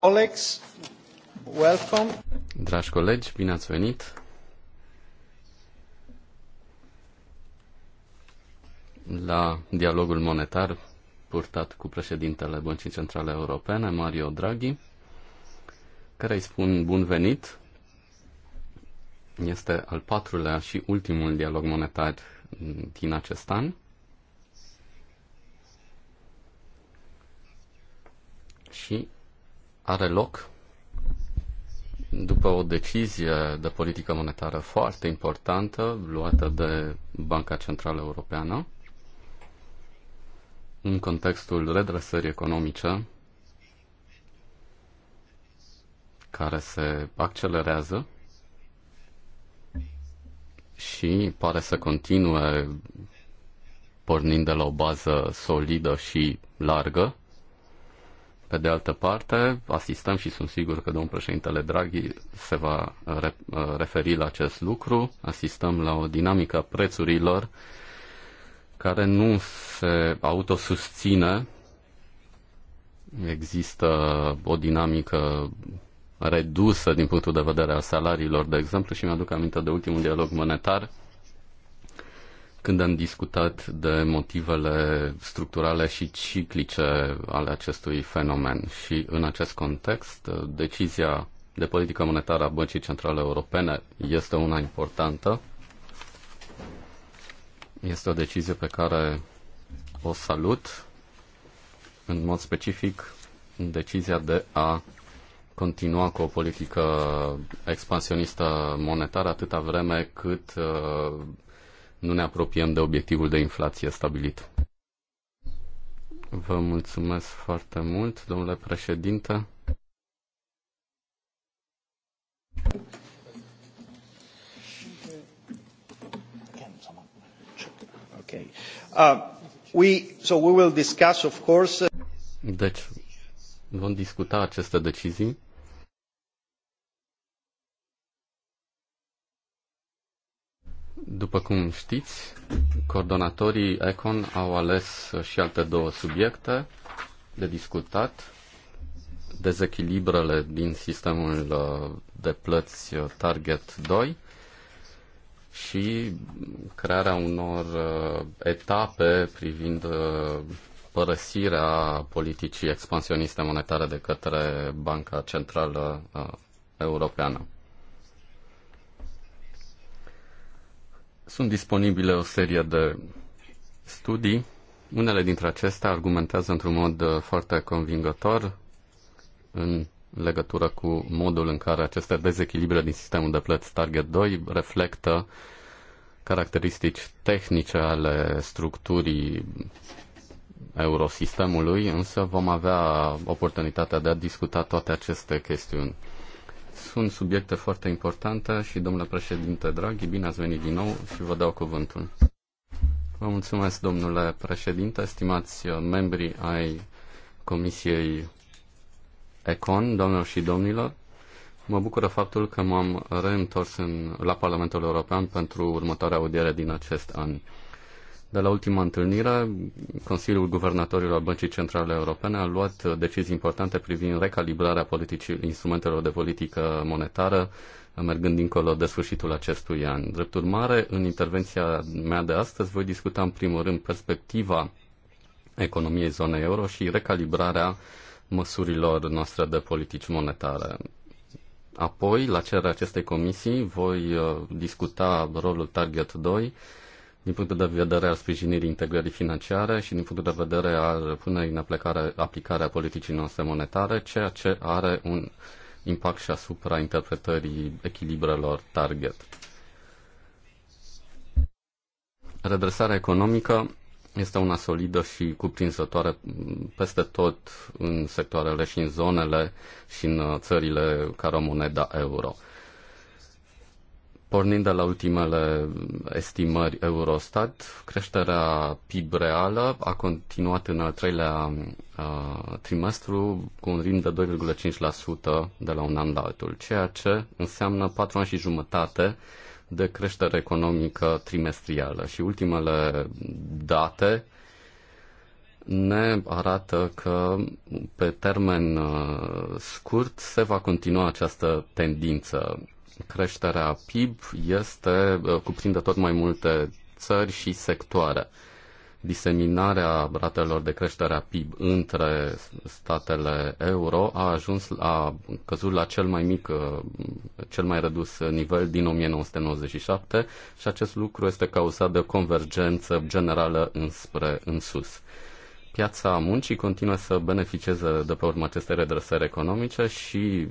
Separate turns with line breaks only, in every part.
Colegi, welcome.
Dragi colegi, bine ați venit. La dialogul monetar purtat cu președintele Băncii Centrale Europene, Mario Draghi, care îi spun bun venit. Este al patrulea și ultimul dialog monetar din acest an. Și are loc după o decizie de politică monetară foarte importantă luată de Banca Centrală Europeană în contextul redresării economice care se accelerează și pare să continue pornind de la o bază solidă și largă. Pe de altă parte, asistăm și sunt sigur că domnul președintele Draghi se va uh, uh, referi la acest lucru, asistăm la o dinamică a prețurilor care nu se autosusține, există o dinamică redusă din punctul de vedere al salariilor, de exemplu, și mi-aduc aminte de ultimul dialog monetar când am discutat de motivele structurale și ciclice ale acestui fenomen. Și în acest context, decizia de politică monetară a Băncii Centrale Europene este una importantă. Este o decizie pe care o salut, în mod specific decizia de a continua cu o politică expansionistă monetară atâta vreme cât uh, nu ne apropiem de obiectivul de inflație stabilit. Vă mulțumesc foarte mult, domnule președinte.
Okay. Uh, we, so we will discuss, of course. Uh,
deci, vom discuta aceste decizii După cum știți, coordonatorii ECON au ales și alte două subiecte de discutat. Dezechilibrele din sistemul uh, de plăți uh, Target 2 și crearea unor uh, etape privind părăsirea politicii expansioniste monetare de către Banca Centrală Europeană. Sunt disponibile o serie de studii. Unele dintre acestea argumentează într-un mod uh, foarte convingător în legătură cu modul în care aceste dezechilibre din sistemul de plăți Target 2 reflectă caracteristici tehnice ale structurii eurosistemului, însă vom avea oportunitatea de a discuta toate aceste chestiuni. Sunt subiecte foarte importante și, domnule președinte Draghi, bine ați venit din nou și vă dau cuvântul. Vă mulțumesc, domnule președinte, stimați uh, membri ai Comisiei Econ, doamnelor și domnilor. Mă bucură faptul că m-am reîntors în, la Parlamentul European pentru următoarea audiere din acest an. De la ultima întâlnire, Consiliul Guvernatorilor Băncii Centrale Europene a luat decizii importante privind recalibrarea politicii instrumentelor de politică monetară, mergând dincolo de sfârșitul acestui an. Drept urmare, în intervenția mea de astăzi voi discuta în primul rând perspectiva economiei zonei euro și recalibrarea măsurilor noastre de politici monetare. Apoi, la cererea acestei comisii, voi uh, discuta rolul Target 2 din punctul de vedere al sprijinirii integrării financiare și din punctul de vedere al punerii în aplicare, aplicarea a politicii noastre monetare, ceea ce are un impact și asupra interpretării echilibrelor target. Redresarea economică este una solidă și cuprinzătoare peste tot în sectoarele și în zonele și în uh, țările care au moneda euro. Pornind de la ultimele estimări Eurostat, creșterea PIB reală a continuat în al treilea uh, trimestru cu un ritm de 2,5% de la un an la altul, ceea ce înseamnă 4 ani și jumătate de creștere economică trimestrială. Și ultimele date ne arată că pe termen uh, scurt se va continua această tendință creșterea PIB este, uh, cuprinde tot mai multe țări și sectoare. Diseminarea ratelor de creștere a PIB între statele euro a ajuns a căzut la cel mai mic, uh, cel mai redus nivel din 1997 și acest lucru este cauzat de o convergență generală înspre în sus piața muncii continuă să beneficieze de pe urma acestei redresări economice și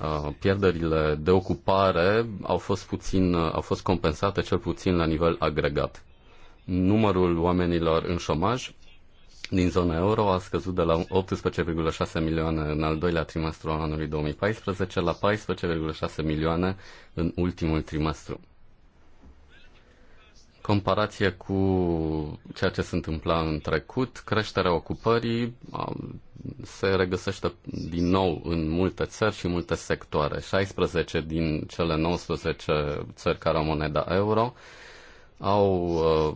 Uh, pierderile de ocupare au fost, puțin, uh, au fost compensate cel puțin la nivel agregat. Numărul oamenilor în șomaj din zona euro a scăzut de la 18,6 milioane în al doilea trimestru al anului 2014 la 14,6 milioane în ultimul trimestru. Comparație cu ceea ce se întâmpla în trecut, creșterea ocupării um, se regăsește din nou în multe țări și multe sectoare. 16 din cele 19 țări care au moneda euro au uh,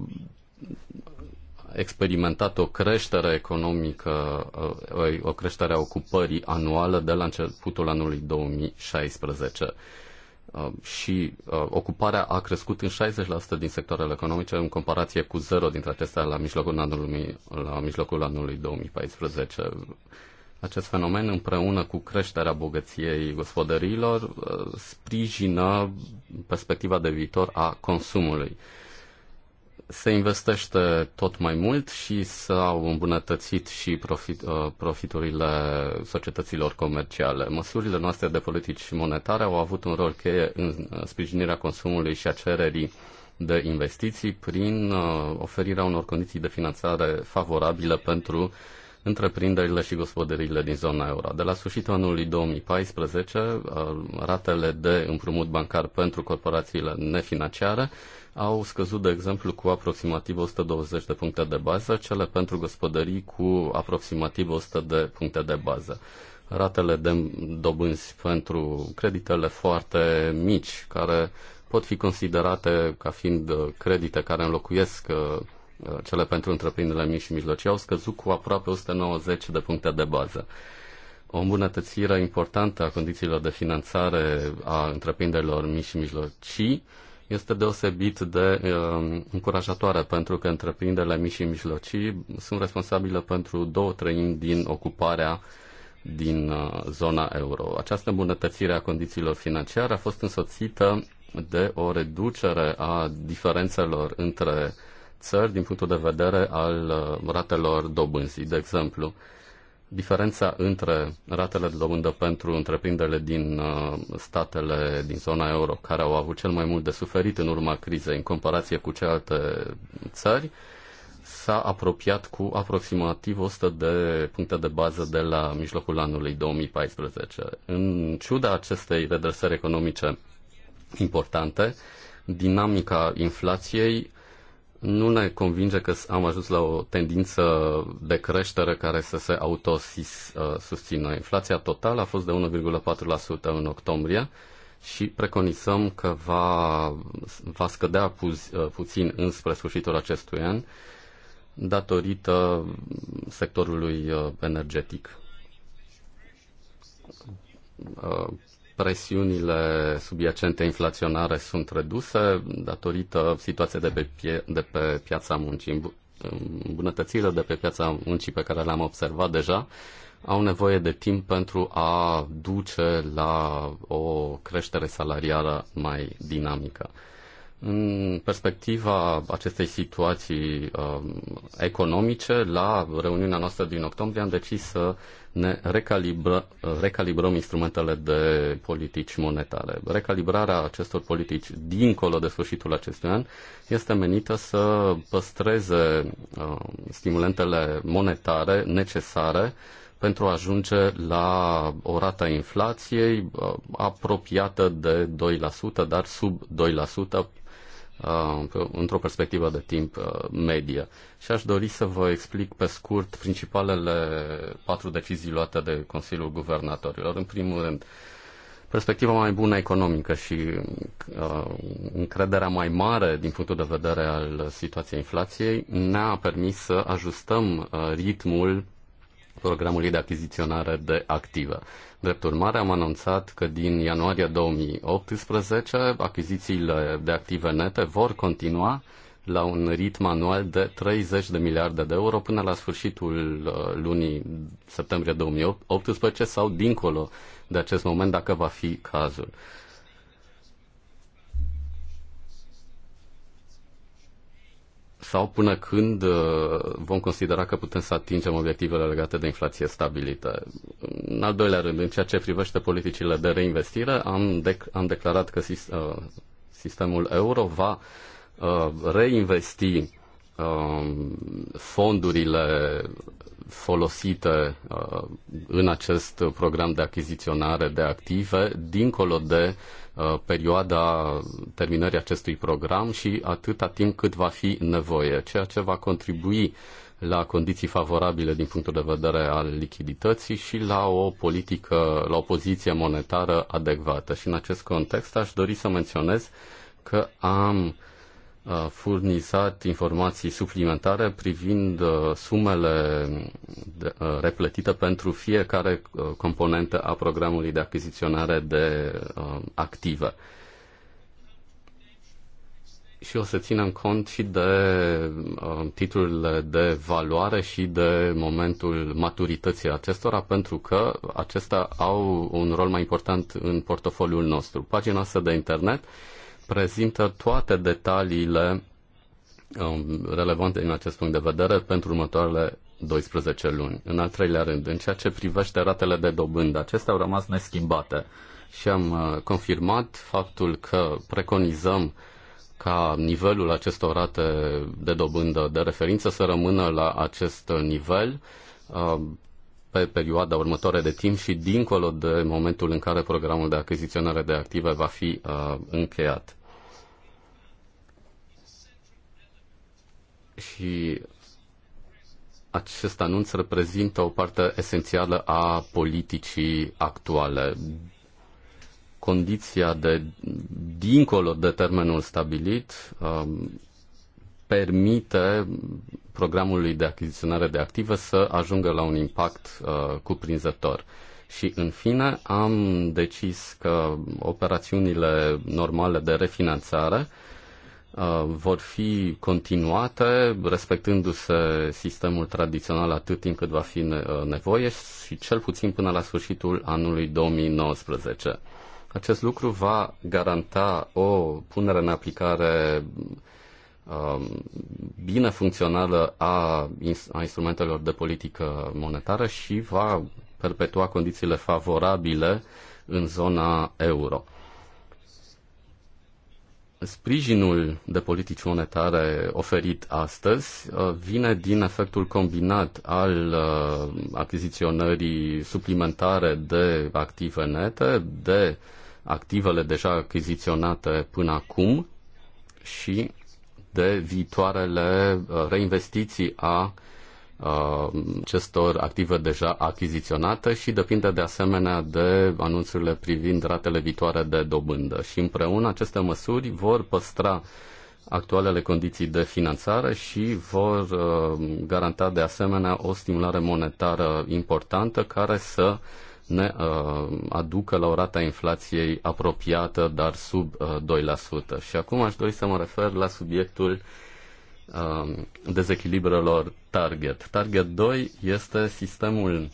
experimentat o creștere economică, uh, o creștere a ocupării anuală de la începutul anului 2016. Uh, și uh, ocuparea a crescut în 60% din sectoarele economice în comparație cu zero dintre acestea la mijlocul anului, la mijlocul anului 2014. Acest fenomen împreună cu creșterea bogăției gospodăriilor uh, sprijină perspectiva de viitor a consumului se investește tot mai mult și s-au îmbunătățit și profit, uh, profiturile societăților comerciale. Măsurile noastre de politici monetare au avut un rol cheie în uh, sprijinirea consumului și a cererii de investiții prin uh, oferirea unor condiții de finanțare favorabile pentru uh, întreprinderile și gospodăriile din zona euro. De la sfârșitul anului 2014, uh, ratele de împrumut bancar pentru corporațiile nefinanciare au scăzut, de exemplu, cu aproximativ 120 de puncte de bază, cele pentru gospodării cu aproximativ 100 de puncte de bază. Ratele de dobânzi pentru creditele foarte mici, care pot fi considerate ca fiind uh, credite care înlocuiesc uh, Uh, cele pentru întreprinderile mici și mijlocii, au scăzut cu aproape 190 de puncte de bază. O îmbunătățire importantă a condițiilor de finanțare a întreprinderilor mici și mijlocii este deosebit de uh, încurajatoare pentru că întreprinderile mici și mijlocii sunt responsabile pentru două treimi din ocuparea din uh, zona euro. Această îmbunătățire a condițiilor financiare a fost însoțită de o reducere a diferențelor între țări din punctul de vedere al uh, ratelor dobânzii. De exemplu, diferența între ratele de dobândă pentru întreprinderile din uh, statele din zona euro, care au avut cel mai mult de suferit în urma crizei în comparație cu celelalte țări, s-a apropiat cu aproximativ 100 de puncte de bază de la mijlocul anului 2014. În ciuda acestei redresări economice importante, dinamica inflației nu ne convinge că am ajuns la o tendință de creștere care să se autosusțină. Uh, Inflația totală a fost de 1,4% în octombrie și preconizăm că va, va scădea pu- uh, puțin înspre sfârșitul acestui an datorită sectorului uh, energetic presiunile subiacente inflaționare sunt reduse datorită situației de pe, pie- de pe piața muncii. Îmbunătățirile de pe piața muncii pe care le-am observat deja au nevoie de timp pentru a duce la o creștere salarială mai dinamică. În perspectiva acestei situații um, economice, la reuniunea noastră din octombrie am decis să ne recalibră, recalibrăm instrumentele de politici monetare. Recalibrarea acestor politici dincolo de sfârșitul acestui an este menită să păstreze um, stimulentele monetare necesare pentru a ajunge la o rată a inflației uh, apropiată de 2%, dar sub 2% Uh, într-o perspectivă de timp uh, medie. Și aș dori să vă explic pe scurt principalele patru decizii luate de Consiliul Guvernatorilor. În primul rând, perspectiva mai bună economică și uh, încrederea mai mare din punctul de vedere al situației inflației ne-a permis să ajustăm uh, ritmul programului de achiziționare de active. Drept urmare, am anunțat că din ianuarie 2018 achizițiile de active nete vor continua la un ritm anual de 30 de miliarde de euro până la sfârșitul uh, lunii septembrie 2018 sau dincolo de acest moment, dacă va fi cazul. sau până când uh, vom considera că putem să atingem obiectivele legate de inflație stabilită. În al doilea rând, în ceea ce privește politicile de reinvestire, am, dec- am declarat că uh, sistemul euro va uh, reinvesti Um, fondurile folosite uh, în acest program de achiziționare de active, dincolo de uh, perioada terminării acestui program și atâta timp cât va fi nevoie, ceea ce va contribui la condiții favorabile din punctul de vedere al lichidității și la o politică, la o poziție monetară adecvată. Și în acest context aș dori să menționez că am furnizat informații suplimentare privind uh, sumele uh, replătite pentru fiecare uh, componentă a programului de achiziționare de active. Și o să ținem cont și de titlurile de valoare și de momentul maturității acestora, pentru că acestea au un rol mai important în portofoliul nostru. Pagina asta de internet prezintă toate detaliile um, relevante din acest punct de vedere pentru următoarele 12 luni. În al treilea rând, în ceea ce privește ratele de dobândă, acestea au rămas neschimbate și am uh, confirmat faptul că preconizăm ca nivelul acestor rate de dobândă de referință să rămână la acest nivel uh, pe perioada următoare de timp și dincolo de momentul în care programul de achiziționare de active va fi uh, încheiat. și acest anunț reprezintă o parte esențială a politicii actuale. Condiția de dincolo de termenul stabilit um, permite programului de achiziționare de active să ajungă la un impact uh, cuprinzător. Și în fine am decis că operațiunile normale de refinanțare uh, Uh, vor fi continuate, respectându-se sistemul tradițional atât timp cât va fi uh, nevoie și cel puțin până la sfârșitul anului 2019. Acest lucru va garanta o punere în aplicare um, bine funcțională a, a instrumentelor de politică monetară și va perpetua condițiile favorabile în zona euro. Sprijinul de politici monetare oferit astăzi uh, vine din efectul combinat al uh, achiziționării suplimentare de active nete, de activele deja achiziționate până acum și de viitoarele uh, reinvestiții a uh, Uh, acestor active deja achiziționate și depinde de asemenea de anunțurile privind ratele viitoare de dobândă. Și împreună aceste măsuri vor păstra actualele condiții de finanțare și vor uh, garanta de asemenea o stimulare monetară importantă care să ne uh, aducă la o rata inflației apropiată, dar sub 2%. Și acum aș dori să mă refer la subiectul dezechilibrelor target. Target 2 este sistemul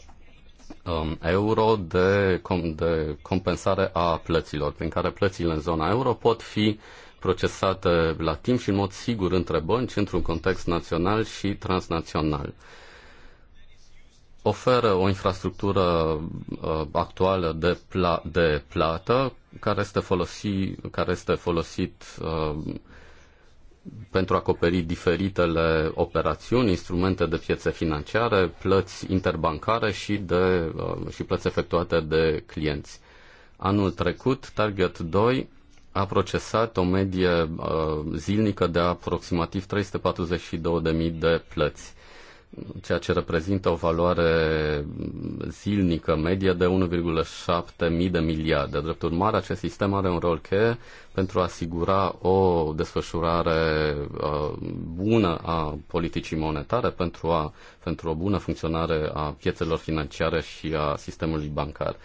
um, euro de, com, de compensare a plăților, prin care plățile în zona euro pot fi procesate la timp și în mod sigur între bănci într-un context național și transnațional oferă o infrastructură uh, actuală de, pla- de plată care este, folosi, care este folosit uh, pentru a acoperi diferitele operațiuni, instrumente de piețe financiare, plăți interbancare și, de, uh, și plăți efectuate de clienți. Anul trecut, Target 2 a procesat o medie uh, zilnică de aproximativ 342.000 de plăți ceea ce reprezintă o valoare zilnică medie de 1,7 mii de miliarde. Drept urmare, acest sistem are un rol cheie pentru a asigura o desfășurare uh, bună a politicii monetare, pentru, a, pentru o bună funcționare a piețelor financiare și a sistemului bancar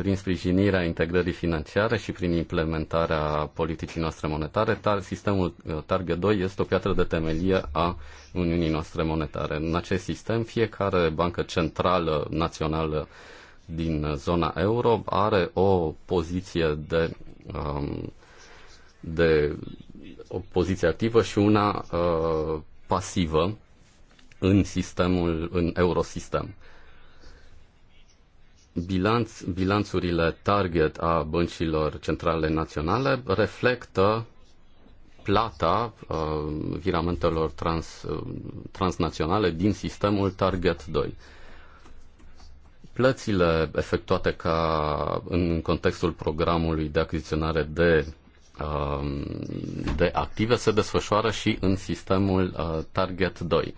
prin sprijinirea integrării financiare și prin implementarea politicii noastre monetare, tar- sistemul uh, Target 2 este o piatră de temelie a Uniunii noastre monetare. În acest sistem, fiecare bancă centrală națională din zona euro are o poziție de, um, de o poziție activă și una uh, pasivă în sistemul, în eurosistem bilanț, bilanțurile target a băncilor centrale naționale reflectă plata uh, viramentelor trans, uh, transnaționale din sistemul Target 2. Plățile efectuate ca în contextul programului de achiziționare de, uh, de active se desfășoară și în sistemul uh, Target 2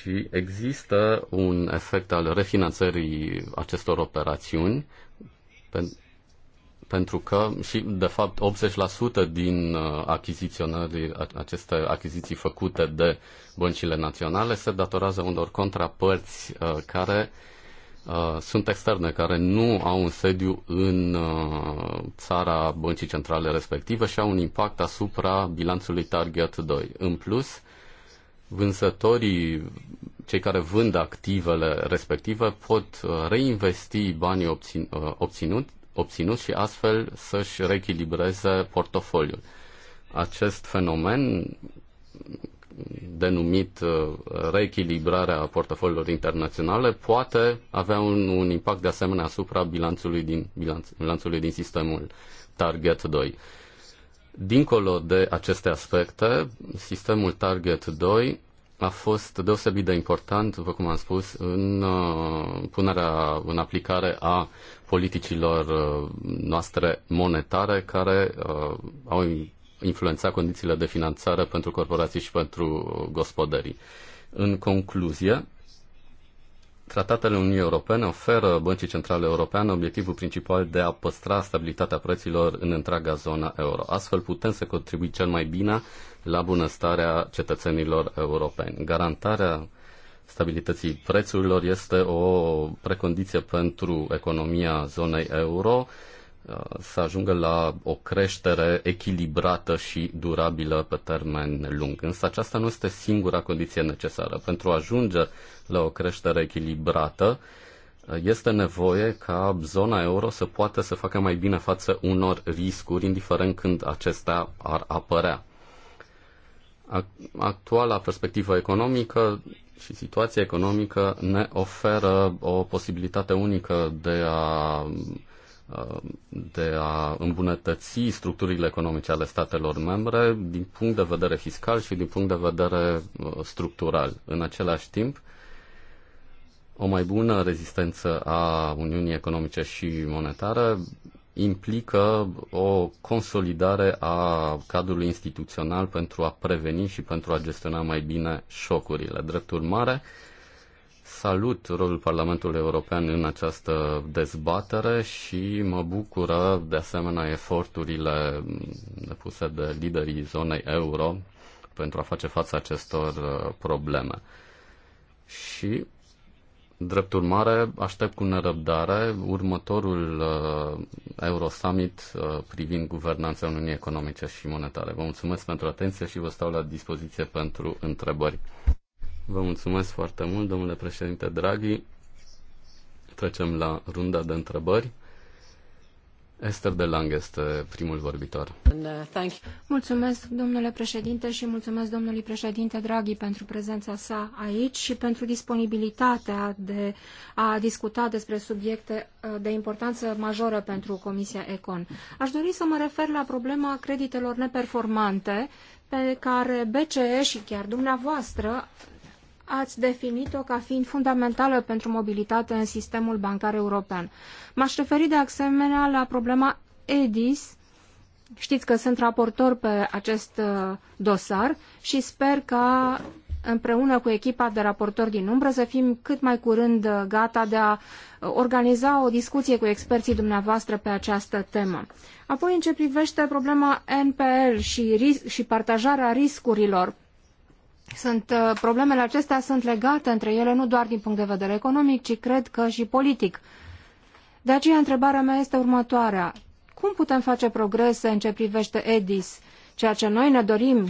și există un efect al refinanțării acestor operațiuni pen- pentru că și de fapt 80% din uh, achiziționări, aceste achiziții făcute de băncile naționale se datorează unor contrapărți uh, care uh, sunt externe, care nu au un sediu în țara băncii centrale respective și au un impact asupra bilanțului Target 2. În plus, vânzătorii, cei care vând activele respective, pot uh, reinvesti banii obțin, uh, obținut, obținut și astfel să-și reechilibreze portofoliul. Acest fenomen denumit uh, reechilibrarea portofoliilor internaționale poate avea un, un impact de asemenea asupra bilanțului din, bilanț, bilanțului din sistemul Target 2. Dincolo de aceste aspecte, sistemul Target 2 a fost deosebit de important, după cum am spus, în uh, punerea în aplicare a politicilor uh, noastre monetare care uh, au influențat condițiile de finanțare pentru corporații și pentru gospodării. În concluzie, Tratatele Uniunii Europene oferă Băncii Centrale Europene obiectivul principal de a păstra stabilitatea preților în întreaga zona euro. Astfel putem să contribui cel mai bine la bunăstarea cetățenilor europeni. Garantarea stabilității prețurilor este o precondiție pentru economia zonei euro uh, să ajungă la o creștere echilibrată și durabilă pe termen lung. Însă aceasta nu este singura condiție necesară. Pentru a ajunge la o creștere echilibrată, este nevoie ca zona euro să poată să facă mai bine față unor riscuri, indiferent când acestea ar apărea. Actuala perspectivă economică și situația economică ne oferă o posibilitate unică de a de a îmbunătăți structurile economice ale statelor membre din punct de vedere fiscal și din punct de vedere uh, structural. În același timp, o mai bună rezistență a Uniunii Economice și Monetare implică o consolidare a cadrului instituțional pentru a preveni și pentru a gestiona mai bine șocurile. Drept urmare, salut rolul Parlamentului European în această dezbatere și mă bucură de asemenea eforturile depuse de liderii zonei euro pentru a face față acestor uh, probleme. Și Drept urmare, aștept cu nerăbdare următorul uh, Eurosummit uh, privind guvernanța Uniunii Economice și Monetare. Vă mulțumesc pentru atenție și vă stau la dispoziție pentru întrebări. Vă mulțumesc foarte mult, domnule președinte Draghi. Trecem la runda de întrebări. Esther de Lang este primul vorbitor.
Uh, mulțumesc, domnule președinte, și mulțumesc domnului președinte Draghi pentru prezența sa aici și pentru disponibilitatea de a discuta despre subiecte uh, de importanță majoră pentru Comisia Econ. Aș dori să mă refer la problema creditelor neperformante pe care BCE și chiar dumneavoastră ați definit-o ca fiind fundamentală pentru mobilitate în sistemul bancar european. M-aș referi de asemenea la problema EDIS. Știți că sunt raportor pe acest uh, dosar și sper ca împreună cu echipa de raportori din umbră să fim cât mai curând uh, gata de a uh, organiza o discuție cu experții dumneavoastră pe această temă. Apoi, în ce privește problema NPL și, și partajarea riscurilor, sunt, uh, problemele acestea sunt legate între ele nu doar din punct de vedere economic, ci cred că și politic. De aceea, întrebarea mea este următoarea. Cum putem face progrese în ce privește EDIS, ceea ce noi ne dorim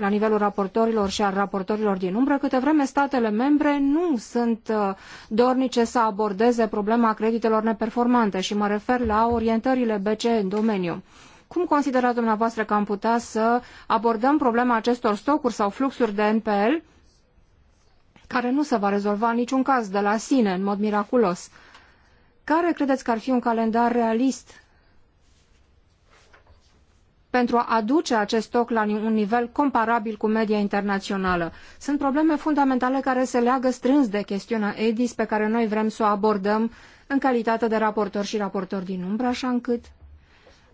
la nivelul raportorilor și al raportorilor din umbră, câte vreme statele membre nu sunt uh, dornice să abordeze problema creditelor neperformante și mă refer la orientările BCE în domeniu. Cum considerați dumneavoastră că am putea să abordăm problema acestor stocuri sau fluxuri de NPL, care nu se va rezolva în niciun caz de la sine, în mod miraculos? Care credeți că ar fi un calendar realist pentru a aduce acest stoc la un nivel comparabil cu media internațională. Sunt probleme fundamentale care se leagă strâns de chestiunea EDIS pe care noi vrem să o abordăm în calitate de raportor și raportor din umbră, așa încât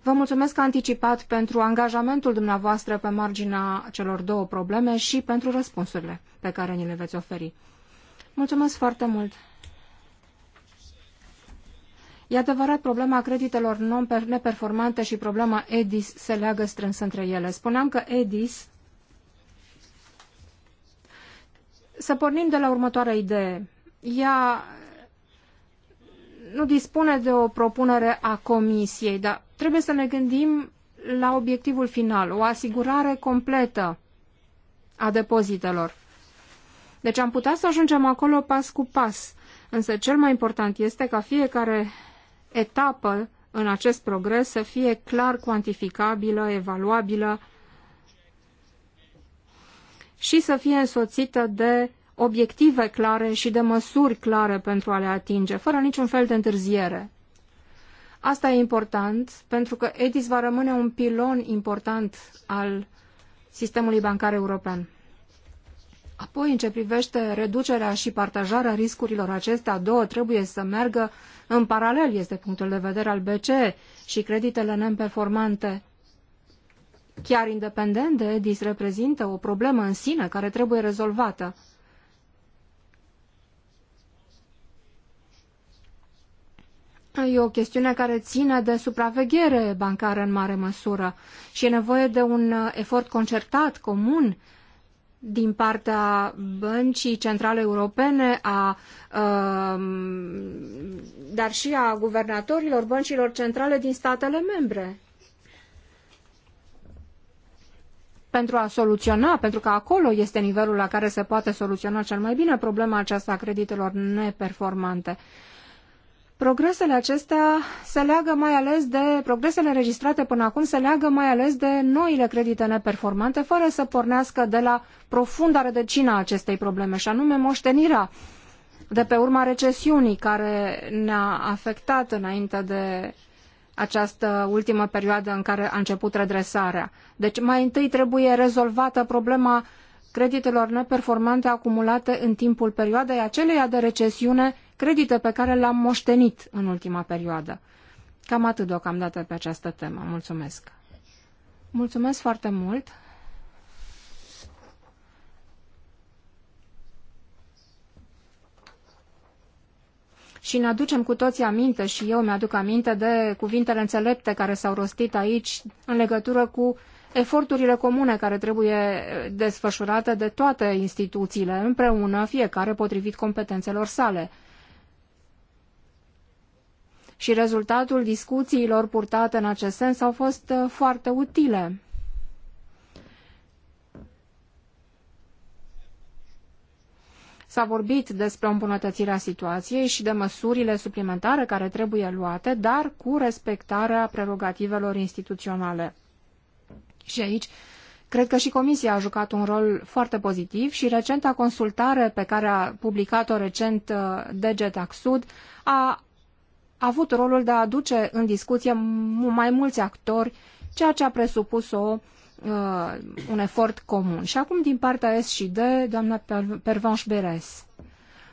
Vă mulțumesc anticipat pentru angajamentul dumneavoastră pe marginea celor două probleme și pentru răspunsurile pe care ni le veți oferi. Mulțumesc foarte mult! E adevărat, problema creditelor neperformante și problema EDIS se leagă strâns între ele. Spuneam că EDIS... Să pornim de la următoarea idee. Ea nu dispune de o propunere a comisiei, dar Trebuie să ne gândim la obiectivul final, o asigurare completă a depozitelor. Deci am putea să ajungem acolo pas cu pas, însă cel mai important este ca fiecare etapă în acest progres să fie clar cuantificabilă, evaluabilă și să fie însoțită de obiective clare și de măsuri clare pentru a le atinge, fără niciun fel de întârziere. Asta e important pentru că EDIS va rămâne un pilon important al sistemului bancar european. Apoi, în ce privește reducerea și partajarea riscurilor acestea, două trebuie să meargă în paralel, este punctul de vedere al BCE și creditele neperformante. Chiar independent de EDIS reprezintă o problemă în sine care trebuie rezolvată. E o chestiune care ține de supraveghere bancară în mare măsură și e nevoie de un uh, efort concertat, comun, din partea Băncii Centrale Europene, a, a, um, dar și a guvernatorilor băncilor centrale din statele membre. Pentru a soluționa, pentru că acolo este nivelul la care se poate soluționa cel mai bine problema aceasta a creditelor neperformante. Progresele acestea se leagă mai ales de progresele înregistrate până acum se leagă mai ales de noile credite neperformante, fără să pornească de la profunda rădăcina acestei probleme, și anume moștenirea de pe urma recesiunii care ne-a afectat înainte de această ultimă perioadă în care a început redresarea. Deci mai întâi trebuie rezolvată problema creditelor neperformante acumulate în timpul perioadei aceleia de recesiune credite pe care le-am moștenit în ultima perioadă. Cam atât deocamdată pe această temă. Mulțumesc! Mulțumesc foarte mult! și ne aducem cu toții aminte și eu mi-aduc aminte de cuvintele înțelepte care s-au rostit aici în legătură cu eforturile comune care trebuie desfășurate de toate instituțiile împreună, fiecare potrivit competențelor sale și rezultatul discuțiilor purtate în acest sens au fost uh, foarte utile. S-a vorbit despre îmbunătățirea situației și de măsurile suplimentare care trebuie luate, dar cu respectarea prerogativelor instituționale. Și aici Cred că și Comisia a jucat un rol foarte pozitiv și recenta consultare pe care a publicat-o recent uh, DG Taxud a avut rolul de a aduce în discuție mai mulți actori, ceea ce a presupus o, uh, un efort comun. Și acum din partea S și D, doamna Pervanș Beres.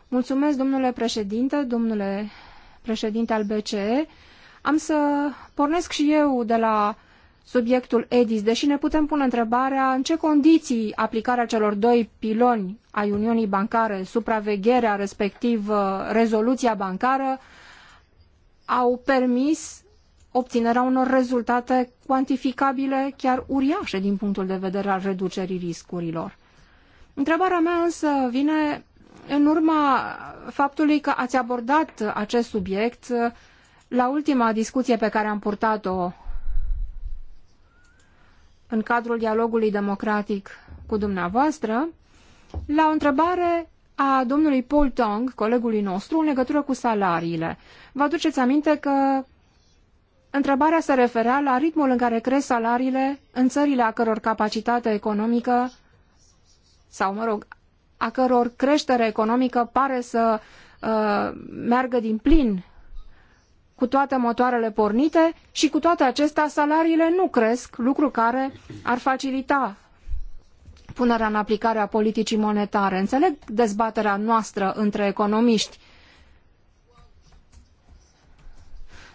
Mulțumesc, domnule președinte, domnule președinte al BCE. Am să pornesc și eu de la subiectul EDIS, deși ne putem pune întrebarea în ce condiții aplicarea celor doi piloni ai Uniunii Bancare, supravegherea, respectiv uh, rezoluția bancară, au permis obținerea unor rezultate cuantificabile chiar uriașe din punctul de vedere al reducerii riscurilor. Întrebarea mea însă vine în urma faptului că ați abordat acest subiect la ultima discuție pe care am purtat-o în cadrul dialogului democratic cu dumneavoastră, la o întrebare a domnului Paul Tong, colegului nostru, în legătură cu salariile. Vă aduceți aminte că întrebarea se referea la ritmul în care cresc salariile în țările a căror capacitate economică sau, mă rog, a căror creștere economică pare să uh, meargă din plin cu toate motoarele pornite și cu toate acestea salariile nu cresc, lucru care ar facilita punerea în aplicare a politicii monetare. Înțeleg dezbaterea noastră între economiști,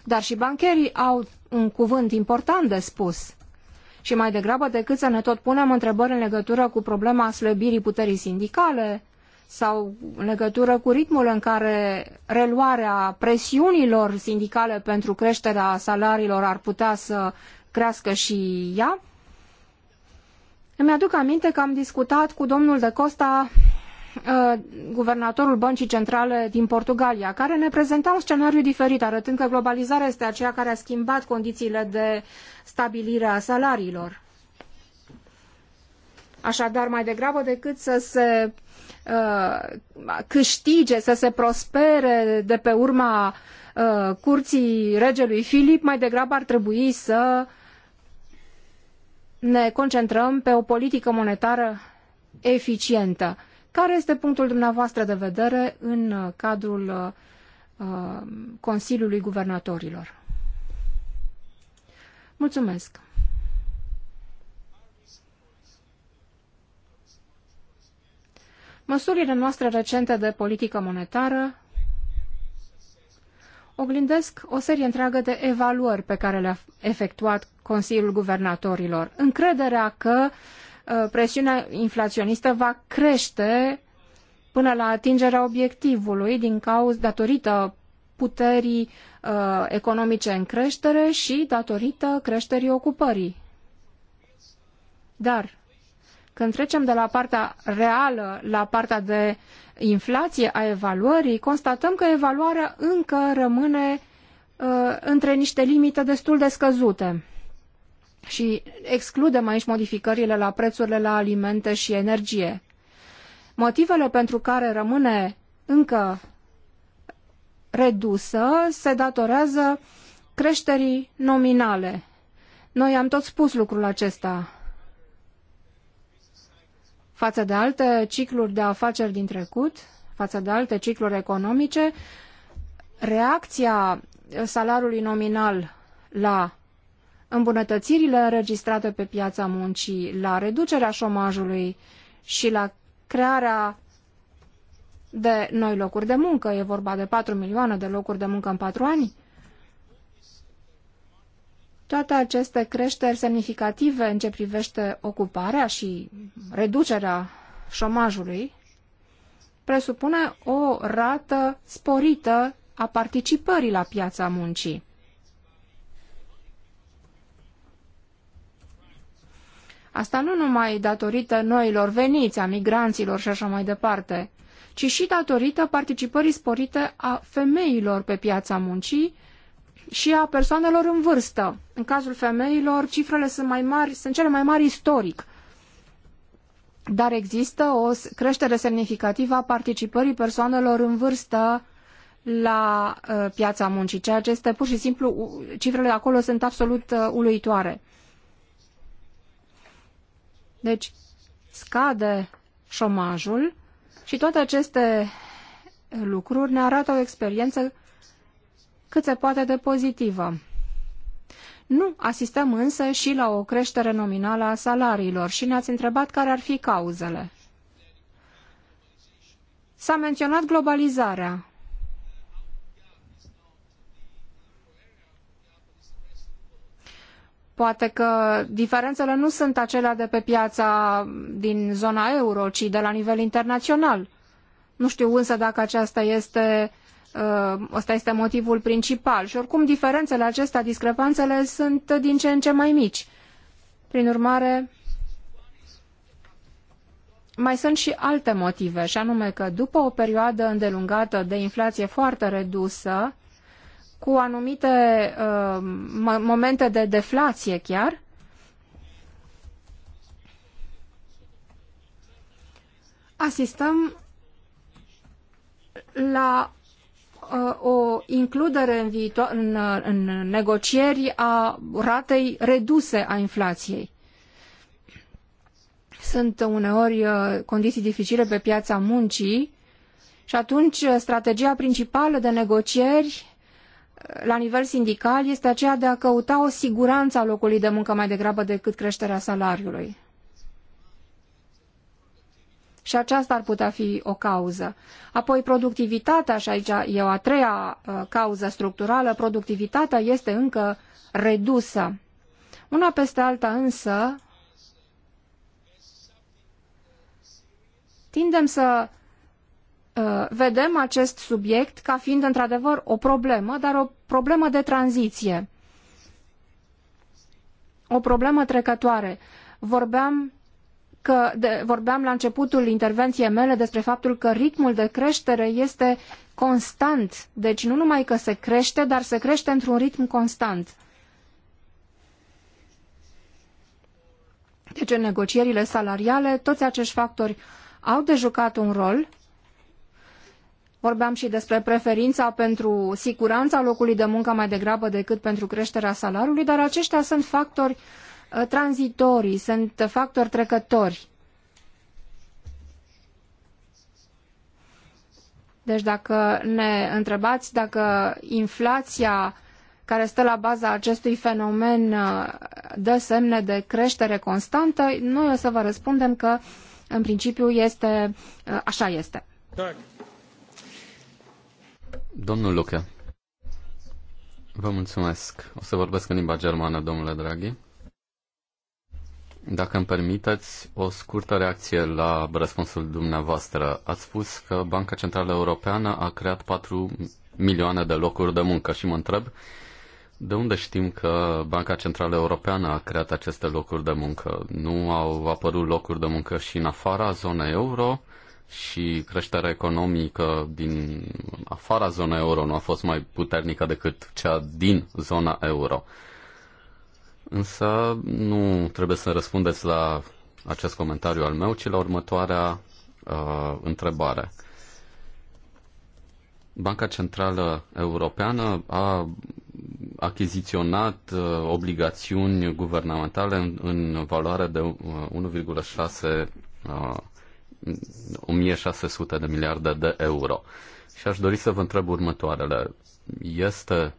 dar și bancherii au un cuvânt important de spus. Și mai degrabă decât să ne tot punem întrebări în legătură cu problema slăbirii puterii sindicale sau în legătură cu ritmul în care reluarea presiunilor sindicale pentru creșterea salariilor ar putea să crească și ea, îmi aduc aminte că am discutat cu domnul de Costa, uh, guvernatorul Băncii Centrale din Portugalia, care ne prezenta un scenariu diferit, arătând că globalizarea este aceea care a schimbat condițiile de stabilire a salariilor. Așadar, mai degrabă decât să se uh, câștige, să se prospere de pe urma uh, curții regelui Filip, mai degrabă ar trebui să uh, ne concentrăm pe o politică monetară eficientă. Care este punctul dumneavoastră de vedere în cadrul uh, Consiliului Guvernatorilor? Mulțumesc! Măsurile noastre recente de politică monetară oglindesc o serie întreagă de evaluări pe care le-a efectuat Consiliul Guvernatorilor. Încrederea că uh, presiunea inflaționistă va crește până la atingerea obiectivului din cauza datorită puterii uh, economice în creștere și datorită creșterii ocupării. Dar când trecem de la partea reală la partea de inflație a evaluării, constatăm că evaluarea încă rămâne uh, între niște limite destul de scăzute. Și excludem aici modificările la prețurile la alimente și energie. Motivele pentru care rămâne încă redusă se datorează creșterii nominale. Noi am tot spus lucrul acesta față de alte cicluri de afaceri din trecut, față de alte cicluri economice, reacția salariului nominal la îmbunătățirile înregistrate pe piața muncii, la reducerea șomajului și la crearea de noi locuri de muncă. E vorba de patru milioane de locuri de muncă în patru ani. Toate aceste creșteri semnificative în ce privește ocuparea și reducerea șomajului presupune o rată sporită a participării la piața muncii. Asta nu numai datorită noilor veniți, a migranților și așa mai departe, ci și datorită participării sporite a femeilor pe piața muncii, și a persoanelor în vârstă. În cazul femeilor, cifrele sunt, mai mari, sunt cele mai mari istoric. Dar există o creștere semnificativă a participării persoanelor în vârstă la uh, piața muncii, ceea ce este pur și simplu, cifrele acolo sunt absolut uh, uluitoare. Deci, scade șomajul și toate aceste lucruri ne arată o experiență cât se poate de pozitivă. Nu asistăm însă și la o creștere nominală a salariilor și ne-ați întrebat care ar fi cauzele. S-a menționat globalizarea. Poate că diferențele nu sunt acelea de pe piața din zona euro, ci de la nivel internațional. Nu știu însă dacă aceasta este uh, Uh, ăsta este motivul principal. Și oricum diferențele acestea, discrepanțele sunt din ce în ce mai mici. Prin urmare, mai sunt și alte motive, și anume că după o perioadă îndelungată de inflație foarte redusă, cu anumite uh, momente de deflație chiar, asistăm la o includere în, viito- în, în negocieri a ratei reduse a inflației. Sunt uneori uh, condiții dificile pe piața muncii și atunci uh, strategia principală de negocieri uh, la nivel sindical este aceea de a căuta o siguranță a locului de muncă mai degrabă decât creșterea salariului și aceasta ar putea fi o cauză. Apoi productivitatea, și aici e o a treia uh, cauză structurală, productivitatea este încă redusă. Una peste alta însă, tindem să uh, vedem acest subiect ca fiind într-adevăr o problemă, dar o problemă de tranziție. O problemă trecătoare. Vorbeam că de, vorbeam la începutul intervenției mele despre faptul că ritmul de creștere este constant. Deci nu numai că se crește, dar se crește într-un ritm constant. Deci în negocierile salariale, toți acești factori au de jucat un rol. Vorbeam și despre preferința pentru siguranța locului de muncă mai degrabă decât pentru creșterea salariului, dar aceștia sunt factori uh, Uh, tranzitorii, sunt factori trecători. Deci dacă ne întrebați dacă inflația care stă la baza acestui fenomen uh, dă semne de creștere constantă, noi o să vă răspundem că în principiu este, uh, așa este.
Domnul Luca, vă mulțumesc. O să vorbesc în limba germană, domnule Draghi. Dacă îmi permiteți, o scurtă reacție la răspunsul dumneavoastră. Ați spus că Banca Centrală Europeană a creat 4 milioane de locuri de muncă și mă întreb de unde știm că Banca Centrală Europeană a creat aceste locuri de muncă? Nu au apărut locuri de muncă și în afara zonei euro și creșterea economică din afara zonei euro nu a fost mai puternică decât cea din zona euro. Însă nu trebuie să răspundeți la acest comentariu al meu, ci la următoarea uh, întrebare. Banca Centrală Europeană a achiziționat uh, obligațiuni guvernamentale în, în valoare de uh, 1,6 uh, 1600 de miliarde de euro. Și aș dori să vă întreb următoarele. Este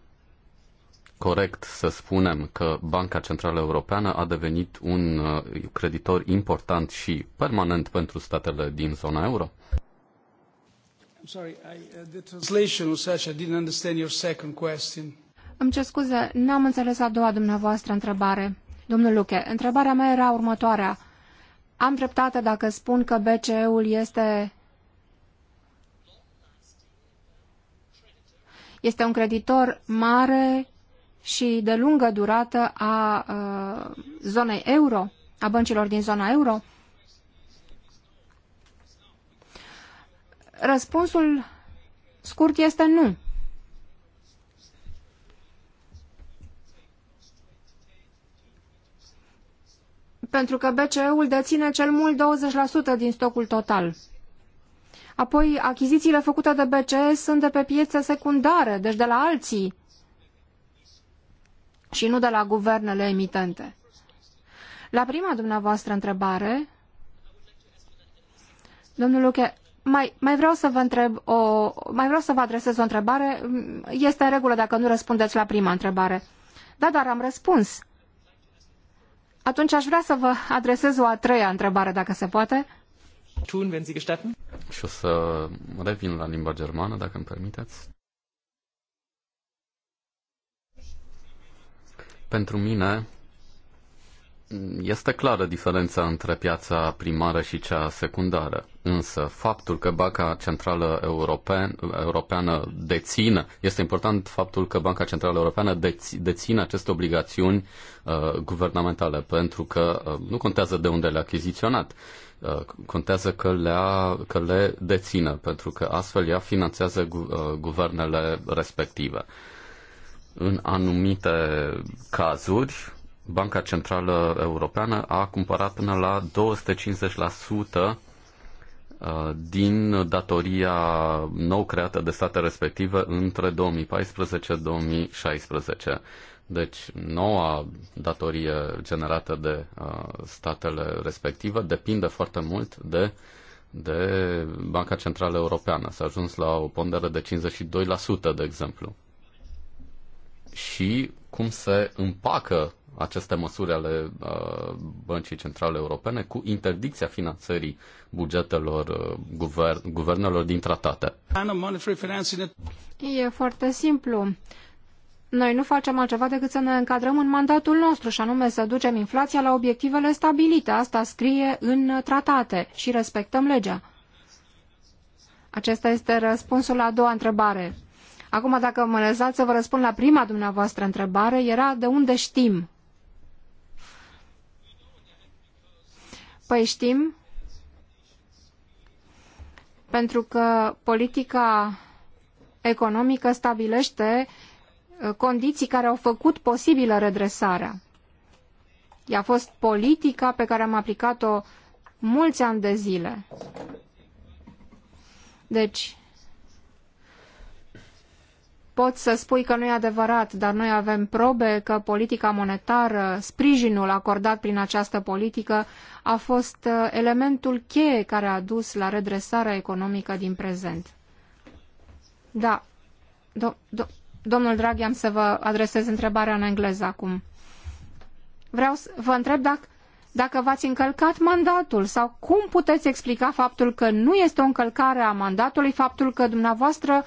corect să spunem că Banca Centrală Europeană a devenit un uh, creditor important și permanent pentru statele din zona euro?
Îmi cer scuze,
n-am înțeles a doua dumneavoastră întrebare. Domnul Luche, întrebarea mea era următoarea. Am dreptate dacă spun că BCE-ul este este un creditor mare și de lungă durată a uh, zonei euro, a băncilor din zona euro? Răspunsul scurt este nu. Pentru că BCE-ul deține cel mult 20% din stocul total. Apoi, achizițiile făcute de BCE sunt de pe piețe secundare, deci de la alții și nu de la guvernele emitente. La prima dumneavoastră întrebare, domnul Luche, mai, mai, vreau să vă întreb o, mai vreau să vă adresez o întrebare. Este în regulă dacă nu răspundeți la prima întrebare. Da, dar am răspuns. Atunci aș vrea să vă adresez o a treia întrebare, dacă se poate.
Tun, wenn Sie gestatten. Și o să revin la limba germană, dacă îmi permiteți. Pentru mine este clară diferența între piața primară și cea secundară. Însă faptul că Banca Centrală European, Europeană dețină, este important faptul că Banca Centrală Europeană deț, aceste obligațiuni uh, guvernamentale, pentru că uh, nu contează de unde le-a achiziționat, uh, contează că, le-a, că le dețină, pentru că astfel ea finanțează gu, uh, guvernele respective. Uh, în anumite cazuri, Banca Centrală Europeană a cumpărat până la 250% uh, din datoria nou creată de state respective între 2014-2016. Deci noua datorie generată de uh, statele respective depinde foarte mult de, de Banca Centrală Europeană. S-a ajuns la o pondere de 52%, de exemplu și cum se împacă aceste măsuri ale uh, Băncii Centrale Europene cu interdicția finanțării bugetelor uh, guvernelor din tratate?
E foarte simplu. Noi nu facem altceva decât să ne încadrăm în mandatul nostru și anume să ducem inflația la obiectivele stabilite. Asta scrie în tratate și respectăm legea. Acesta este răspunsul la a doua întrebare. Acum, dacă mă lăsați să vă răspund la prima dumneavoastră întrebare, era de unde știm? Păi știm pentru că politica economică stabilește uh, condiții care au făcut posibilă redresarea. Ea a fost politica pe care am aplicat-o mulți ani de zile. Deci, Poți să spui că nu e adevărat, dar noi avem probe că politica monetară, sprijinul acordat prin această politică, a fost uh, elementul cheie care a dus la redresarea economică din prezent. Da, do, do, domnul Draghi, am să vă adresez întrebarea în engleză acum. Vreau să vă întreb dacă, dacă v-ați încălcat mandatul sau cum puteți explica faptul că nu este o încălcare a mandatului, faptul că dumneavoastră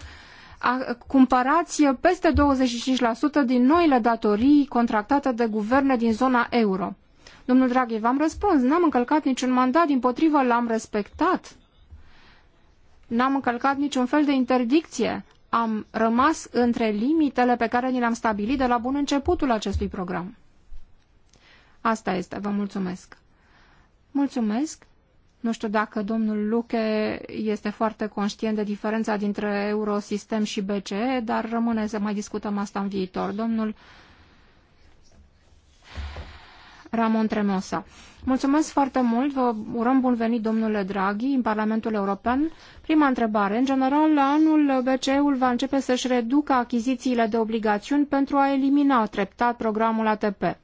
a, cumpărați peste 25% din noile datorii contractate de guverne din zona euro. Domnul Draghi, v-am răspuns, n-am încălcat niciun mandat, din potrivă l-am respectat. N-am încălcat niciun fel de interdicție. Am rămas între limitele pe care ni le-am stabilit de la bun începutul acestui program. Asta este, vă mulțumesc. Mulțumesc. Nu știu dacă domnul Luche este foarte conștient de diferența dintre Eurosistem și BCE, dar rămâne să mai discutăm asta în viitor. Domnul Ramon Tremosa. Mulțumesc foarte mult, vă urăm bun venit, domnule Draghi, în Parlamentul European. Prima întrebare. În general, la anul BCE-ul va începe să-și reducă achizițiile de obligațiuni pentru a elimina treptat programul ATP.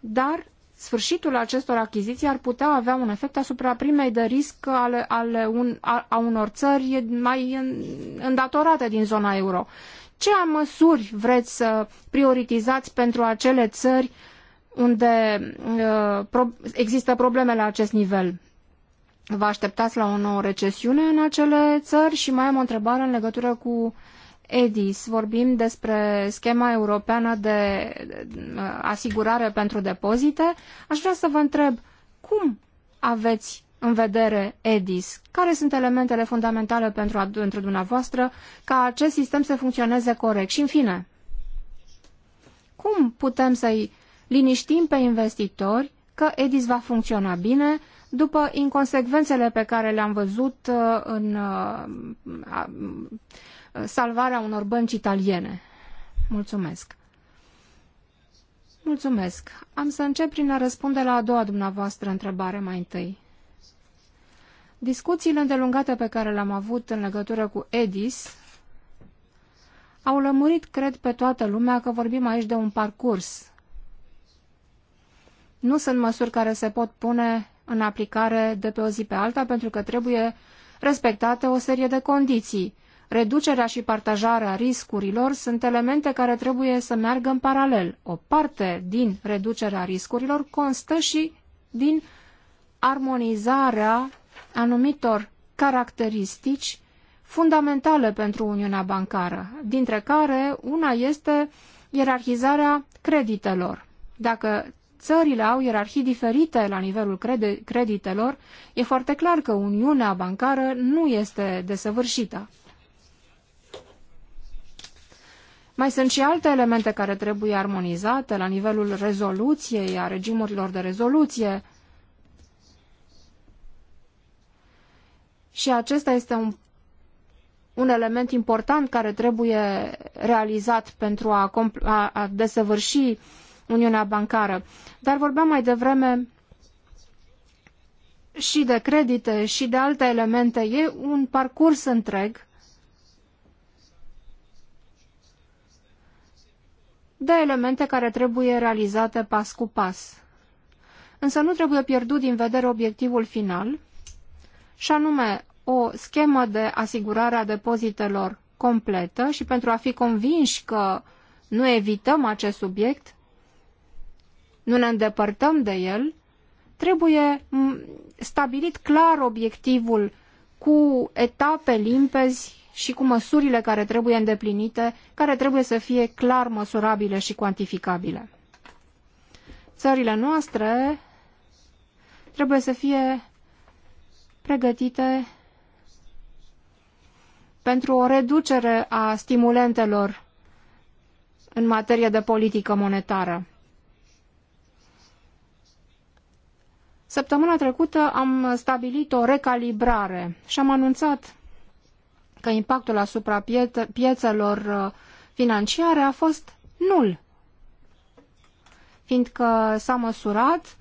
Dar sfârșitul acestor achiziții ar putea avea un efect asupra primei de risc ale, ale un, a, a unor țări mai îndatorate din zona euro. Ce măsuri vreți să prioritizați pentru acele țări unde uh, pro există probleme la acest nivel? Vă așteptați la o nouă recesiune în acele țări? Și mai am o întrebare în legătură cu EDIS vorbim despre schema europeană de uh, asigurare pentru depozite, aș vrea să vă întreb cum aveți în vedere EDIS? Care sunt elementele fundamentale pentru, pentru dumneavoastră ca acest sistem să funcționeze corect? Și în fine, cum putem să-i liniștim pe investitori că EDIS va funcționa bine după inconsecvențele pe care le-am văzut uh, în uh, salvarea unor bănci italiene. Mulțumesc. Mulțumesc. Am să încep prin a răspunde la a doua dumneavoastră întrebare mai întâi. Discuțiile îndelungate pe care le-am avut în legătură cu EDIS au lămurit, cred, pe toată lumea că vorbim aici de un parcurs. Nu sunt măsuri care se pot pune în aplicare de pe o zi pe alta, pentru că trebuie respectate o serie de condiții reducerea și partajarea riscurilor sunt elemente care trebuie să meargă în paralel. O parte din reducerea riscurilor constă și din armonizarea anumitor caracteristici fundamentale pentru Uniunea Bancară, dintre care una este ierarhizarea creditelor. Dacă țările au ierarhii diferite la nivelul creditelor, e foarte clar că Uniunea Bancară nu este desăvârșită. Mai sunt și alte elemente care trebuie armonizate la nivelul rezoluției, a regimurilor de rezoluție. Și acesta este un, un element important care trebuie realizat pentru a, a, a desăvârși Uniunea Bancară. Dar vorbeam mai devreme și de credite și de alte elemente. E un parcurs întreg de elemente care trebuie realizate pas cu pas. Însă nu trebuie pierdut din vedere obiectivul final, și anume o schemă de asigurare a depozitelor completă și pentru a fi convinși că nu evităm acest subiect, nu ne îndepărtăm de el, trebuie stabilit clar obiectivul cu etape limpezi și cu măsurile care trebuie îndeplinite, care trebuie să fie clar măsurabile și cuantificabile. Țările noastre trebuie să fie pregătite pentru o reducere a stimulentelor în materie de politică monetară. Săptămâna trecută am stabilit o recalibrare și am anunțat că impactul asupra piețelor uh, financiare a fost nul, fiindcă s-a măsurat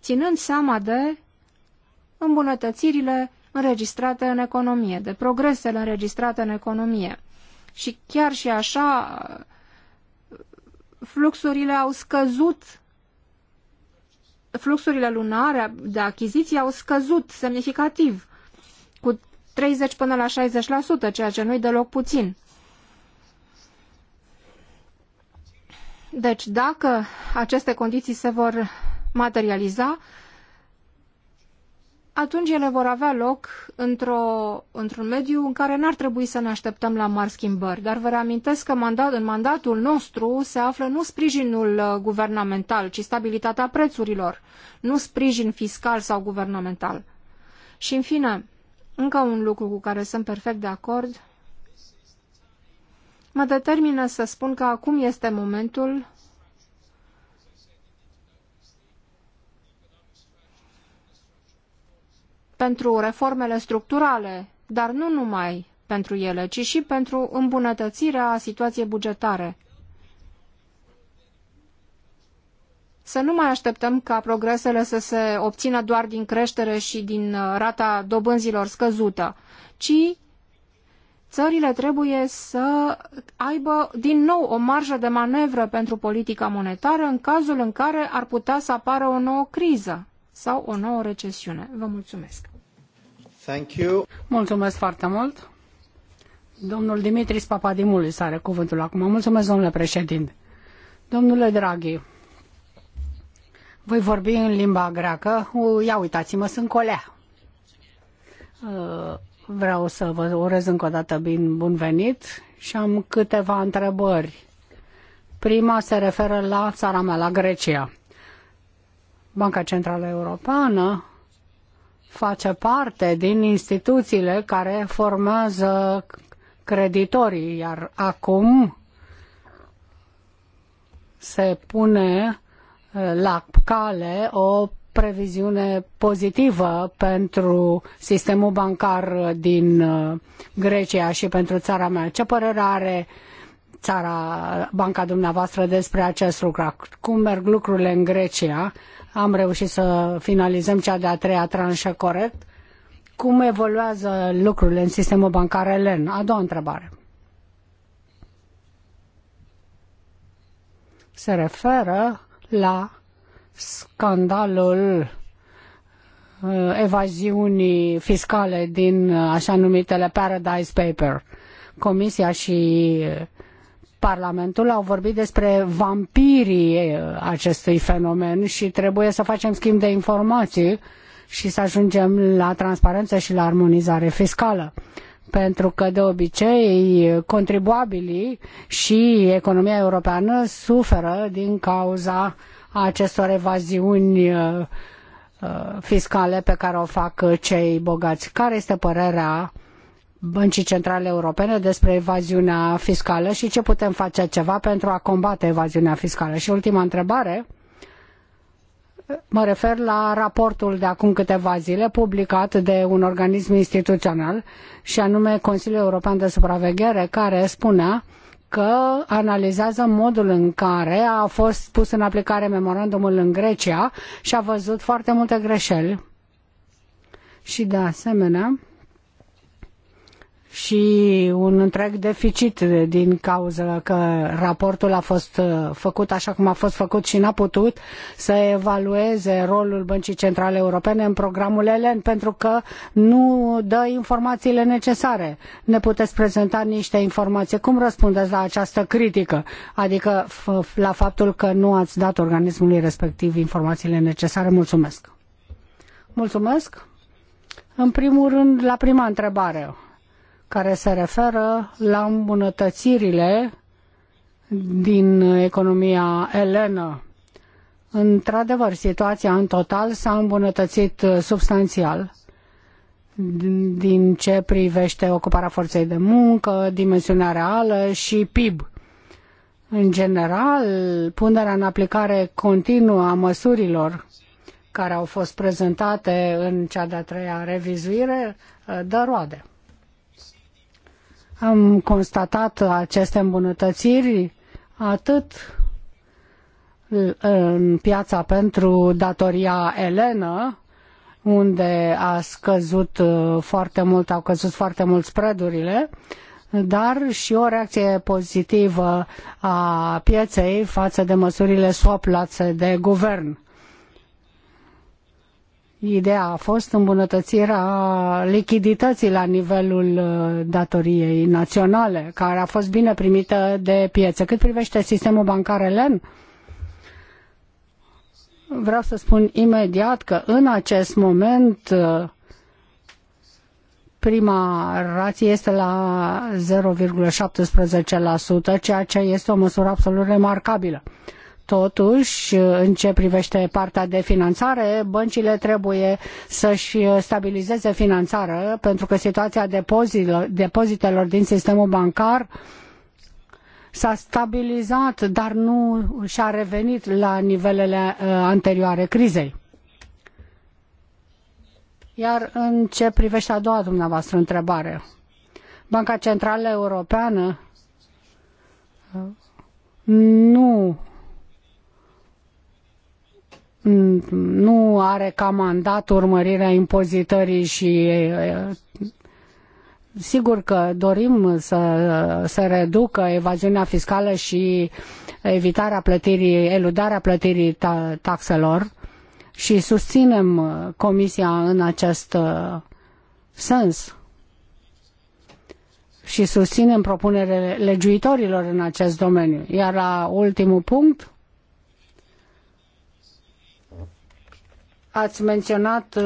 ținând seama de îmbunătățirile înregistrate în economie, de progresele înregistrate în economie. Și chiar și așa, fluxurile au scăzut, fluxurile lunare de achiziții au scăzut semnificativ cu 30 până la 60%, ceea ce nu-i deloc puțin. Deci, dacă aceste condiții se vor materializa, atunci ele vor avea loc într-un într mediu în care n-ar trebui să ne așteptăm la mari schimbări. Dar vă reamintesc că mandat, în mandatul nostru se află nu sprijinul uh, guvernamental, ci stabilitatea prețurilor, nu sprijin fiscal sau guvernamental. Și în fine, încă un lucru cu care sunt perfect de acord. Mă determină să spun că acum este momentul pentru reformele structurale, dar nu numai pentru ele, ci și pentru îmbunătățirea situației bugetare. să nu mai așteptăm ca progresele să se obțină doar din creștere și din uh, rata dobânzilor scăzută, ci țările trebuie să aibă din nou o marjă de manevră pentru politica monetară în cazul în care ar putea să
apară o nouă criză sau o nouă recesiune. Vă mulțumesc!
Thank you.
Mulțumesc foarte mult! Domnul Dimitris Papadimulis are cuvântul acum. Mulțumesc, domnule președinte! Domnule Draghi, voi vorbi în limba greacă. Ia uitați-mă, sunt colea. Uh, vreau să vă urez încă o dată bin, bun venit și am câteva întrebări. Prima se referă la țara mea, la Grecia. Banca Centrală Europeană face parte din instituțiile care formează creditorii, iar acum se pune la cale o previziune pozitivă pentru sistemul bancar din uh, Grecia și pentru țara mea. Ce părere are țara, banca dumneavoastră despre acest lucru? Cum merg lucrurile în Grecia? Am reușit să finalizăm cea de-a treia tranșă corect? Cum evoluează lucrurile în sistemul bancar elen? A doua întrebare. Se referă la scandalul uh, evaziunii fiscale din uh, așa numitele Paradise Paper. Comisia și uh, Parlamentul au vorbit despre vampirii acestui fenomen și trebuie să facem schimb de informații și să ajungem la transparență și la armonizare fiscală pentru că de obicei contribuabilii și economia europeană suferă din cauza acestor evaziuni uh, uh, fiscale pe care o fac uh, cei bogați. Care este părerea Băncii Centrale Europene despre evaziunea fiscală și ce putem face ceva pentru a combate evaziunea fiscală? Și ultima întrebare Mă refer la raportul de acum câteva zile publicat de un organism instituțional și anume Consiliul European de Supraveghere care spunea că analizează modul în care a fost pus în aplicare memorandumul în Grecia și a văzut foarte multe greșeli. Și de asemenea, și un întreg deficit din cauza că raportul a fost uh, făcut așa cum a fost făcut și n-a putut să evalueze rolul Băncii Centrale Europene în programul ELEN pentru că nu dă informațiile necesare. Ne puteți prezenta niște informații. Cum răspundeți la această critică? Adică la faptul că nu ați dat organismului respectiv informațiile necesare. Mulțumesc! Mulțumesc! În primul rând, la prima întrebare, care se referă la îmbunătățirile din economia elenă. Într-adevăr, situația în total s-a îmbunătățit uh, substanțial din ce privește ocuparea forței de muncă, dimensiunea reală și PIB. În general, punerea în aplicare continuă a măsurilor care au fost prezentate în cea de-a treia revizuire uh, dă roade. Am constatat aceste îmbunătățiri atât în piața pentru datoria elenă, unde a scăzut foarte mult, au căzut foarte mult spreadurile, dar și o reacție pozitivă a pieței față de măsurile swap luate de guvern. Ideea a fost îmbunătățirea lichidității la nivelul uh, datoriei naționale, care a fost bine primită de piețe. Cât privește sistemul bancar elen, vreau să spun imediat că în acest moment uh, prima rație este la 0,17%, ceea ce este o măsură absolut remarcabilă. Totuși, în ce privește partea de finanțare, băncile trebuie să-și stabilizeze finanțarea pentru că situația depozitelor din sistemul bancar s-a stabilizat, dar nu și-a revenit la nivelele uh, anterioare crizei. Iar în ce privește a doua dumneavoastră întrebare, Banca Centrală Europeană uh, nu nu are ca mandat urmărirea impozitării și sigur că dorim să, să reducă evaziunea fiscală și evitarea plătirii, eludarea plătirii ta, taxelor și susținem Comisia în acest uh, sens și susținem propunerile legiuitorilor în acest domeniu. Iar la ultimul punct, Ați menționat uh,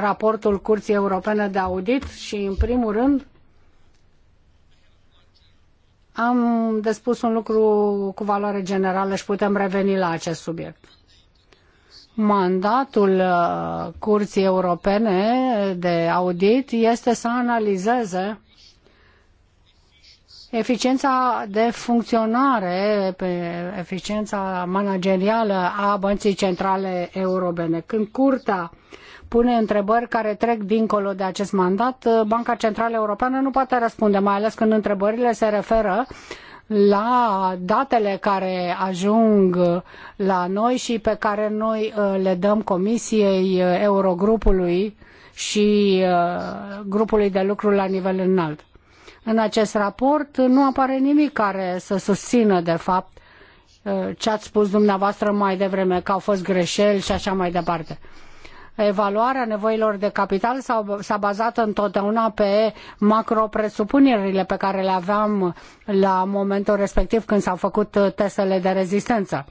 raportul Curții Europene de Audit și, în primul rând, am de spus un lucru cu valoare generală și putem reveni la acest subiect. Mandatul uh, Curții Europene de Audit este să analizeze eficiența de funcționare, pe eficiența managerială a Băncii Centrale Europene. Când curtea pune întrebări care trec dincolo de acest mandat, Banca Centrală Europeană nu poate răspunde, mai ales când întrebările se referă la datele care ajung la noi și pe care noi uh, le dăm Comisiei uh, Eurogrupului și uh, grupului de lucru la nivel înalt. În acest raport nu apare nimic care să susțină, de fapt, uh, ce ați spus dumneavoastră mai devreme, că au fost greșeli și așa mai departe evaluarea nevoilor de capital s-a bazat întotdeauna pe macropresupunerile pe care le aveam la momentul respectiv când s-au făcut uh, testele de rezistență.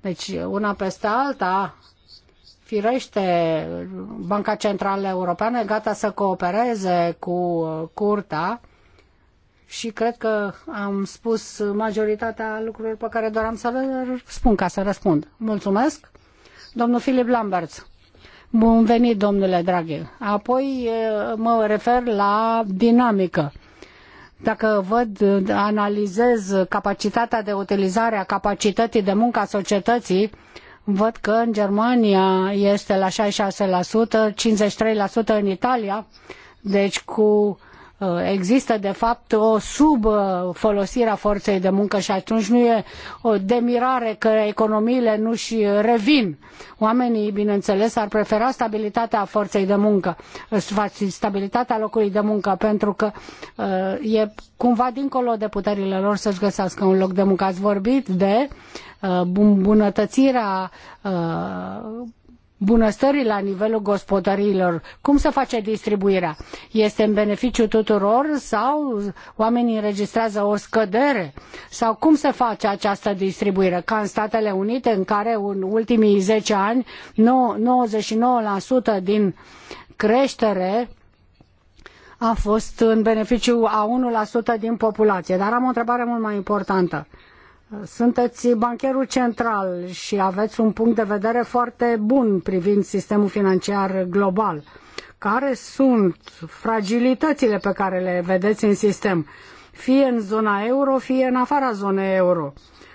Deci una peste alta, firește, Banca Centrală Europeană e gata să coopereze cu uh, Curta și cred că am spus majoritatea lucrurilor pe care doream să le spun ca să răspund. Mulțumesc. Domnul Filip Lamberts. Bun venit, domnule Draghi. Apoi mă refer la dinamică. Dacă văd, analizez capacitatea de utilizare a capacității de muncă a societății, văd că în Germania este la 66%, 53% în Italia, deci cu Uh, există de fapt o subfolosire a forței de muncă și atunci nu e o demirare că economiile nu și revin. Oamenii, bineînțeles, ar prefera stabilitatea forței de muncă, uh, stabilitatea locului de muncă, pentru că uh, e cumva dincolo de puterile lor să-și găsească un loc de muncă. Ați vorbit de îmbunătățirea bunăstării la nivelul gospodăriilor. Cum se face distribuirea? Este în beneficiu tuturor sau oamenii înregistrează o scădere? Sau cum se face această distribuire? Ca în Statele Unite, în care în ultimii zece ani 99% din creștere a fost în beneficiu a 1% din populație. Dar am o întrebare mult mai importantă. Sunteți bancherul central și aveți un punct de vedere foarte bun privind sistemul financiar global. Care sunt fragilitățile pe care le vedeți în sistem, fie în zona euro, fie în afara zonei euro,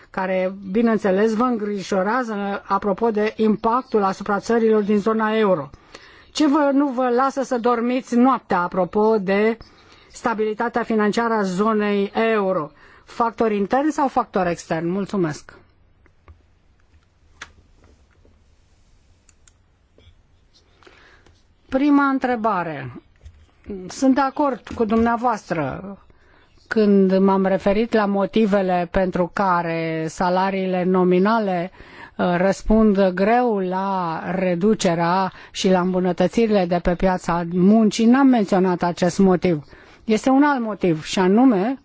care, bineînțeles, vă îngrijorează apropo de impactul asupra țărilor din zona euro? Ce vă, nu vă lasă să dormiți noaptea, apropo de stabilitatea financiară a zonei euro? factor intern sau factor extern? Mulțumesc! Prima întrebare. Sunt de acord cu dumneavoastră când m-am referit la motivele pentru care salariile nominale uh, răspund greu la reducerea și la îmbunătățirile de pe piața muncii, n-am menționat acest motiv. Este un alt motiv și anume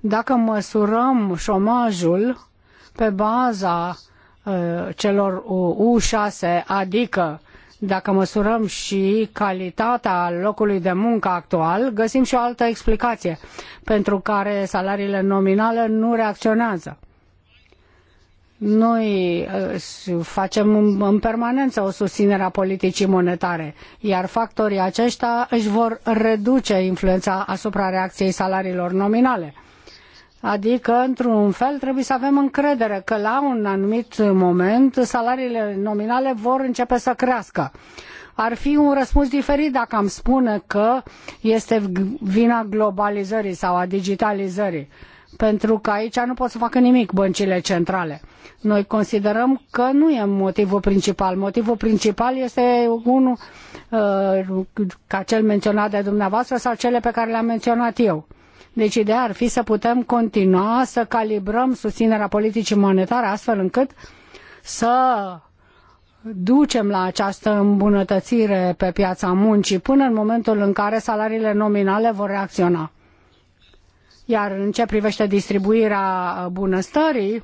dacă măsurăm șomajul pe baza ă, celor U6, adică dacă măsurăm și calitatea locului de muncă actual, găsim și o altă explicație pentru care salariile nominale nu reacționează. Noi ă, facem în permanență o susținere a politicii monetare, iar factorii aceștia își vor reduce influența asupra reacției salariilor nominale Adică, într-un fel, trebuie să avem încredere că la un anumit moment salariile nominale vor începe să crească. Ar fi un răspuns diferit dacă am spune că este vina globalizării sau a digitalizării pentru că aici nu pot să facă nimic băncile centrale. Noi considerăm că nu e motivul principal. Motivul principal este unul uh, ca cel menționat de dumneavoastră sau cele pe care le-am menționat eu. Deci ideea ar fi să putem continua să calibrăm susținerea politicii monetare astfel încât să ducem la această îmbunătățire pe piața muncii până în momentul în care salariile nominale vor reacționa. Iar în ce privește distribuirea bunăstării,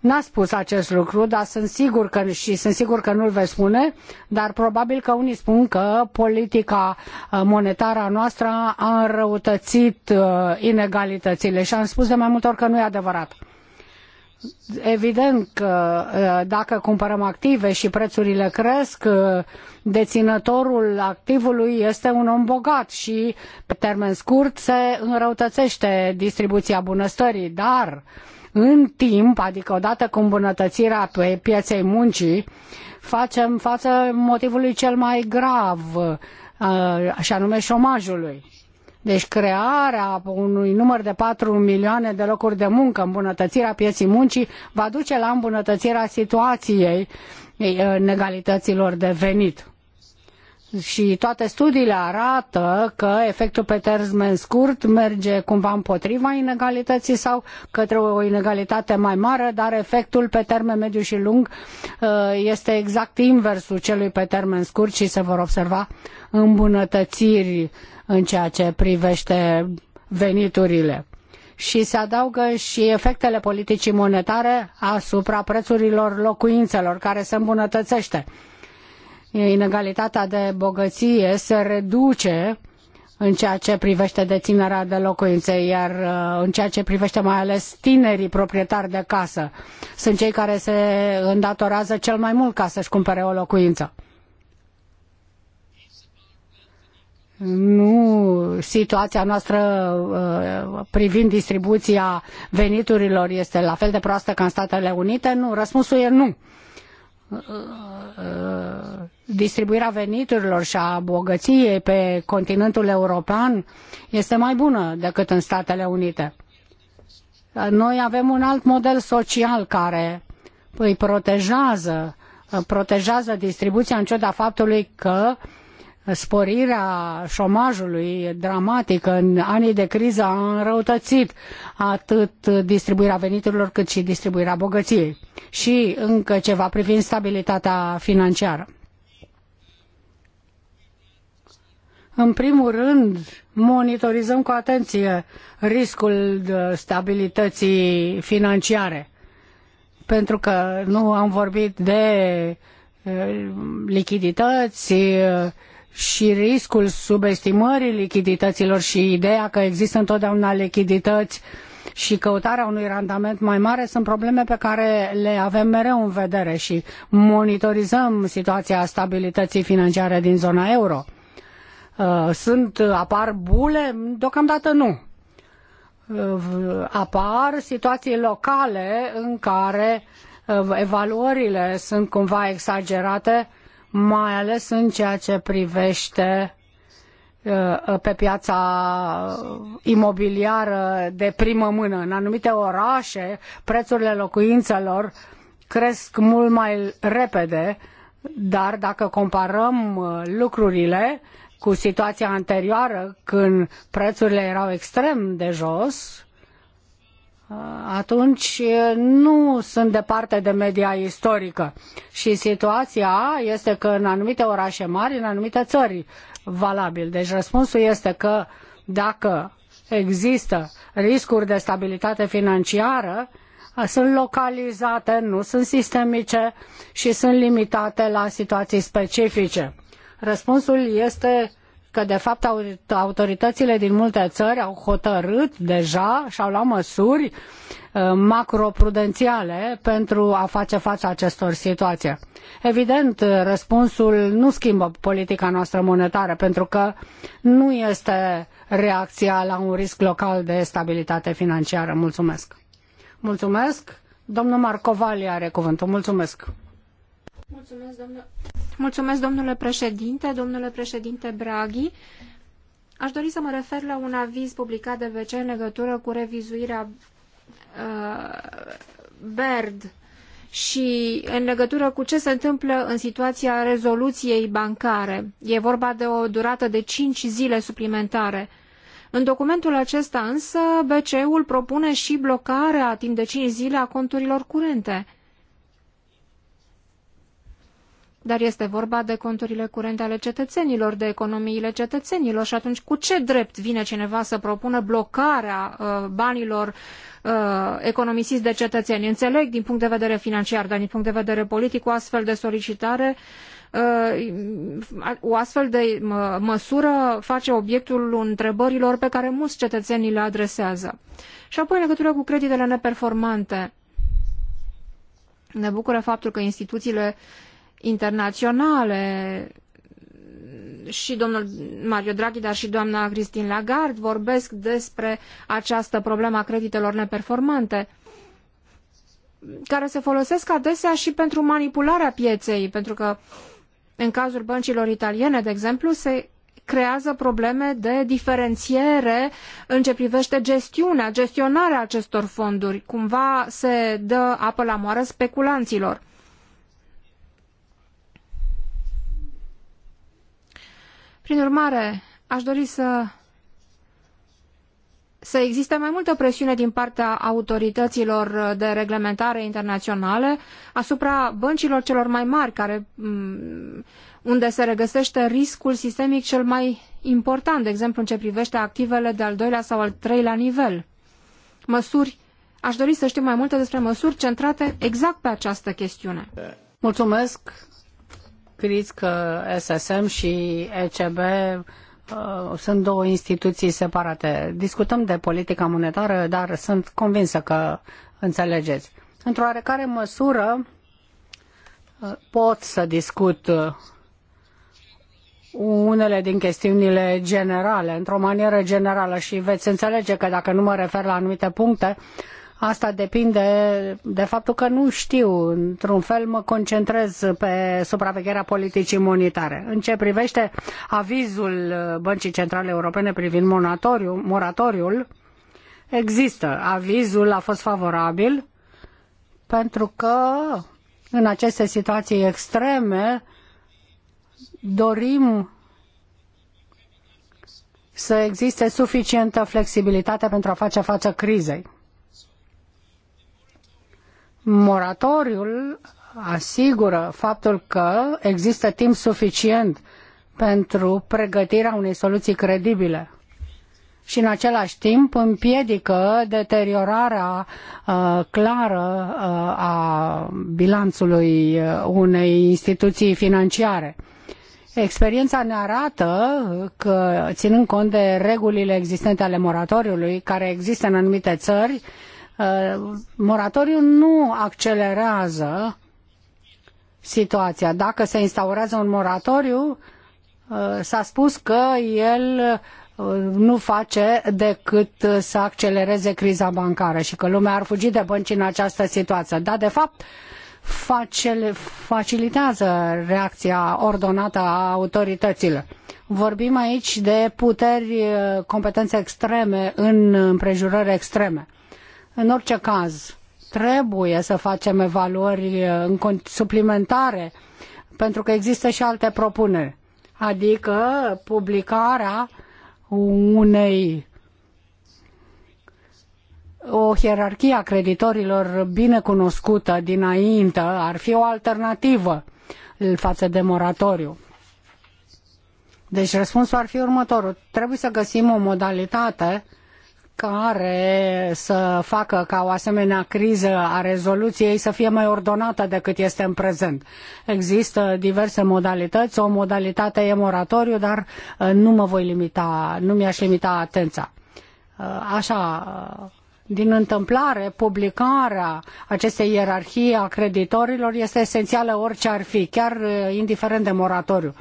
N-a spus acest lucru, dar sunt sigur că, și sunt sigur că nu-l veți spune, dar probabil că unii spun că politica uh, monetară a noastră a înrăutățit uh, inegalitățile și am spus de mai multe ori că nu e adevărat. Evident că uh, dacă cumpărăm active și prețurile cresc, deținătorul activului este un om bogat și pe termen scurt se înrăutățește distribuția bunăstării, dar în timp, adică odată cu îmbunătățirea pieței muncii, facem față motivului cel mai grav, uh, și anume șomajului. Deci crearea unui număr de patru milioane de locuri de muncă, îmbunătățirea pieții muncii, va duce la îmbunătățirea situației uh, negalităților de venit și toate studiile arată că efectul pe termen scurt merge cumva împotriva inegalității sau către o inegalitate mai mare, dar efectul pe termen mediu și lung uh, este exact inversul celui pe termen scurt și se vor observa îmbunătățiri în ceea ce privește veniturile și se adaugă și efectele politicii monetare asupra prețurilor locuințelor, care se îmbunătățește inegalitatea de bogăție se reduce în ceea ce privește deținerea de locuințe, iar uh, în ceea ce privește mai ales tinerii proprietari de casă, sunt cei care se îndatorează cel mai mult ca să-și cumpere o locuință. Nu, situația noastră uh, privind distribuția veniturilor este la fel de proastă ca în Statele Unite? Nu, răspunsul e nu distribuirea veniturilor și a bogăției pe continentul european este mai bună decât în Statele Unite. Noi avem un alt model social care îi protejează, protejează distribuția în ciuda faptului că uh, sporirea șomajului dramatică în anii de criză a înrăutățit atât distribuirea veniturilor cât și distribuirea bogăției și încă ceva privind stabilitatea financiară. În primul rând, monitorizăm cu atenție riscul stabilității financiare, pentru că nu am vorbit de eh, lichidități, și riscul subestimării lichidităților și ideea că există întotdeauna lichidități și căutarea unui randament mai mare sunt probleme pe care le avem mereu în vedere și monitorizăm situația stabilității financiare din zona euro. Uh, sunt, apar bule? Deocamdată nu. Uh, apar situații locale în care uh, evaluările sunt cumva exagerate uh, mai ales în ceea ce privește uh, pe piața imobiliară de primă mână. În anumite orașe, prețurile locuințelor cresc mult mai repede, dar dacă comparăm uh, lucrurile cu situația anterioară, când prețurile erau extrem de jos, atunci nu sunt departe de media istorică. Și situația este că în anumite orașe mari, în anumite țări, valabil. Deci răspunsul este că dacă există riscuri de stabilitate financiară, sunt localizate, nu sunt sistemice și sunt limitate la situații specifice. Răspunsul este că de fapt autoritățile din multe țări au hotărât deja și au luat măsuri uh, macroprudențiale pentru a face față acestor situații. Evident, răspunsul nu schimbă politica noastră monetară pentru că nu este reacția la un risc local de stabilitate financiară. Mulțumesc. Mulțumesc. Domnul Marcovali are cuvântul. Mulțumesc.
Mulțumesc,
domnule, Mulțumesc, domnule președinte, domnule președinte Braghi. Aș dori să mă refer la un aviz publicat de BC în legătură cu revizuirea uh, BERD și în legătură cu ce se întâmplă în situația rezoluției bancare. E vorba de o durată de cinci zile suplimentare. În documentul acesta însă, BCE-ul propune și blocarea timp de cinci zile a conturilor curente. dar este vorba de conturile curente ale cetățenilor, de economiile cetățenilor și atunci cu ce drept vine cineva să propună blocarea uh, banilor uh, economisiți de cetățeni? Înțeleg din punct de vedere financiar, dar din punct de vedere politic o astfel de solicitare uh, o astfel de uh, măsură face obiectul întrebărilor pe care mulți cetățenii le adresează. Și apoi, în legătură cu creditele neperformante, ne bucură faptul că instituțiile internaționale și domnul Mario Draghi, dar și doamna Christine Lagarde vorbesc despre această problemă a creditelor neperformante care se folosesc adesea și pentru manipularea pieței, pentru că în cazul băncilor italiene, de exemplu, se creează probleme de diferențiere în ce privește gestiunea, gestionarea acestor fonduri. Cumva se dă apă la moară speculanților. Prin urmare, aș dori să să existe mai multă presiune din partea autorităților de reglementare internaționale asupra băncilor celor mai mari, care, mm, unde se regăsește riscul sistemic cel mai important, de exemplu în ceea ce privește activele de al doilea sau al treilea nivel. Măsuri, aș dori să știu mai multe despre măsuri centrate exact pe această chestiune.
Mulțumesc! că SSM și ECB uh, sunt două instituții separate. Discutăm de politica monetară, dar sunt convinsă că înțelegeți. Într-o oarecare măsură uh, pot să discut uh, unele din chestiunile generale, într-o manieră generală și veți înțelege că dacă nu mă refer la anumite puncte, Asta depinde de faptul că nu știu, într-un fel mă concentrez pe supravegherea politicii monetare. În ce privește avizul Băncii Centrale Europene privind moratoriu, moratoriul, există. Avizul a fost favorabil pentru că în aceste situații extreme dorim să existe suficientă flexibilitate pentru a face față crizei. Moratoriul asigură faptul că există timp suficient pentru pregătirea unei soluții credibile și în același timp împiedică deteriorarea uh, clară uh, a bilanțului uh, unei instituții financiare. Experiența ne arată că, ținând cont de regulile existente ale moratoriului, care există în anumite țări, uh, Uh, moratoriul nu accelerează situația. Dacă se instaurează un moratoriu, uh, s-a spus că el uh, nu face decât să accelereze criza bancară și că lumea ar fugi de bănci în această situație. Dar, de fapt, facilitează reacția ordonată a autorităților. Vorbim aici de puteri, competențe extreme în împrejurări extreme. În orice caz, trebuie să facem evaluări uh, suplimentare, pentru că există și alte propuneri, adică publicarea unei o hierarhie a creditorilor bine cunoscută dinainte ar fi o alternativă față de moratoriu. Deci răspunsul ar fi următorul. Trebuie să găsim o modalitate uh, care să facă ca o asemenea criză a rezoluției să fie mai ordonată decât este în prezent. Există diverse modalități, o modalitate e moratoriu, dar uh, nu mă voi limita, nu mi-aș limita atenția. Uh, așa, uh, din întâmplare, publicarea acestei ierarhii a creditorilor este esențială orice ar fi, chiar indiferent de moratoriu.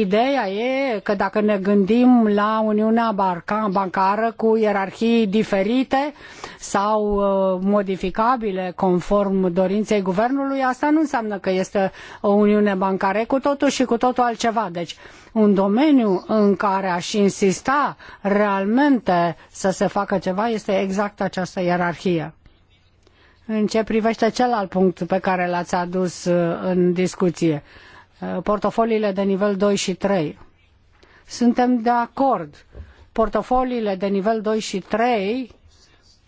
Ideea e că dacă ne gândim la Uniunea Bancară cu ierarhii diferite sau uh, modificabile conform dorinței guvernului, asta nu înseamnă că este o Uniune Bancară, e cu totul și cu totul altceva. Deci, un domeniu în care aș insista realmente să se facă ceva este exact această ierarhie. În ce privește celălalt punct pe care l-ați adus uh, în discuție, Eh, portofoliile de nivel 2 și 3. Suntem de acord. Portofoliile de nivel 2 și 3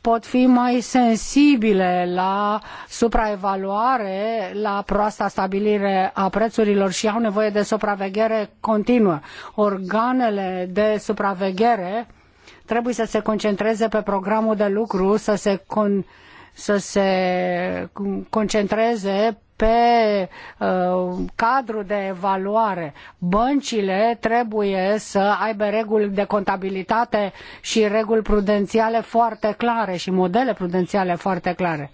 pot fi mai sensibile la supraevaluare, la proasta stabilire a prețurilor și au nevoie de supraveghere continuă. Organele de supraveghere trebuie să se concentreze pe programul de lucru, să se, con să se concentreze pe uh, cadru de evaluare. Băncile trebuie să aibă reguli de contabilitate și reguli prudențiale foarte clare și modele prudențiale foarte clare.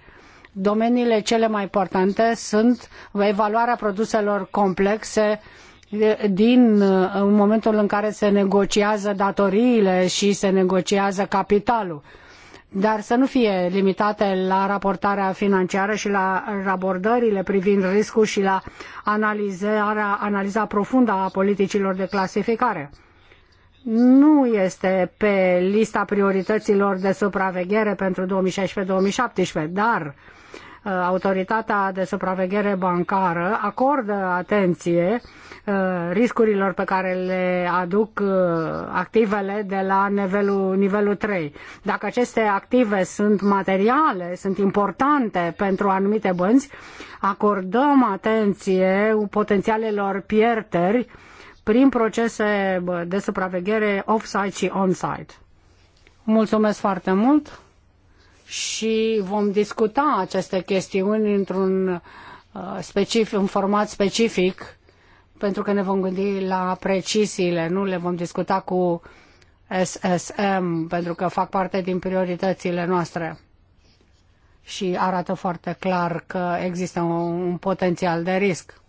Domeniile cele mai importante sunt evaluarea produselor complexe din uh, în momentul în care se negociază datoriile și se negociază capitalul dar să nu fie limitate la raportarea financiară și la abordările privind riscul și la analizarea, analiza profundă a politicilor de clasificare. Nu este pe lista priorităților de supraveghere pentru 2016-2017, dar uh, autoritatea de supraveghere bancară acordă atenție uh, Uh, riscurilor pe care le aduc uh, activele de la nivelul, nivelul 3. Dacă aceste active sunt materiale, sunt importante pentru anumite bănci, acordăm atenție potențialelor pierderi prin procese de supraveghere off-site și on-site. Mulțumesc foarte mult și vom discuta aceste chestiuni într-un uh, specific, în format specific pentru că ne vom gândi la precisiile, nu le vom discuta cu SSM, pentru că fac parte din prioritățile noastre și arată foarte clar că există un, un potențial de risc.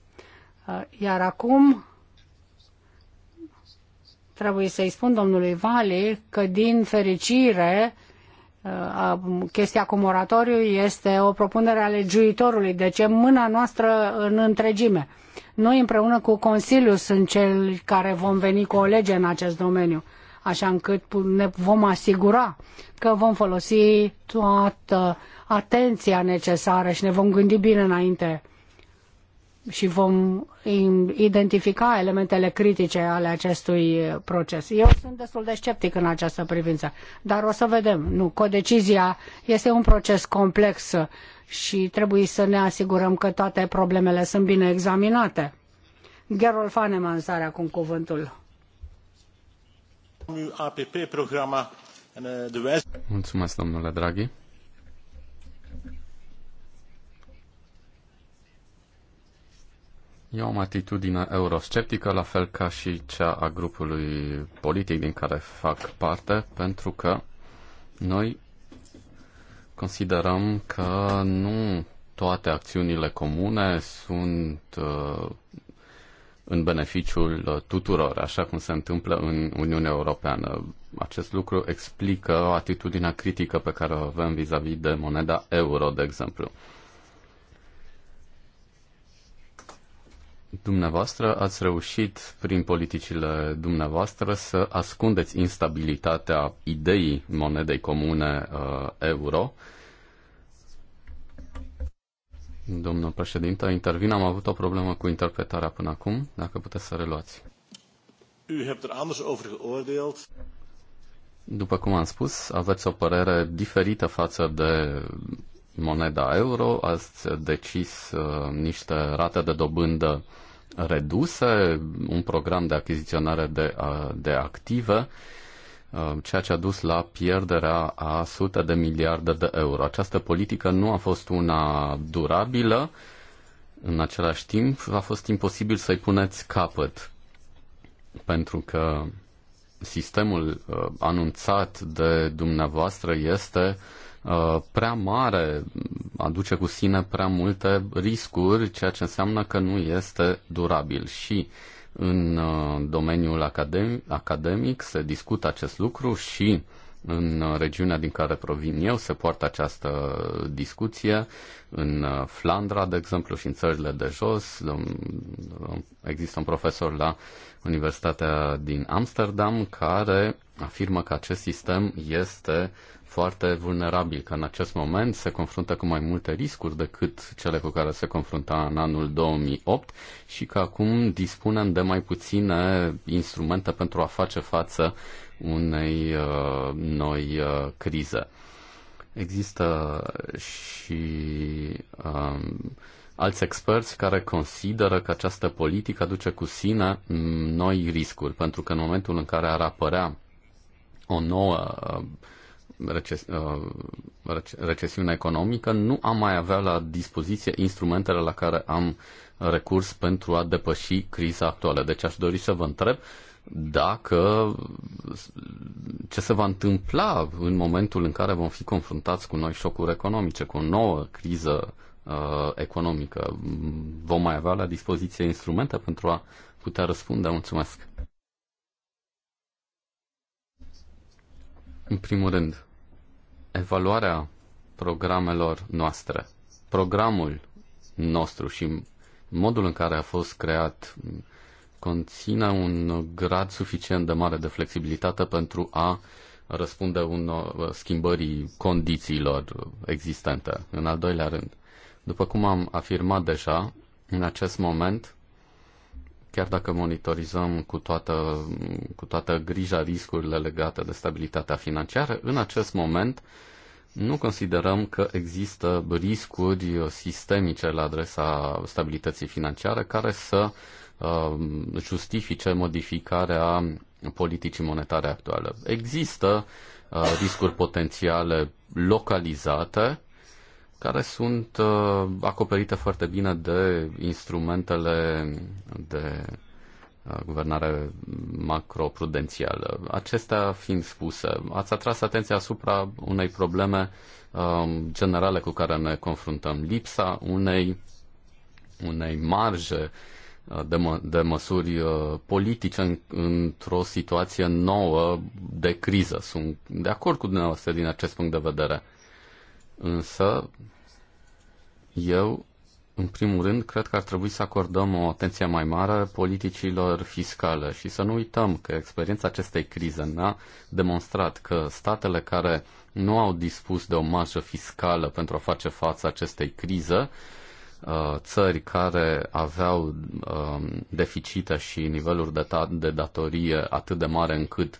Uh, iar acum trebuie să-i spun domnului Vali că, din fericire, chestia cu moratoriu este o propunere a legiuitorului, deci e mâna noastră în întregime. Noi împreună cu Consiliul sunt cei care vom veni cu o lege în acest domeniu, așa încât ne vom asigura că vom folosi toată atenția necesară și ne vom gândi bine înainte și vom identifica elementele critice ale acestui proces. Eu sunt destul de sceptic în această privință, dar o să vedem. Nu, codecizia este un proces complex și trebuie să ne asigurăm că toate problemele sunt bine examinate. Gerol Fanemans are acum cuvântul.
Uh, Mulțumesc, domnule Draghi. Eu am atitudine eurosceptică, la fel ca și cea a grupului politic din care fac parte, pentru că noi considerăm că nu toate acțiunile comune sunt uh, în beneficiul tuturor, așa cum se întâmplă în Uniunea Europeană. Acest lucru explică atitudinea critică pe care o avem vis-a-vis -vis de moneda euro, de exemplu. Uh, dumneavoastră ați reușit prin politicile dumneavoastră să ascundeți instabilitatea ideii monedei comune uh, euro. Domnul președinte, intervin. Am avut o problemă cu interpretarea până acum. Dacă puteți să reluați.
U hebt er anders over geoordeeld.
După cum am spus, aveți o părere diferită față de moneda euro, ați decis uh, niște rate de dobândă reduse, un program de achiziționare de, uh, de active, uh, ceea ce a dus la pierderea a sute de miliarde de euro. Această politică nu a fost una durabilă, în același timp a fost imposibil să-i puneți capăt, pentru că sistemul anunțat de dumneavoastră este uh, Uh, prea mare, aduce cu sine prea multe riscuri, ceea ce înseamnă că nu este durabil. Și în uh, domeniul academic, academic se discută acest lucru și în regiunea din care provin eu se poartă această discuție. În uh, Flandra, de exemplu, și în țările de jos, există un profesor la Universitatea din Amsterdam care afirmă că acest sistem este foarte vulnerabil, că în acest moment se confruntă cu mai multe riscuri decât cele cu care se confrunta în anul 2008 și că acum dispunem de mai puține instrumente pentru a face față unei uh, noi uh, crize. Există și um, alți experți care consideră că această politică aduce cu sine mm, noi riscuri, pentru că în momentul în care ar apărea o nouă uh, reces- uh, recesiune economică, nu am mai avea la dispoziție instrumentele la care am recurs pentru a depăși criza actuală. Deci aș dori să vă întreb dacă ce se va întâmpla în momentul în care vom fi confruntați cu noi șocuri economice, cu o nouă criză uh, economică. Vom mai avea la dispoziție instrumente pentru a putea răspunde? Mulțumesc! În primul rând, evaluarea programelor noastre, programul nostru și modul în care a fost creat conține un grad suficient de mare de flexibilitate pentru a răspunde unor uh, schimbării condițiilor existente. În al doilea rând, după cum am afirmat deja, în acest moment chiar dacă monitorizăm cu toată, cu toată grija riscurile legate de stabilitatea financiară, în acest moment nu considerăm că există riscuri sistemice la adresa stabilității financiare care să uh, justifice modificarea politicii monetare actuale. Există uh, riscuri potențiale localizate care sunt uh, acoperite foarte bine de instrumentele de uh, guvernare macroprudențială. Acestea fiind spuse, ați atras atenția asupra unei probleme uh, generale cu care ne confruntăm. Lipsa unei, unei marje uh, de, mă, de măsuri uh, politice în, într-o situație nouă de criză. Sunt de acord cu dumneavoastră din acest punct de vedere. Uh, Însă, eu, în primul rând, cred că ar trebui să acordăm o atenție mai mare politicilor fiscale și să nu uităm că experiența acestei crize ne-a demonstrat că statele care nu au dispus de o marjă fiscală pentru a face față acestei crize, uh, țări care aveau um, deficite și niveluri de, de datorie atât de mare încât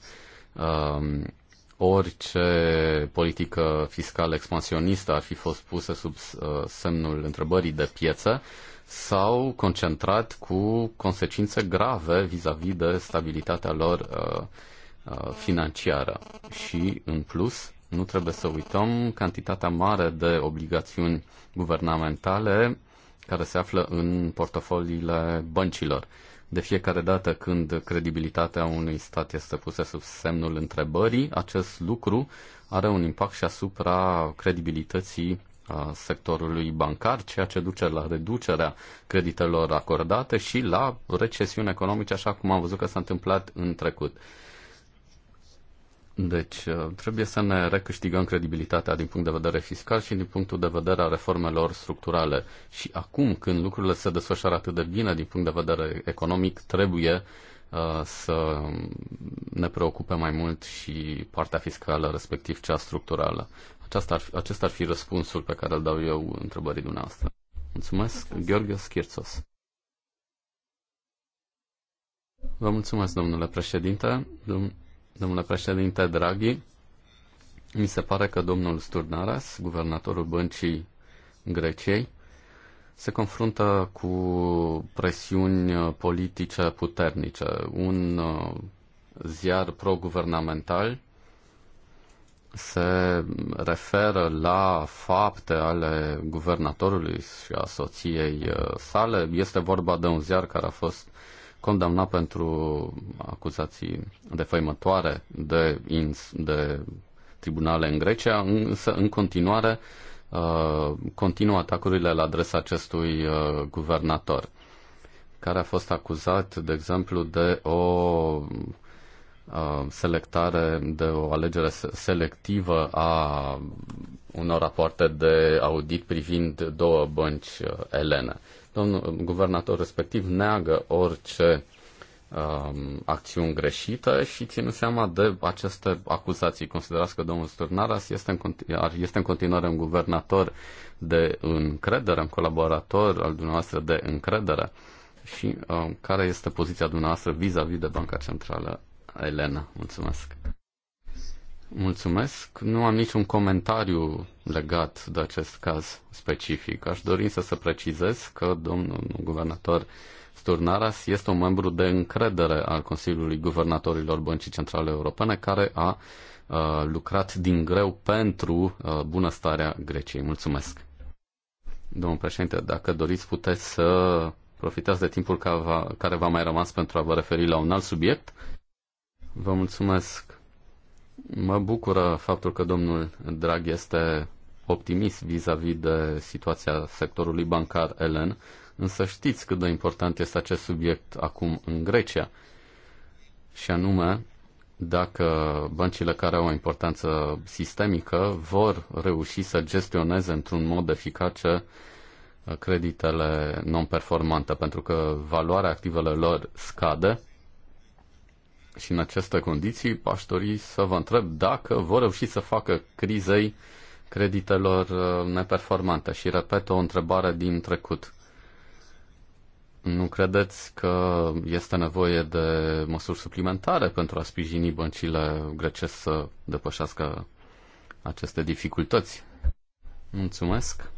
um, orice politică fiscală expansionistă ar fi fost pusă sub uh, semnul întrebării de piață s-au concentrat cu consecințe grave vis-a-vis -vis de stabilitatea lor uh, uh, financiară. Și, în plus, nu trebuie să uităm cantitatea mare de obligațiuni guvernamentale care se află în portofoliile băncilor. De fiecare dată când credibilitatea unui stat este pusă sub semnul întrebării, acest lucru are un impact și asupra credibilității uh, sectorului bancar, ceea ce duce la reducerea creditelor acordate și la recesiuni economice, așa cum am văzut că s-a întâmplat în trecut. Deci, uh, trebuie să ne recâștigăm credibilitatea din punct de vedere fiscal și din punctul de vedere a reformelor structurale. Și acum, când lucrurile se desfășoară atât de bine din punct de vedere economic, trebuie uh, să ne preocupe mai mult și partea fiscală, respectiv cea structurală. Aceasta ar, acesta ar fi răspunsul pe care îl dau eu întrebării dumneavoastră. Mulțumesc, mulțumesc. Gheorghe Schirțos. Vă mulțumesc, domnule președinte. domn domnule președinte Draghi, mi se pare că domnul Sturnaras, guvernatorul băncii Greciei, se confruntă cu presiuni uh, politice puternice. Un uh, ziar pro-guvernamental se referă la fapte ale guvernatorului și a soției uh, sale. Este vorba de un ziar care a fost uh, condamnat pentru acuzații defăimătoare de, ins, de tribunale în Grecia, însă în continuare uh, continuă atacurile la adresa acestui uh, guvernator, care a fost acuzat, de exemplu, de o uh, selectare, de o alegere selectivă a unor rapoarte de audit privind două bănci uh, elene. Uh, Domnul guvernator respectiv neagă orice um, acțiuni greșită și ținând seama de aceste acuzații. Considerați că domnul Sturnaras este în, este în continuare un guvernator de încredere, un colaborator al dumneavoastră de încredere și um, care este poziția dumneavoastră vis-a-vis -vis de Banca Centrală Elena? Mulțumesc! Mulțumesc. Nu am niciun comentariu legat de acest caz specific. Aș dori să se precizez că domnul guvernator Sturnaras este un membru de încredere al Consiliului Guvernatorilor Băncii Centrale Europene care a uh, lucrat din greu pentru uh, bunăstarea Greciei. Mulțumesc. Domnul președinte, dacă doriți, puteți să profitați de timpul care v-a mai rămas pentru a vă referi la un alt subiect. Vă mulțumesc Mă bucură faptul că domnul Drag este optimist vis-a-vis -vis de situația sectorului bancar elen, însă știți cât de important este acest subiect acum în Grecia. Și anume, dacă băncile care au o importanță sistemică vor reuși să gestioneze într-un mod eficace creditele non-performante, pentru că valoarea activelor lor scade și în aceste condiții aș dori să vă întreb dacă vor reuși să facă crizei creditelor uh, neperformante. Și repet o întrebare din trecut. Nu credeți că este nevoie de măsuri suplimentare pentru a sprijini băncile grecești să depășească aceste dificultăți? Mulțumesc.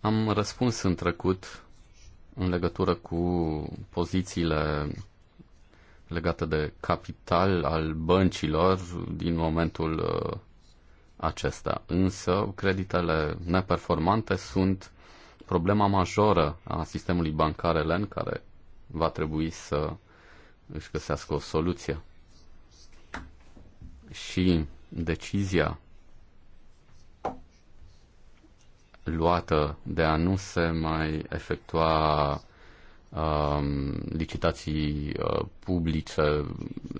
Am răspuns în trecut în legătură cu pozițiile legată de capital al băncilor din momentul uh, acesta. Însă, creditele neperformante sunt problema majoră a sistemului bancar elen care va trebui să își găsească o soluție. Și decizia luată de a nu se mai efectua Um, licitații uh, publice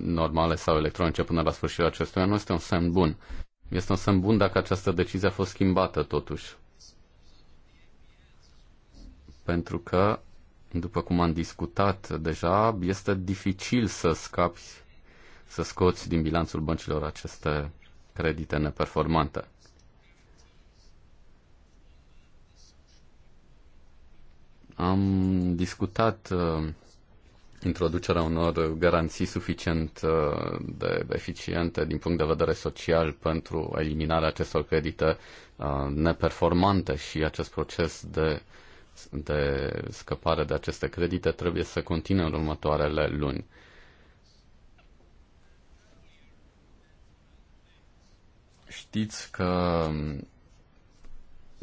normale sau electronice până la sfârșitul acestui an nu este un semn bun. Este un semn bun dacă această decizie a fost schimbată totuși. Pentru că, după cum am discutat deja, este dificil să scapi, să scoți din bilanțul băncilor aceste credite neperformante. Am discutat uh, introducerea unor garanții suficient uh, de eficiente din punct de vedere social pentru eliminarea acestor credite uh, neperformante și acest proces de, de scăpare de aceste credite trebuie să continue în următoarele luni. Știți că um,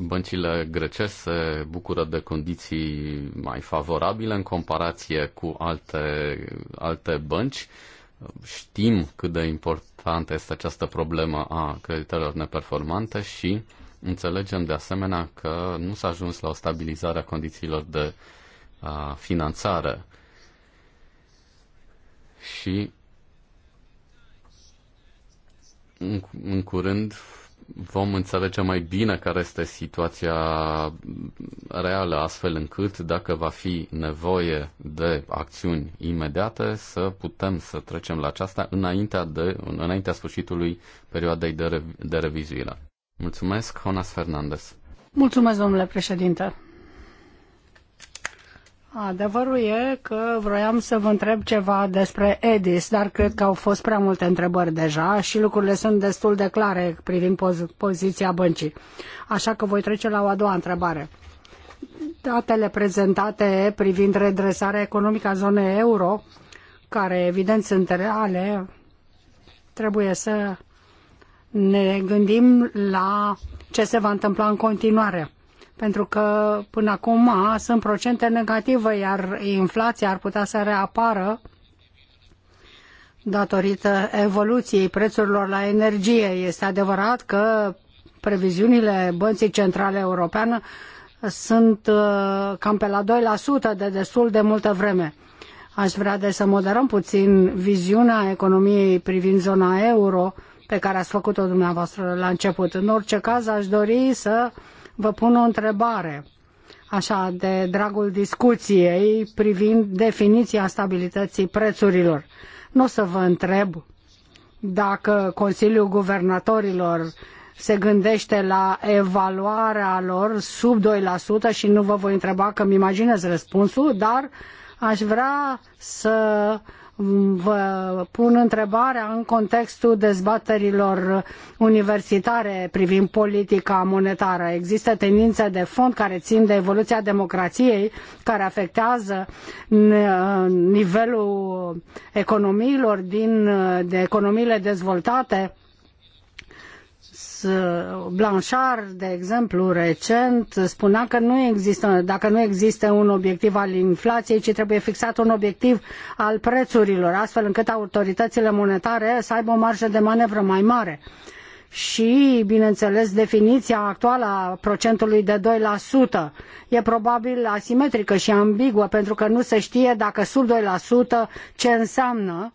băncile grecești se bucură de condiții mai favorabile în comparație cu alte, alte bănci. Știm cât de importantă este această problemă a creditelor neperformante și înțelegem de asemenea că nu s-a ajuns la o stabilizare a condițiilor de a, finanțare. Și în, în curând vom înțelege mai bine care este situația reală, astfel încât, dacă va fi nevoie de acțiuni imediate, să putem să trecem la aceasta înaintea, de, înaintea sfârșitului perioadei de, re, de revizuire. Mulțumesc, Jonas Fernandez.
Mulțumesc, domnule președinte. Adevărul e că vroiam să vă întreb ceva despre Edis, dar cred că au fost prea multe întrebări deja și lucrurile sunt destul de clare privind poz- poziția băncii. Așa că voi trece la o a doua întrebare. Datele prezentate privind redresarea economică a zonei euro, care evident sunt reale, trebuie să ne gândim la ce se va întâmpla în continuare pentru că până acum sunt procente negative, iar inflația ar putea să reapară datorită evoluției prețurilor la energie. Este adevărat că previziunile Băncii Centrale Europeană sunt uh, cam pe la 2% de destul de multă vreme. Aș vrea de să moderăm puțin viziunea economiei privind zona euro pe care ați făcut-o dumneavoastră la început. În orice caz, aș dori să uh, Vă pun o întrebare, așa, de dragul discuției privind definiția stabilității prețurilor. Nu o să vă întreb dacă Consiliul Guvernatorilor se gândește la evaluarea lor sub 2% și nu vă voi întreba că îmi imaginez răspunsul, dar aș vrea să vă pun întrebarea în contextul dezbaterilor universitare privind politica monetară. Există tendințe de fond care țin de evoluția democrației, care afectează nivelul economiilor din de economiile dezvoltate Eh, Blanchard, de exemplu, recent, spunea că nu există, dacă nu există un obiectiv al inflației, ci trebuie fixat un obiectiv al prețurilor, astfel încât autoritățile monetare să aibă o marjă de manevră mai mare. Și, bineînțeles, definiția actuală a procentului de 2% e probabil asimetrică și ambiguă, pentru că nu se știe dacă sub 2% ce înseamnă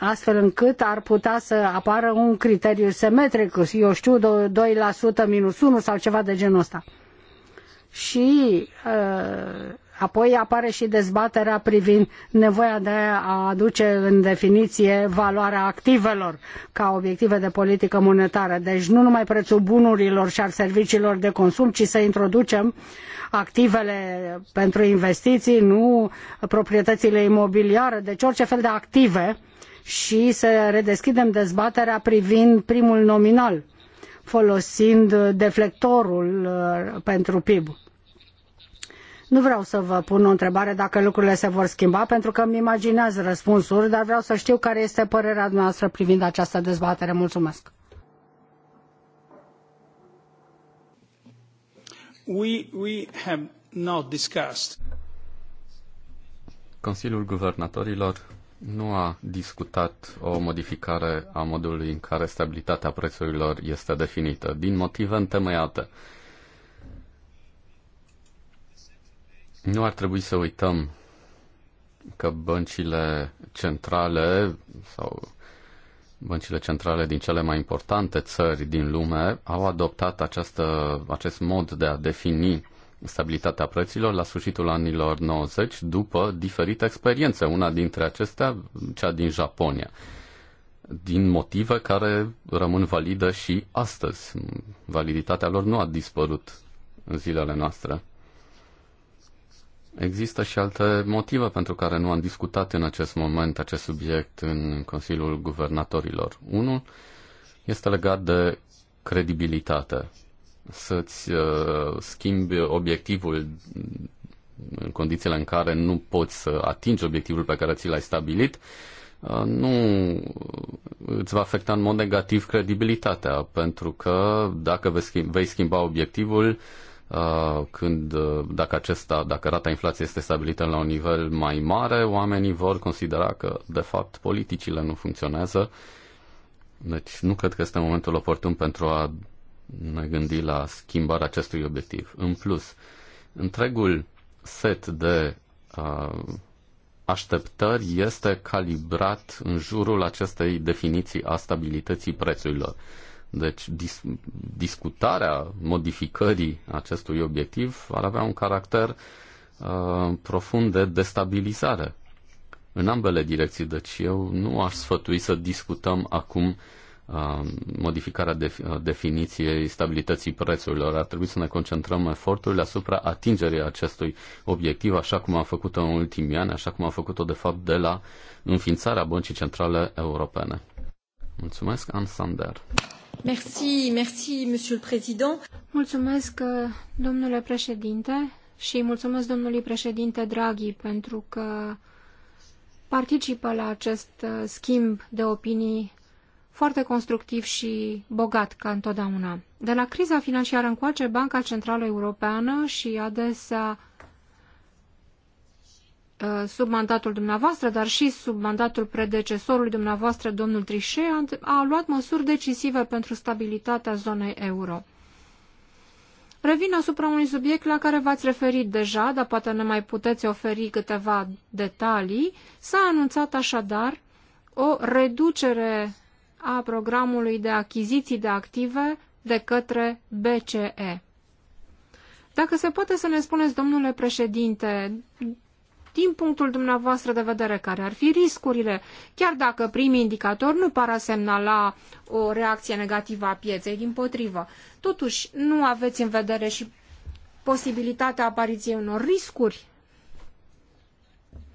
astfel încât ar putea să apară un criteriu semetric, eu știu, 2% minus 1 sau ceva de genul ăsta. Și uh, apoi apare și dezbaterea privind nevoia de a aduce în definiție valoarea activelor ca obiective de politică monetară. Deci nu numai prețul bunurilor și al serviciilor de consum, ci să introducem activele pentru investiții, nu proprietățile imobiliare, deci orice fel de active și să redeschidem dezbaterea privind primul nominal, folosind deflectorul uh, pentru PIB. Nu vreau să vă pun o întrebare dacă lucrurile se vor schimba, pentru că îmi imaginez răspunsuri, dar vreau să știu care este părerea noastră privind această dezbatere. Mulțumesc!
We, we have not discussed.
Consiliul Guvernatorilor nu a discutat o modificare a modului în care stabilitatea prețurilor este definită, din motive întemeiate. Nu ar trebui să uităm că băncile centrale sau băncile centrale din cele mai importante țări din lume au adoptat această, acest mod de a defini stabilitatea preților la sfârșitul anilor 90 după diferite experiențe, una dintre acestea cea din Japonia, din motive care rămân validă și astăzi. Validitatea lor nu a dispărut în zilele noastre. Există și alte motive pentru care nu am discutat în acest moment acest subiect în Consiliul Guvernatorilor. Unul este legat de credibilitate să-ți uh, schimbi obiectivul în condițiile în care nu poți să atingi obiectivul pe care ți l-ai stabilit, uh, nu îți va afecta în mod negativ credibilitatea, pentru că dacă vei schimba, vei schimba obiectivul, uh, când, dacă, acesta, dacă rata inflației este stabilită la un nivel mai mare, oamenii vor considera că, de fapt, politicile nu funcționează. Deci nu cred că este momentul oportun pentru a ne gândi la schimbarea acestui obiectiv. În plus, întregul set de uh, așteptări este calibrat în jurul acestei definiții a stabilității prețurilor. Deci dis- discutarea modificării acestui obiectiv ar avea un caracter uh, profund de destabilizare în ambele direcții. Deci eu nu aș sfătui să discutăm acum uh, Um, modificarea de, uh, definiției stabilității prețurilor. Ar trebui să ne concentrăm eforturile asupra atingerii acestui obiectiv, așa cum am făcut-o în ultimii ani, așa cum am făcut-o de fapt de la înființarea Băncii Centrale Europene. Mulțumesc, Ann Sander.
Merci, merci, monsieur le président. Mulțumesc, uh, domnule președinte, și mulțumesc domnului președinte Draghi pentru că participă la acest uh, schimb de opinii foarte constructiv și bogat ca întotdeauna. De la criza financiară încoace, Banca Centrală Europeană și adesea uh, sub mandatul dumneavoastră, dar și sub mandatul predecesorului dumneavoastră, domnul Trichet, a luat măsuri decisive pentru stabilitatea zonei euro. Revin asupra unui subiect la care v-ați referit deja, dar poate ne mai puteți oferi câteva detalii. S-a anunțat așadar o reducere a programului de achiziții de active de către BCE. Dacă se poate să ne spuneți, domnule președinte, din punctul dumneavoastră de vedere, care ar fi riscurile, chiar dacă primii indicatori nu par a semnala o reacție negativă a pieței, din potrivă. Totuși, nu aveți în vedere și posibilitatea apariției unor riscuri?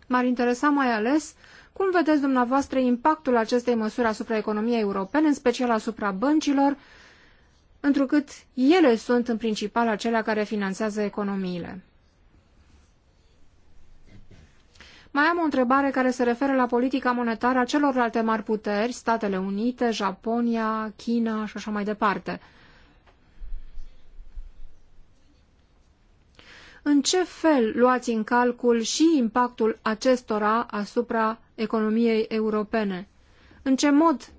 M-ar interesa mai ales uh, cum vedeți dumneavoastră impactul acestei măsuri asupra economiei europene, în special asupra băncilor, întrucât ele sunt în principal acelea care finanțează economiile? Mai am o întrebare care se referă la politica monetară a celorlalte mari puteri, Statele Unite, Japonia, China și așa mai departe. În ce fel luați în calcul și impactul acestora asupra economiei europene. În ce mod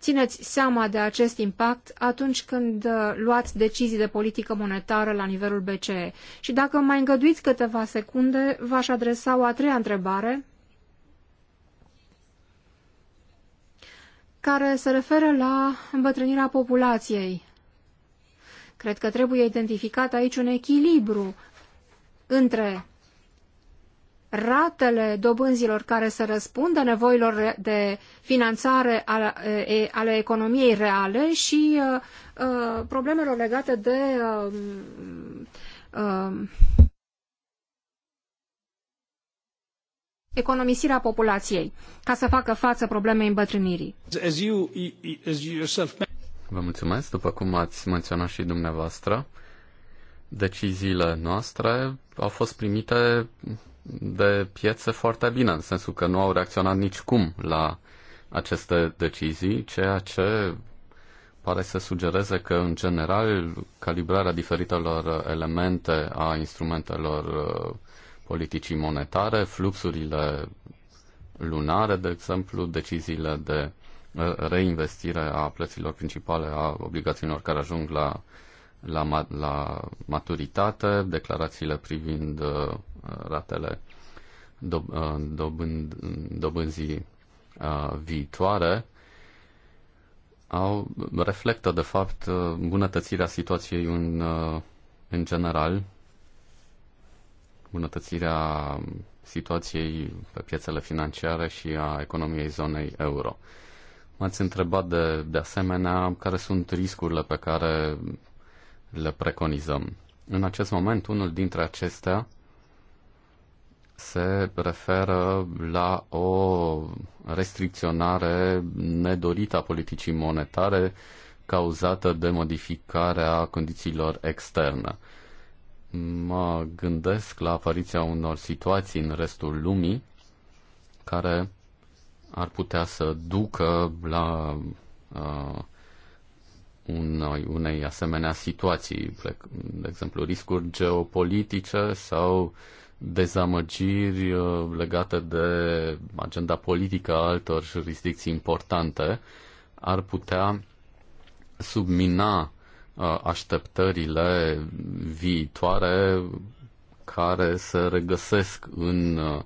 țineți seama de acest impact atunci când uh, luați decizii de politică monetară la nivelul BCE? Și dacă mai îngăduiți câteva secunde, v-aș adresa o a treia întrebare, care se referă la îmbătrânirea populației. Cred că trebuie identificat aici un echilibru între ratele dobânzilor care să răspundă nevoilor de finanțare ale economiei reale și uh, uh, problemelor legate de um, um, economisirea populației ca să facă față problemei
îmbătrânirii.
Vă mulțumesc, după cum ați menționat și dumneavoastră, deciziile noastre au fost primite de piețe foarte bine, în sensul că nu au reacționat nicicum la aceste decizii, ceea ce pare să sugereze că, în general, calibrarea diferitelor elemente a instrumentelor uh, politicii monetare, fluxurile lunare, de exemplu, deciziile de uh, reinvestire a plăților principale a obligațiunilor care ajung la, la, la maturitate, declarațiile privind uh, ratele uh, dobând, dobânzii uh, viitoare au, reflectă, de fapt, uh, bunătățirea situației în, în general, bunătățirea situației pe piețele financiare și a economiei zonei euro. M-ați întrebat de, de asemenea care sunt riscurile pe care le preconizăm. În acest moment, unul dintre acestea se referă la o restricționare nedorită a politicii monetare cauzată de modificarea condițiilor externe. Mă gândesc la apariția unor situații în restul lumii care ar putea să ducă la uh, unei, unei asemenea situații, de exemplu riscuri geopolitice sau dezamăgiri uh, legate de agenda politică a altor jurisdicții importante ar putea submina uh, așteptările viitoare care se regăsesc în uh,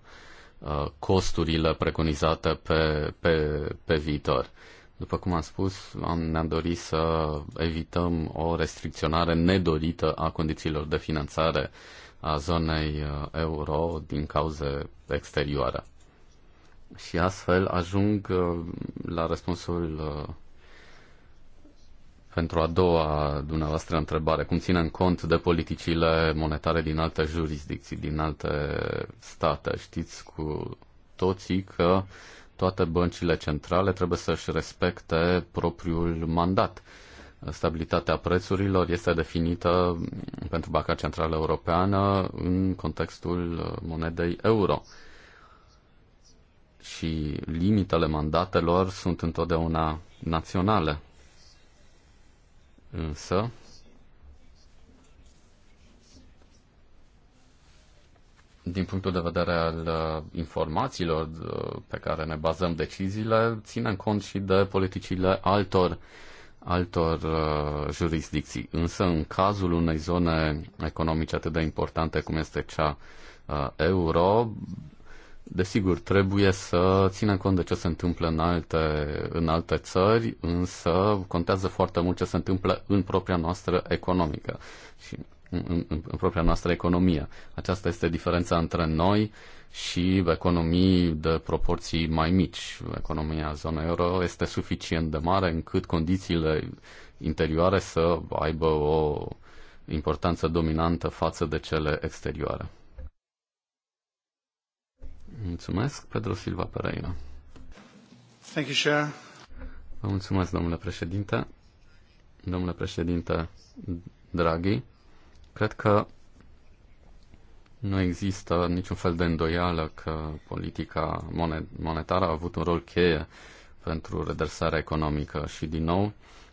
costurile preconizate pe, pe, pe viitor. După cum am spus, am, ne-am dorit să evităm o restricționare nedorită a condițiilor de finanțare uh, a zonei uh, euro din cauze exterioare. Și astfel ajung uh, la răspunsul uh, pentru a doua dumneavoastră întrebare. Cum ținem cont de politicile monetare din alte jurisdicții, din alte state? Știți cu toții că toate băncile centrale trebuie să-și respecte propriul mandat. Uh, Stabilitatea prețurilor este definită pentru Banca Centrală Europeană în contextul monedei euro și limitele mandatelor sunt întotdeauna naționale. Însă, din punctul de vedere al uh, informațiilor uh, pe care ne bazăm deciziile, ținem cont și de politicile altor altor uh, jurisdicții. Însă, în cazul unei zone economice atât de importante cum este cea uh, euro, desigur, trebuie să ținem cont de ce se întâmplă în alte, în alte țări, însă contează foarte mult ce se întâmplă în propria noastră economică și în, în, în propria noastră economie. Aceasta este diferența între noi și economii de proporții mai mici. Economia zonei euro este suficient de mare încât condițiile interioare să aibă o importanță dominantă față de cele exterioare. Mulțumesc, Pedro Silva Pereira. Thank you, Chair. Vă mulțumesc, domnule președinte. Domnule președinte Draghi, cred că nu există niciun fel de îndoială că politica monetară a avut un rol cheie pentru redresarea economică și, din nou,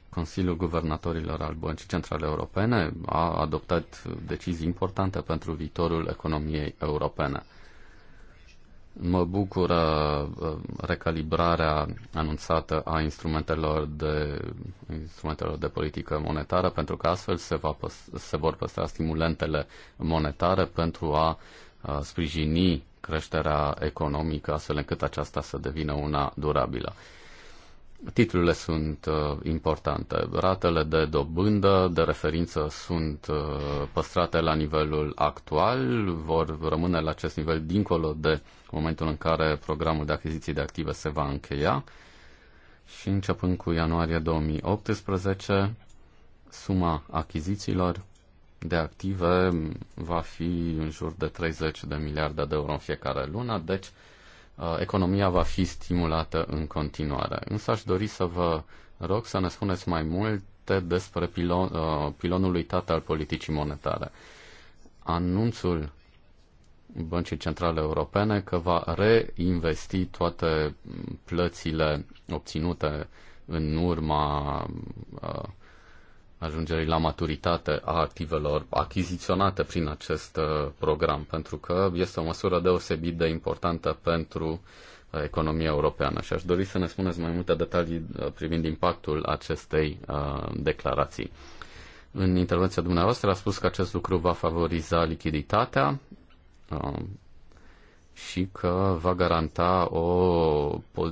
Consiliul Guvernatorilor al Băncii Centrale Europene a adoptat decizii importante pentru viitorul economiei europene. Mă bucură uh, uh, recalibrarea anunțată a instrumentelor de, instrumentelor de politică monetară, pentru că astfel se, va, se vor păstra stimulentele monetare pentru a, a uh, sprijini creșterea economică, astfel încât aceasta să devină una durabilă. Titlurile sunt uh, importante. Ratele de dobândă, de referință, sunt uh, păstrate la nivelul actual, vor rămâne la acest nivel dincolo de momentul în care programul de achiziții de active se va încheia. Și începând cu ianuarie 2018, suma achizițiilor de active va fi în jur de 30 de miliarde de euro în fiecare lună, deci uh, Uh, economia va fi stimulată în continuare. Însă aș dori să vă rog să ne spuneți mai multe despre pilon, uh, pilonul tată al politicii monetare. Anunțul Băncii Centrale Europene că va reinvesti toate plățile obținute în urma uh, ajungerii la maturitate a activelor achiziționate prin acest uh, program, pentru că este o măsură deosebit de importantă pentru uh, economia europeană. Și aș dori să ne spuneți mai multe detalii uh, privind impactul acestei declarații. În intervenția dumneavoastră a spus că acest lucru va favoriza lichiditatea și că va garanta o,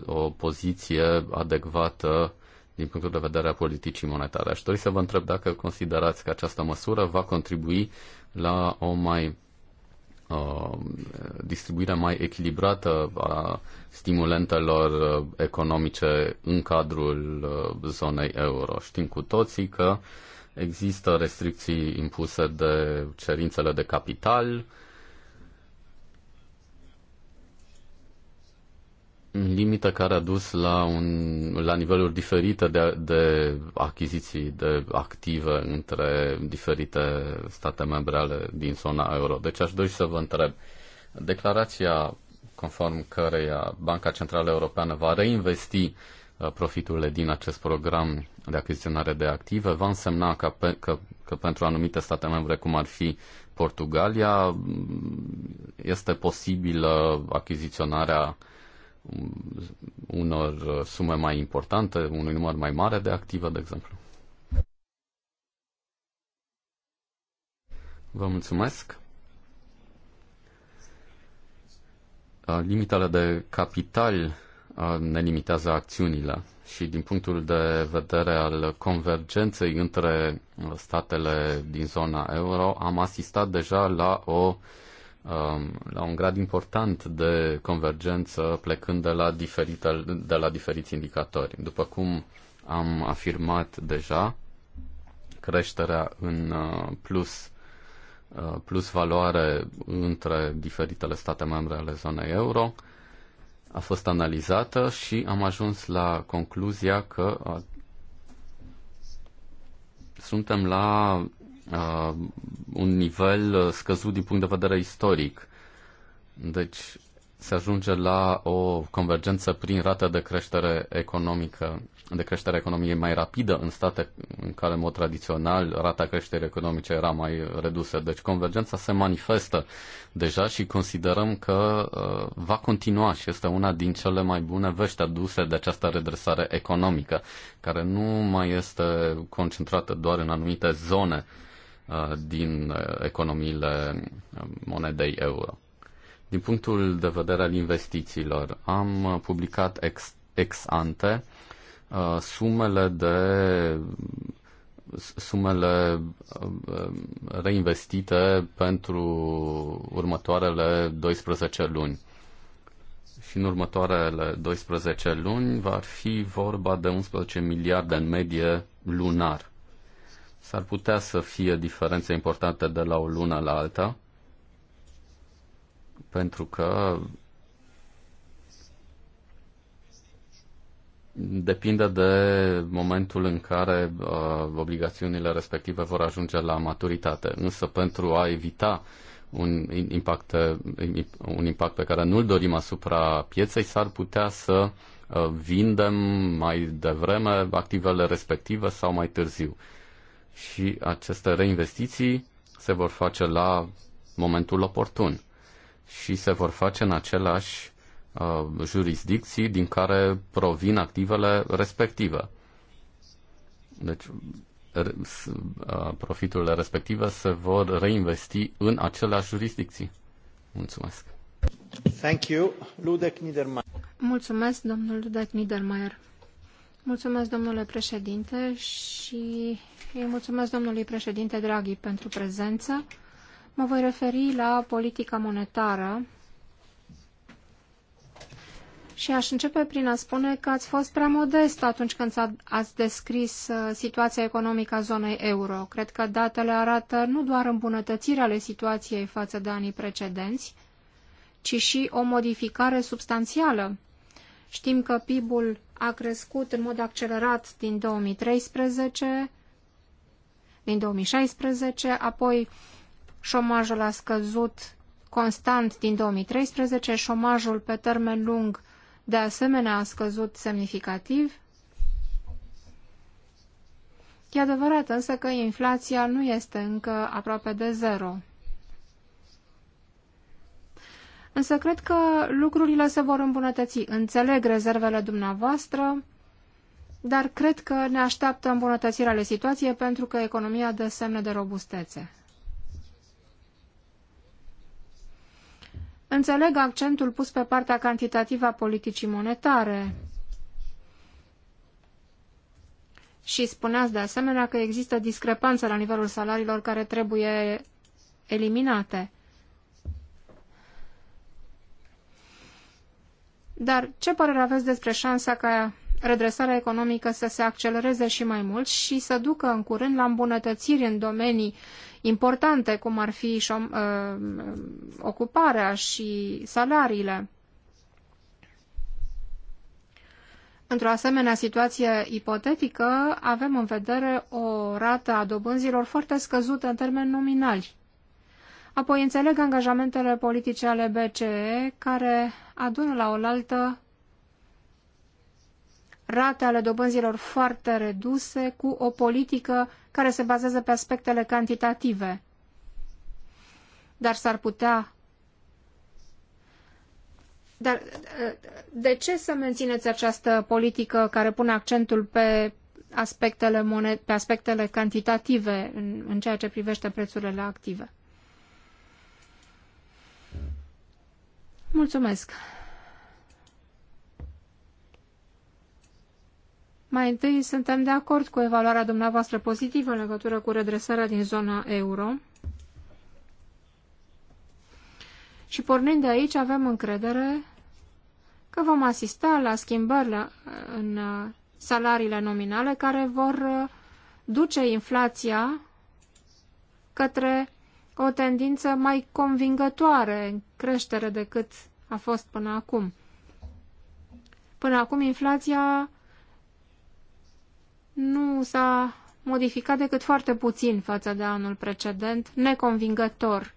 o poziție adecvată din punctul de vedere a politicii monetare. Aș dori să vă întreb dacă considerați că această măsură va contribui la o mai uh, distribuire mai echilibrată a stimulentelor economice în cadrul uh, zonei euro. Știm cu toții că există restricții impuse de cerințele de capital, limită care a dus la, un, la niveluri diferite de, de achiziții de active între diferite state membre ale din zona euro. Deci aș dori să vă întreb, declarația conform căreia Banca Centrală Europeană va reinvesti uh, profiturile din acest program de achiziționare de active va însemna că, pe, că, că pentru anumite state membre, cum ar fi Portugalia, este posibilă achiziționarea unor uh, sume mai importante, unui număr mai mare de active, de exemplu. Vă mulțumesc. Uh, limitele de capital uh, ne limitează acțiunile și din punctul de vedere al convergenței între statele din zona euro am asistat deja la o uh, Um, la un grad important de convergență plecând de la, diferite, de la diferiți indicatori. După cum am afirmat deja, creșterea în uh, plus, uh, plus valoare între diferitele state membre ale zonei euro a fost analizată și am ajuns la concluzia că suntem la uh, un nivel uh, scăzut din punct de vedere istoric. Deci se ajunge la o convergență prin rată de creștere economică, de creștere economiei mai rapidă în state în care, în mod tradițional, rata creșterii economice era mai redusă. Deci convergența se manifestă deja și considerăm că uh, va continua și este una din cele mai bune vești aduse de această redresare economică, care nu mai este concentrată doar în anumite zone uh, Uh, din uh, economiile uh, monedei euro. Din punctul de vedere al investițiilor, am publicat ex, ex ante sumele de sumele reinvestite pentru următoarele 12 luni. Și în următoarele 12 luni va fi vorba de 11 miliarde în medie lunar. S-ar putea să fie diferențe importante de la o lună la alta, pentru că depinde de momentul în care uh, obligațiunile respective vor ajunge la maturitate. Însă pentru a evita un impact, un impact pe care nu-l dorim asupra pieței, s-ar putea să uh, vindem mai devreme activele respective sau mai târziu și aceste reinvestiții se vor face la momentul oportun și se vor face în același uh, jurisdicții din care provin activele respective. Deci uh, profiturile respective se vor reinvesti în aceleași jurisdicții. Mulțumesc.
Thank you, Ludek Niedermayer.
Mulțumesc, domnul Ludek Niedermayer. Mulțumesc, domnule președinte, și îi mulțumesc domnului președinte Draghi pentru prezență. Mă voi referi la politica monetară și aș începe prin a spune că ați fost prea modest atunci când ați descris uh, situația economică a zonei euro. Cred că datele arată nu doar îmbunătățirea ale situației față de anii precedenți, ci și o modificare substanțială. Știm că PIB-ul a crescut în mod accelerat din 2013, din 2016, apoi șomajul a scăzut constant din 2013, șomajul pe termen lung de asemenea a scăzut semnificativ. E adevărat însă că inflația nu este încă aproape de zero. Însă cred că lucrurile se vor îmbunătăți. Înțeleg rezervele dumneavoastră, dar cred că ne așteaptă îmbunătățirea ale situației pentru că economia dă semne de robustețe. Înțeleg accentul pus pe partea cantitativă a politicii monetare. Și spuneați de asemenea că există discrepanțe la nivelul salariilor care trebuie eliminate. Dar ce părere aveți despre șansa ca redresarea economică să se accelereze și mai mult și să ducă în curând la îmbunătățiri în domenii importante, cum ar fi și, uh, ocuparea și salariile. Într-o asemenea situație ipotetică, avem în vedere o rată a dobânzilor foarte scăzută în termeni nominali. Apoi înțeleg angajamentele politice ale BCE, care adună la oaltă rate ale dobânzilor foarte reduse, cu o politică care se bazează pe aspectele cantitative. Dar s-ar putea... Dar de ce să mențineți această politică care pune accentul pe aspectele, monet, pe aspectele cantitative în, în ceea ce privește prețurile active? Mulțumesc! Mai întâi, suntem de acord cu evaluarea dumneavoastră pozitivă în legătură cu redresarea din zona euro. Și pornind de aici, avem încredere că vom asista la schimbări în salariile nominale care vor uh, duce inflația către o tendință mai convingătoare în creștere decât a fost până acum. Până acum inflația nu s-a modificat decât foarte puțin față de anul precedent, neconvingător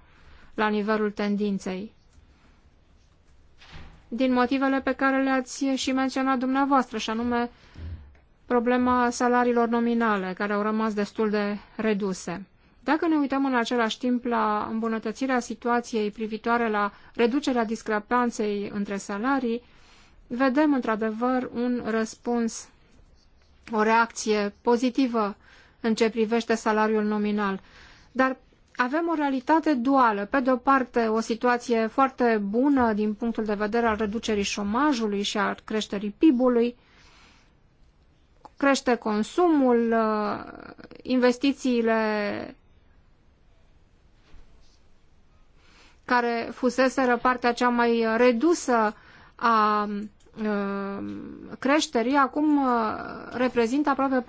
la nivelul tendinței. Din motivele pe care le-ați și menționat dumneavoastră, și anume problema salariilor nominale, care au rămas destul de reduse. Dacă ne uităm în același timp la îmbunătățirea situației privitoare la reducerea discrepanței între salarii, vedem într-adevăr un răspuns o reacție pozitivă în ce privește salariul nominal. Dar avem o realitate duală. Pe de o parte, o situație foarte bună din punctul de vedere al reducerii șomajului și al creșterii PIB-ului, crește consumul, uh, investițiile care fuseseră partea cea mai redusă a Uh, creșterii acum uh, reprezintă aproape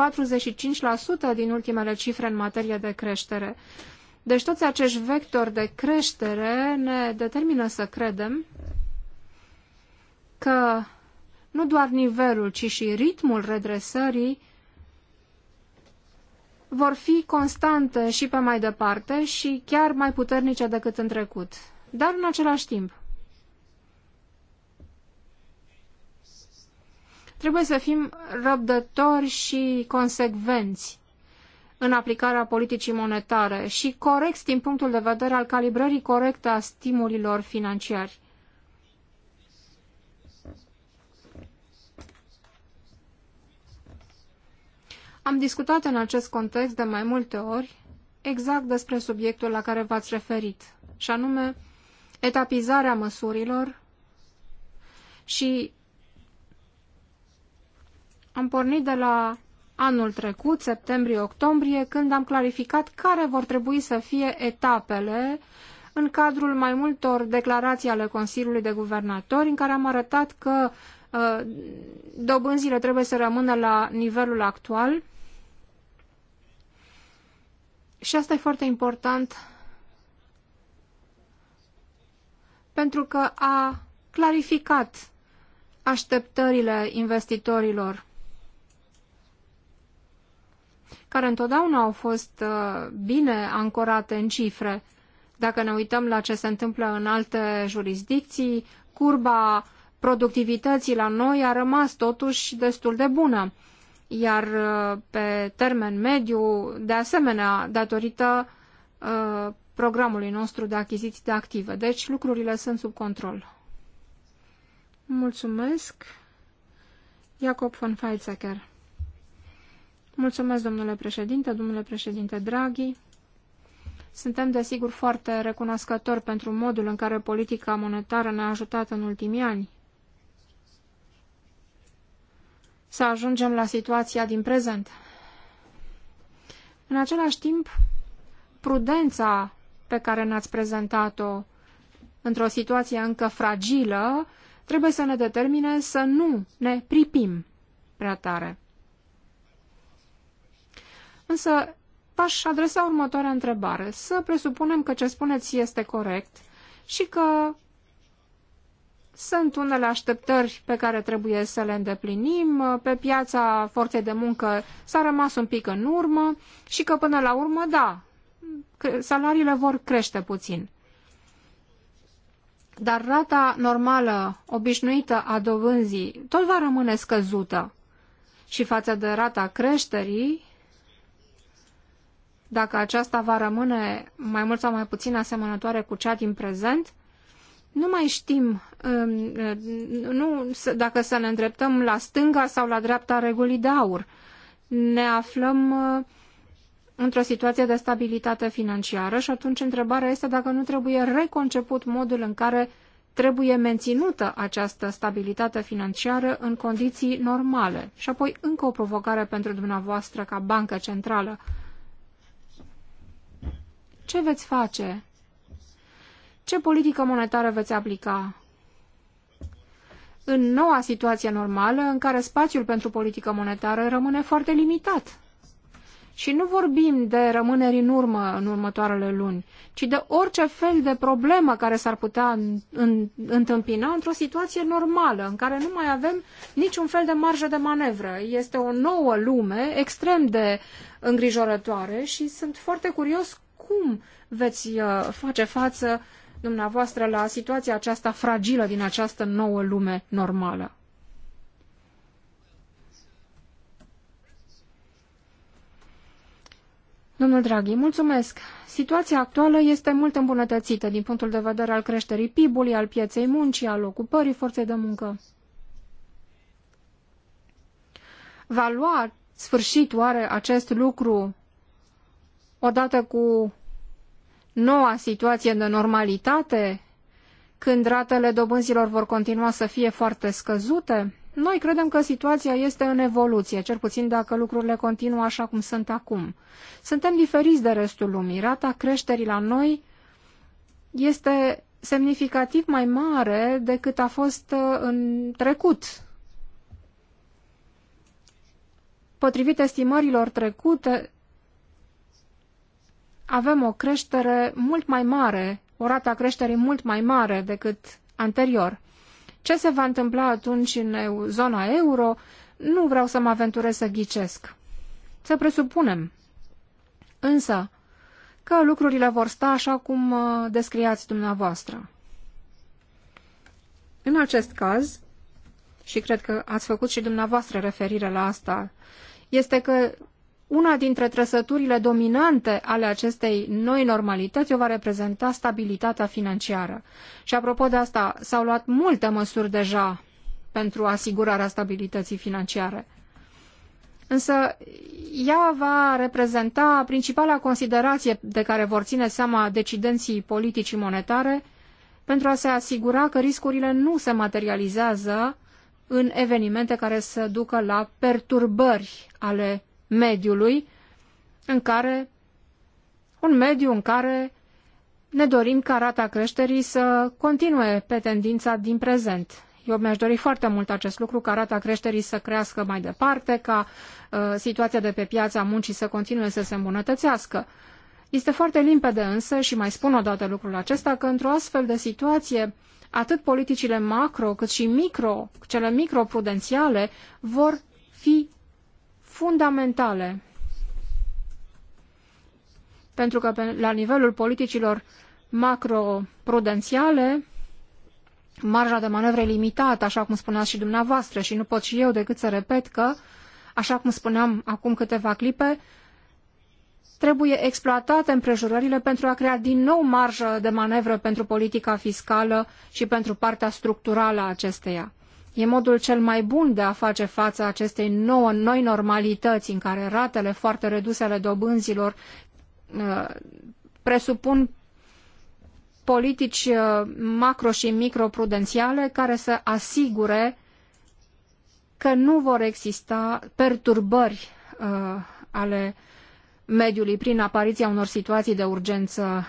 45% din ultimele cifre în materie de creștere. Deci toți acești vectori de creștere ne determină să credem că nu doar nivelul, ci și ritmul redresării vor fi constante și pe mai departe și chiar mai puternice decât în trecut. Dar în același timp, Trebuie să fim răbdători și consecvenți în aplicarea politicii monetare și corecți din punctul de vedere al calibrării corecte a stimulilor financiari. Am discutat în acest context de mai multe ori exact despre subiectul la care v-ați referit, și anume etapizarea măsurilor și am pornit de la anul trecut, septembrie-octombrie, când am clarificat care vor trebui să fie etapele în cadrul mai multor declarații ale Consiliului de Guvernatori, în care am arătat că uh, dobânzile trebuie să rămână la nivelul actual. Și asta e foarte important pentru că a clarificat așteptările investitorilor care întotdeauna au fost uh, bine ancorate în cifre. Dacă ne uităm la ce se întâmplă în alte jurisdicții, curba productivității la noi a rămas totuși destul de bună. Iar uh, pe termen mediu, de asemenea, datorită uh, programului nostru de achiziții de active. Deci lucrurile sunt sub control. Mulțumesc. Jacob von Feitzecker. Mulțumesc, domnule președinte, domnule președinte Draghi. Suntem, desigur, foarte recunoscători pentru modul în care politica monetară ne-a ajutat în ultimii ani să ajungem la situația din prezent. În același timp, prudența pe care ne-ați prezentat-o într-o situație încă fragilă trebuie să ne determine să nu ne pripim prea tare. Însă v-aș adresa următoarea întrebare. Să presupunem că ce spuneți este corect și că sunt unele așteptări pe care trebuie să le îndeplinim, pe piața forței de muncă s-a rămas un pic în urmă și că până la urmă, da, salariile vor crește puțin. Dar rata normală, obișnuită a dovânzii, tot va rămâne scăzută. Și față de rata creșterii, dacă aceasta va rămâne mai mult sau mai puțin asemănătoare cu cea din prezent, nu mai știm um, uh, nu, dacă să ne îndreptăm la stânga sau la dreapta regulii de aur. Ne aflăm uh, într-o situație de stabilitate financiară și atunci întrebarea este dacă nu trebuie reconceput modul în care trebuie menținută această stabilitate financiară în condiții normale. Și apoi încă o provocare pentru dumneavoastră ca bancă centrală. Ce veți face? Ce politică monetară veți aplica? În noua situație normală, în care spațiul pentru politică monetară rămâne foarte limitat. Și nu vorbim de rămâneri în urmă în următoarele luni, ci de orice fel de problemă care s-ar putea întâmpina într-o situație normală, în care nu mai avem niciun fel de marjă de manevră. Este o nouă lume extrem de îngrijorătoare și sunt foarte curios cum veți uh, face față dumneavoastră la situația aceasta fragilă din această nouă lume normală? Domnul Draghi, mulțumesc. Situația actuală este mult îmbunătățită din punctul de vedere al creșterii PIB-ului, al pieței muncii, al ocupării forței de muncă. Va lua sfârșit oare acest lucru odată cu noua situație de normalitate, când ratele dobânzilor vor continua să fie foarte scăzute, noi credem că situația este în evoluție, cel puțin dacă lucrurile continuă așa cum sunt acum. Suntem diferiți de restul lumii. Rata creșterii la noi este semnificativ mai mare decât a fost uh, în trecut. Potrivit estimărilor trecute, avem o creștere mult mai mare, o rată a creșterii mult mai mare decât anterior. Ce se va întâmpla atunci în zona euro, nu vreau să mă aventurez să ghicesc. Să presupunem. Însă, că lucrurile vor sta așa cum uh, descriați dumneavoastră. În acest caz, și cred că ați făcut și dumneavoastră referire la asta, este că una dintre trăsăturile dominante ale acestei noi normalități o va reprezenta stabilitatea financiară. Și apropo de asta, s-au luat multe măsuri deja pentru asigurarea stabilității financiare. Însă ea va reprezenta principala considerație de care vor ține seama decidenții politicii monetare pentru a se asigura că riscurile nu se materializează în evenimente care să ducă la perturbări ale mediului în care un mediu în care ne dorim ca rata creșterii să continue pe tendința din prezent. Eu mi-aș dori foarte mult acest lucru, ca rata creșterii să crească mai departe, ca uh, situația de pe piața muncii să continue să se îmbunătățească. Este foarte limpede însă, și mai spun o dată lucrul acesta, că într-o astfel de situație, atât politicile macro cât și micro, cele microprudențiale, vor fi fundamentale. Pentru că pe, la nivelul politicilor macroprudențiale, marja de manevră e limitată, așa cum spuneați și dumneavoastră, și nu pot și eu decât să repet că, așa cum spuneam acum câteva clipe, trebuie exploatate împrejurările pentru a crea din nou marjă de manevră pentru politica fiscală și pentru partea structurală a acesteia. E modul cel mai bun de a face față acestei nouă, noi normalități în care ratele foarte reduse ale dobânzilor uh, presupun politici uh, macro și microprudențiale care să asigure că nu vor exista perturbări uh, ale mediului prin apariția unor situații de urgență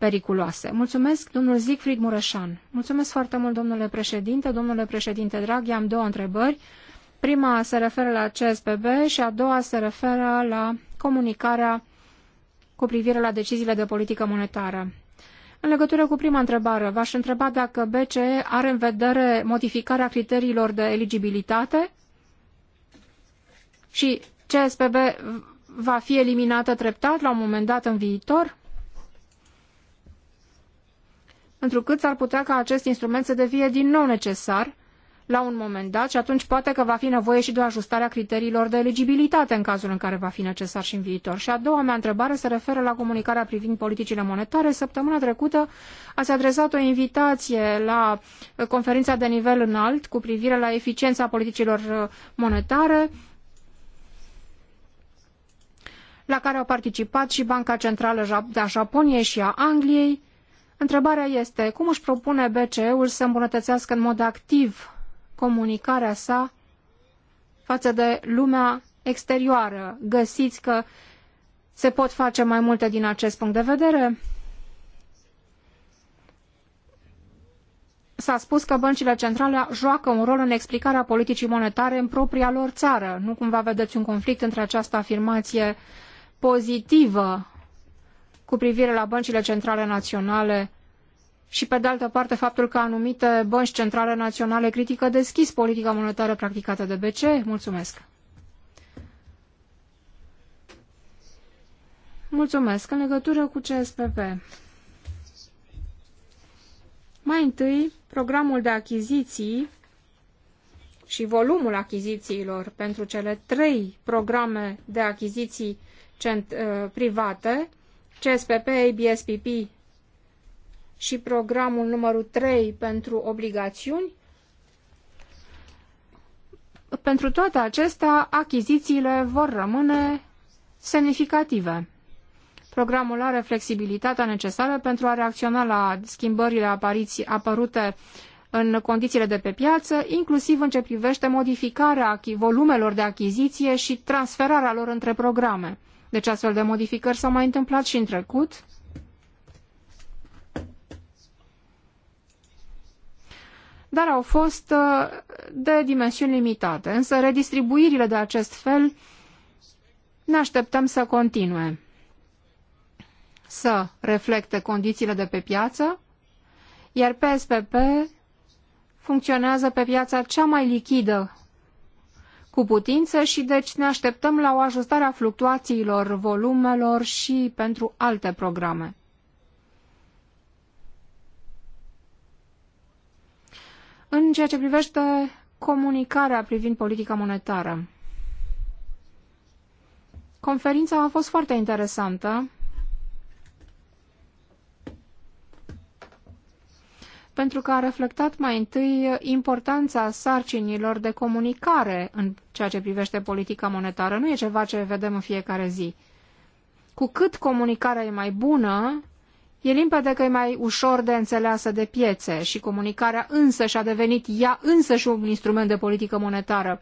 periculoase. Mulțumesc, domnul Siegfried Mureșan. Mulțumesc foarte mult, domnule președinte. Domnule președinte drag, am două întrebări. Prima se referă la CSPB și a doua se referă la comunicarea cu privire la deciziile de politică monetară. În legătură cu prima întrebare, v-aș întreba dacă BCE are în vedere modificarea criteriilor de eligibilitate și CSPB va fi eliminată treptat la un moment dat în viitor? întrucât s-ar putea ca acest instrument să devie din nou necesar la un moment dat și atunci poate că va fi nevoie și de o ajustare a criteriilor de eligibilitate în cazul în care va fi necesar și în viitor. Și a doua mea întrebare se referă la comunicarea privind politicile monetare. Săptămâna trecută ați adresat o invitație la conferința de nivel înalt cu privire la eficiența politicilor monetare la care au participat și Banca Centrală a Japoniei și a Angliei Întrebarea este, cum își propune BCE-ul să îmbunătățească în mod activ comunicarea sa față de lumea exterioară? Găsiți că se pot face mai multe din acest punct de vedere? S-a spus că băncile centrale joacă un rol în explicarea politicii monetare în propria lor țară. Nu cumva vedeți un conflict între această afirmație pozitivă cu privire la băncile centrale naționale și, pe de altă parte, faptul că anumite bănci centrale naționale critică deschis politica monetară practicată de BCE? Mulțumesc! Mulțumesc. În legătură cu CSPP. Mai întâi, programul de achiziții și volumul achizițiilor pentru cele trei programe de achiziții uh, private CSPP, ABSPP și programul numărul 3 pentru obligațiuni, pentru toate acestea, achizițiile vor rămâne semnificative. Programul are flexibilitatea necesară pentru a reacționa la schimbările apărute în condițiile de pe piață, inclusiv în ce privește modificarea volumelor de achiziție și transferarea lor între programe. Deci astfel de modificări s-au mai întâmplat și în trecut. Dar au fost uh, de dimensiuni limitate. Însă redistribuirile de acest fel ne așteptăm să continue. Să reflecte condițiile de pe piață, iar PSPP funcționează pe piața cea mai lichidă cu putință și deci ne așteptăm la o ajustare a fluctuațiilor volumelor și pentru alte programe. În ceea ce privește comunicarea privind politica monetară, conferința a fost foarte interesantă pentru că a reflectat mai întâi importanța sarcinilor de comunicare în ceea ce privește politica monetară. Nu e ceva ce vedem în fiecare zi. Cu cât comunicarea e mai bună, e limpede că e mai ușor de înțeleasă de piețe și comunicarea însă și-a devenit ea însăși un instrument de politică monetară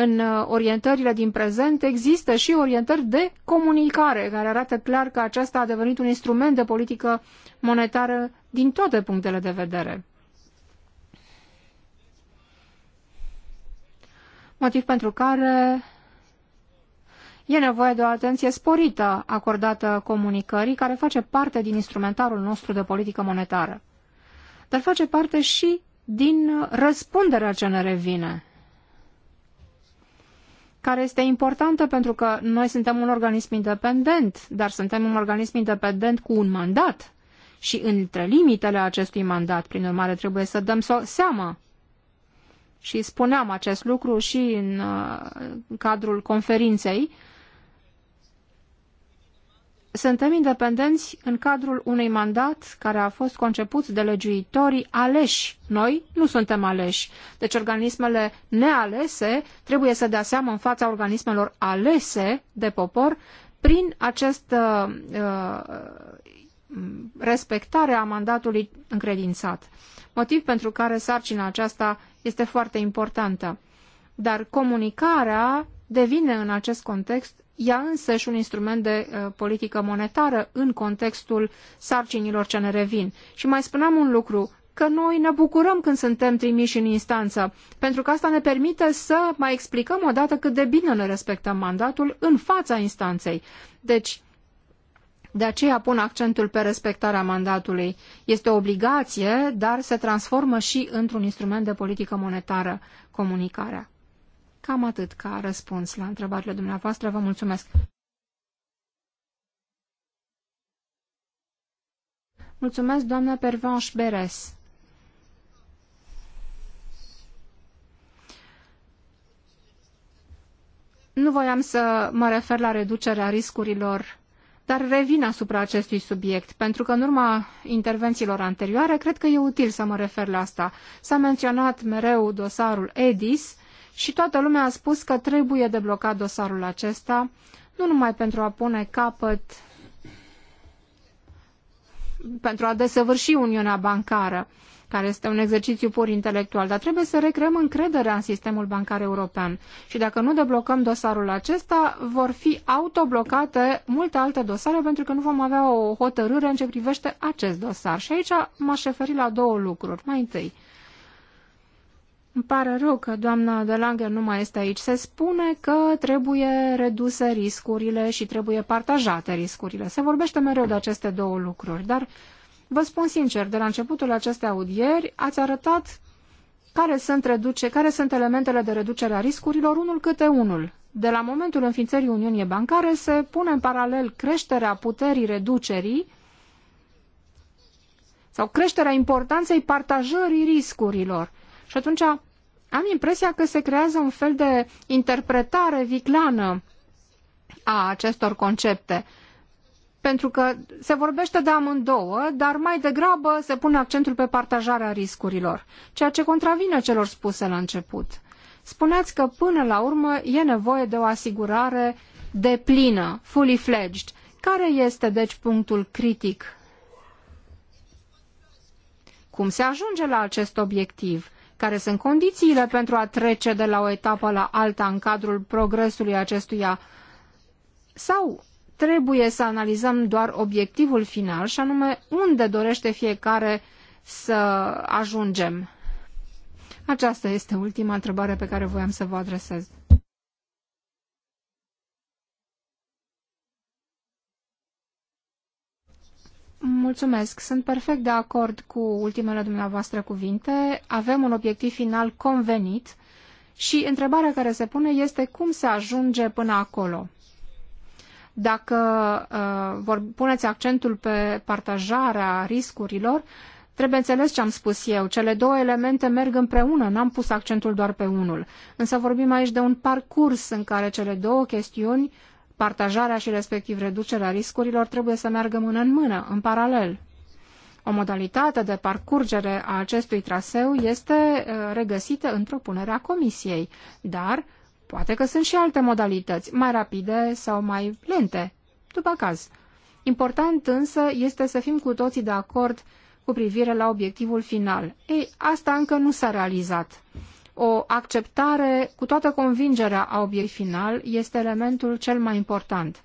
în uh, orientările din prezent există și orientări de comunicare, care arată clar că aceasta a devenit un instrument de politică monetară din toate punctele de vedere. Motiv pentru care e nevoie de o atenție sporită acordată comunicării, care face parte din instrumentarul nostru de politică monetară, dar face parte și din uh, răspunderea ce ne revine care este importantă pentru că noi suntem un organism independent, dar suntem un organism independent cu un mandat și între limitele acestui mandat, prin urmare, trebuie să dăm seama. Și spuneam acest lucru și în uh, cadrul conferinței, suntem independenți în cadrul unui mandat care a fost conceput de legiuitorii aleși. Noi nu suntem aleși. Deci organismele nealese trebuie să dea seama în fața organismelor alese de popor prin această uh, uh, respectare a mandatului încredințat. Motiv pentru care sarcina aceasta este foarte importantă. Dar comunicarea devine în acest context ea și un instrument de uh, politică monetară în contextul sarcinilor ce ne revin. Și mai spuneam un lucru, că noi ne bucurăm când suntem trimiși în instanță, pentru că asta ne permite să mai explicăm o dată cât de bine ne respectăm mandatul în fața instanței. Deci, de aceea pun accentul pe respectarea mandatului. Este o obligație, dar se transformă și într-un instrument de politică monetară, comunicarea. Cam atât ca răspuns la întrebările dumneavoastră. Vă mulțumesc! Mulțumesc, doamna Pervanș Beres. Nu voiam să mă refer la reducerea riscurilor, dar revin asupra acestui subiect, pentru că în urma intervențiilor anterioare, cred că e util să mă refer la asta. S-a menționat mereu dosarul EDIS, și toată lumea a spus că trebuie deblocat dosarul acesta, nu numai pentru a pune capăt pentru a desăvârși Uniunea Bancară, care este un exercițiu pur intelectual, dar trebuie să recreăm încrederea în sistemul bancar european. Și dacă nu deblocăm dosarul acesta, vor fi autoblocate multe alte dosare, pentru că nu vom avea o hotărâre în ce privește acest dosar. Și aici m-aș referi la două lucruri. Mai întâi, îmi pare rău că doamna de Langer nu mai este aici. Se spune că trebuie reduse riscurile și trebuie partajate riscurile. Se vorbește mereu de aceste două lucruri, dar vă spun sincer, de la începutul acestei audieri ați arătat care sunt, reduce, care sunt elementele de reducere a riscurilor, unul câte unul. De la momentul înființării Uniunii Bancare se pune în paralel creșterea puterii reducerii sau creșterea importanței partajării riscurilor. Și atunci am impresia că se creează un fel de interpretare viclană a acestor concepte. Pentru că se vorbește de amândouă, dar mai degrabă se pune accentul pe partajarea riscurilor, ceea ce contravine celor spuse la început. Spuneați că până la urmă e nevoie de o asigurare deplină, fully fledged. Care este deci punctul critic? Cum se ajunge la acest obiectiv? care sunt condițiile pentru a trece de la o etapă la alta în cadrul progresului acestuia? Sau trebuie să analizăm doar obiectivul final și anume unde dorește fiecare să ajungem? Aceasta este ultima întrebare pe care voiam să vă adresez. Mulțumesc. Sunt perfect de acord cu ultimele dumneavoastră cuvinte. Avem un obiectiv final convenit și întrebarea care se pune este cum se ajunge până acolo. Dacă uh, vor, puneți accentul pe partajarea riscurilor, trebuie înțeles ce am spus eu. Cele două elemente merg împreună, n-am pus accentul doar pe unul. Însă vorbim aici de un parcurs în care cele două chestiuni partajarea și respectiv reducerea riscurilor trebuie să meargă mână în mână, în paralel. O modalitate de parcurgere a acestui traseu este uh, regăsită în propunerea comisiei, dar poate că sunt și alte modalități, mai rapide sau mai lente, după caz. Important însă este să fim cu toții de acord cu privire la obiectivul final. Ei, asta încă nu s-a realizat o acceptare cu toată convingerea a obiectului final este elementul cel mai important.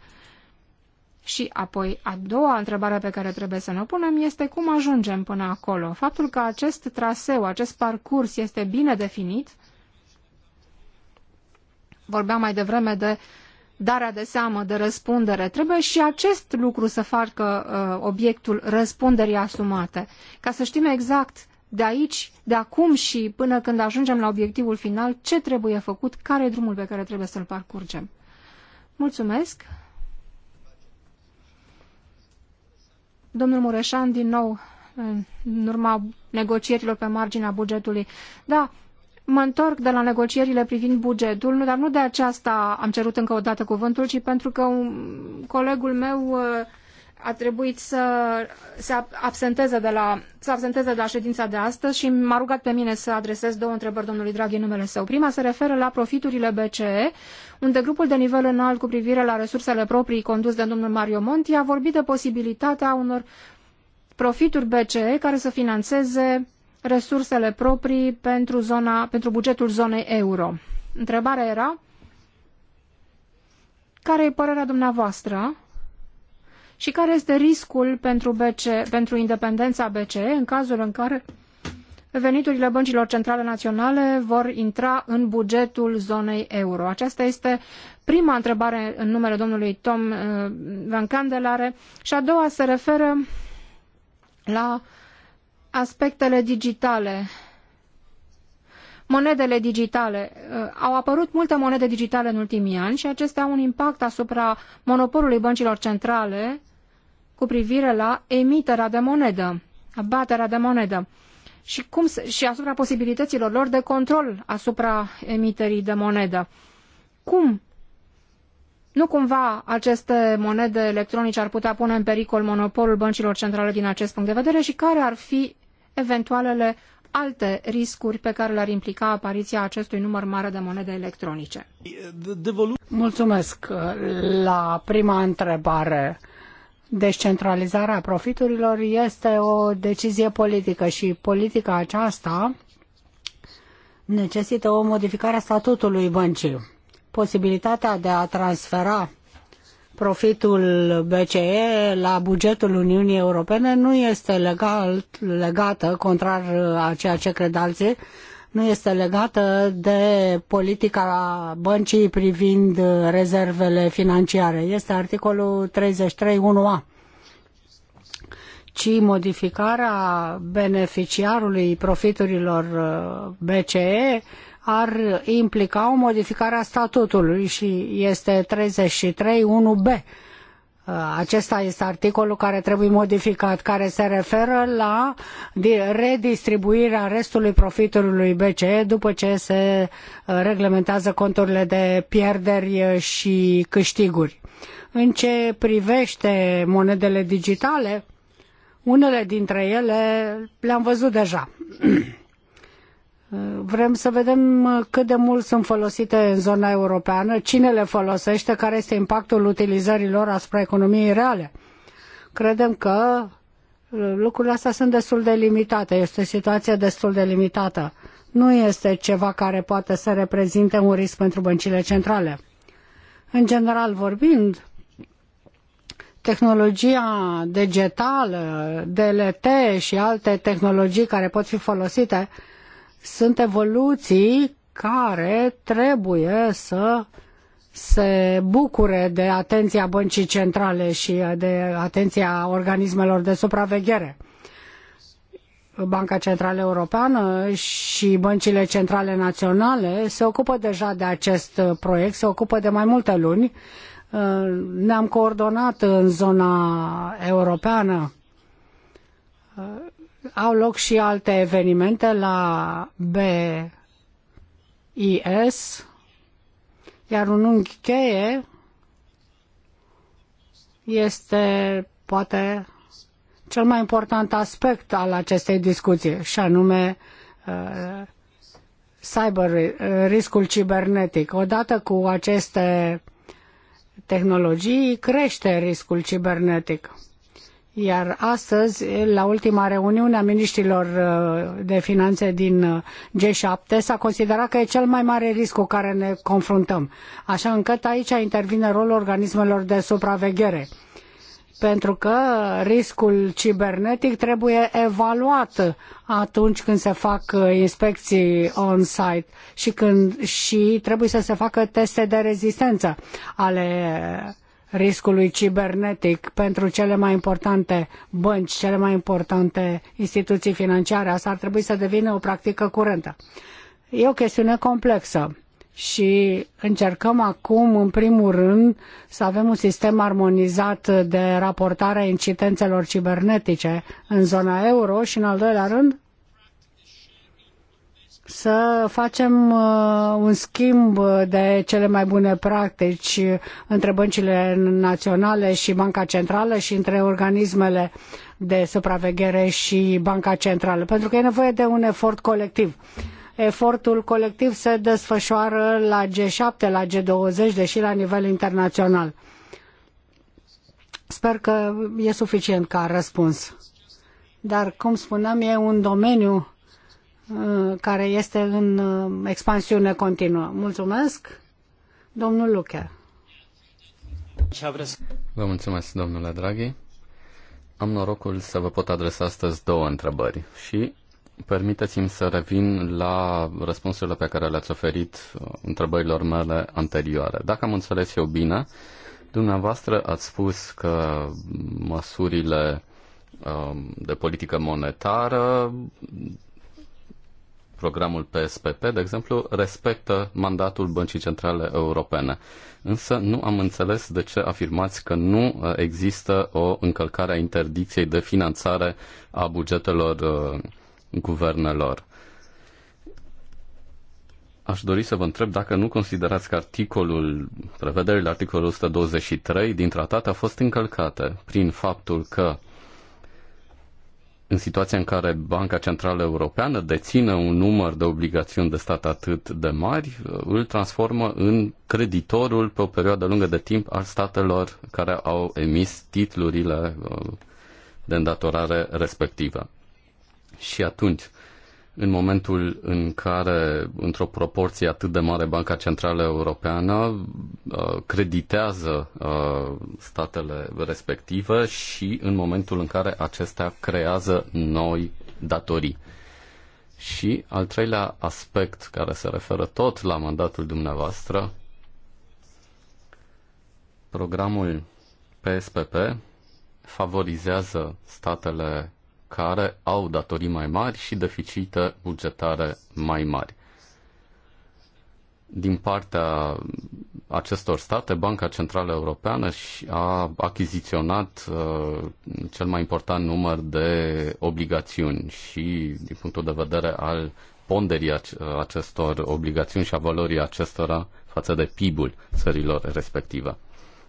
Și apoi, a doua întrebare pe care trebuie să ne punem este cum ajungem până acolo. Faptul că acest traseu, acest parcurs este bine definit, vorbeam mai devreme de darea de seamă, de răspundere, trebuie și acest lucru să facă uh, obiectul răspunderii asumate, ca să știm exact de aici, de acum și până când ajungem la obiectivul final, ce trebuie făcut, care e drumul pe care trebuie să-l parcurgem. Mulțumesc! Domnul Mureșan, din nou, în urma negocierilor pe marginea bugetului. Da, mă întorc de la negocierile privind bugetul, dar nu de aceasta am cerut încă o dată cuvântul, ci pentru că un, colegul meu uh, a trebuit să se absenteze de la, să absenteze de la ședința de astăzi și m-a rugat pe mine să adresez două întrebări domnului Draghi în numele său. Prima se referă la profiturile BCE, unde grupul de nivel înalt cu privire la resursele proprii condus de domnul Mario Monti a vorbit de posibilitatea unor profituri BCE care să financeze resursele proprii pentru, zona, pentru bugetul zonei euro. Întrebarea era, care e părerea dumneavoastră și care este riscul pentru, BC, pentru independența BCE în cazul în care veniturile băncilor centrale naționale vor intra în bugetul zonei euro. Aceasta este prima întrebare în numele domnului Tom eh, Van Candelare și a doua se referă la aspectele digitale monedele digitale. Eh, au apărut multe monede digitale în ultimii ani și acestea au un impact asupra monopolului băncilor centrale cu privire la emiterea de monedă, abaterea de monedă și, cum, și asupra posibilităților lor de control asupra emiterii de monedă. Cum? Nu cumva aceste monede electronice ar putea pune în pericol monopolul băncilor centrale din acest punct de vedere și care ar fi eventualele alte riscuri pe care le-ar implica apariția acestui număr mare de monede electronice?
Mulțumesc. La prima întrebare, Descentralizarea profiturilor este o decizie politică și politica aceasta necesită o modificare a statutului băncii. Posibilitatea de a transfera profitul BCE la bugetul Uniunii Europene nu este legal, legată, contrar a ceea ce cred alții, nu este legată de politica băncii privind rezervele financiare. Este articolul 33.1a ci modificarea beneficiarului profiturilor uh, BCE ar implica o modificare a statutului și este 33.1b Uh, acesta este articolul care trebuie modificat, care se referă la redistribuirea restului profitului BCE după ce se uh, reglementează conturile de pierderi uh, și câștiguri. În ce privește monedele digitale, unele dintre ele le-am văzut deja. Vrem să vedem uh, cât de mult sunt folosite în zona europeană, cine le folosește, care este impactul utilizării lor asupra economiei reale. Credem că uh, lucrurile astea sunt destul de limitate, este o situație destul de limitată. Nu este ceva care poate să reprezinte un risc pentru băncile centrale. În general vorbind, tehnologia digitală, DLT și alte tehnologii care pot fi folosite sunt evoluții care trebuie să se bucure de atenția băncii centrale și uh, de atenția organismelor de supraveghere. Banca Centrală Europeană și băncile centrale naționale se ocupă deja de acest uh, proiect, se ocupă de mai multe luni. Uh, ne-am coordonat în zona europeană au loc și alte evenimente la BIS, iar un unghi cheie este poate cel mai important aspect al acestei discuții, și anume uh, cyber, riscul cibernetic. Odată cu aceste tehnologii crește riscul cibernetic. Iar astăzi, la ultima reuniune a miniștrilor uh, de finanțe din uh, G7, s-a considerat că e cel mai mare risc cu care ne confruntăm. Așa încât aici intervine rolul organismelor de supraveghere pentru că riscul cibernetic trebuie evaluat atunci când se fac uh, inspecții on-site și, când, și trebuie să se facă teste de rezistență ale riscului cibernetic pentru cele mai importante bănci, cele mai importante instituții financiare. Asta ar trebui să devină o practică curentă. E o chestiune complexă și încercăm acum, în primul rând, să avem un sistem armonizat de raportare a incidențelor cibernetice în zona euro și, în al doilea rând, să facem uh, un schimb de cele mai bune practici între băncile naționale și Banca Centrală și între organismele de supraveghere și Banca Centrală, pentru că e nevoie de un efort colectiv. Efortul colectiv se desfășoară la G7, la G20, deși la nivel internațional. Sper că e suficient ca răspuns. Dar, cum spuneam, e un domeniu Uh, care este în uh, expansiune continuă. Mulțumesc, domnul Luche.
Vă mulțumesc, domnule Draghi. Am norocul să vă pot adresa astăzi două întrebări și permiteți-mi să revin la răspunsurile pe care le-ați oferit uh, întrebărilor mele anterioare. Dacă am înțeles eu bine, dumneavoastră ați spus că măsurile de politică monetară programul PSPP, de exemplu, respectă mandatul Băncii Centrale Europene. Însă nu am înțeles de ce afirmați că nu uh, există o încălcare a interdicției de finanțare a bugetelor uh, guvernelor. Aș dori să vă întreb dacă nu considerați că articolul, prevederile articolul 123 din tratat a fost încălcate prin faptul că uh, în situația în care Banca Centrală Europeană deține un număr de obligațiuni de stat atât de mari, îl transformă în creditorul pe o perioadă lungă de timp al statelor care au emis titlurile uh, de îndatorare respectivă. Și atunci, în momentul în care, într-o proporție atât de mare, Banca Centrală Europeană uh, creditează uh, statele respective și în momentul în care acestea creează noi datorii. Și al treilea aspect care se referă tot la mandatul dumneavoastră, programul PSPP favorizează statele care au datorii mai mari și deficite bugetare mai mari. Din partea acestor state, Banca Centrală Europeană a achiziționat uh, cel mai important număr de obligațiuni și, din punctul de vedere al ponderii acestor obligațiuni și a valorii acestora față de PIB-ul țărilor respective.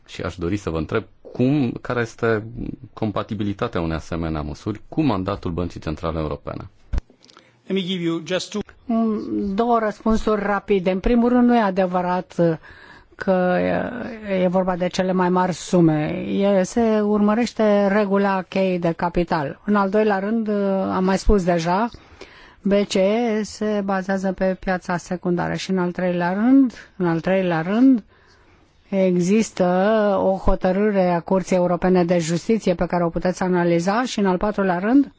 Și aș dori să vă întreb cum, care este compatibilitatea unei asemenea măsuri cu mandatul Băncii Centrale Europene? Let me give you just two...
Mm, două răspunsuri rapide. În primul rând, nu e adevărat uh, că uh, e vorba de cele mai mari sume. E, se urmărește regula cheii de capital. În al doilea rând, uh, am mai spus deja, BCE se bazează pe piața secundară și în al treilea rând, în al treilea rând, Există o hotărâre a Curții Europene de Justiție pe care o puteți analiza și în al patrulea rând,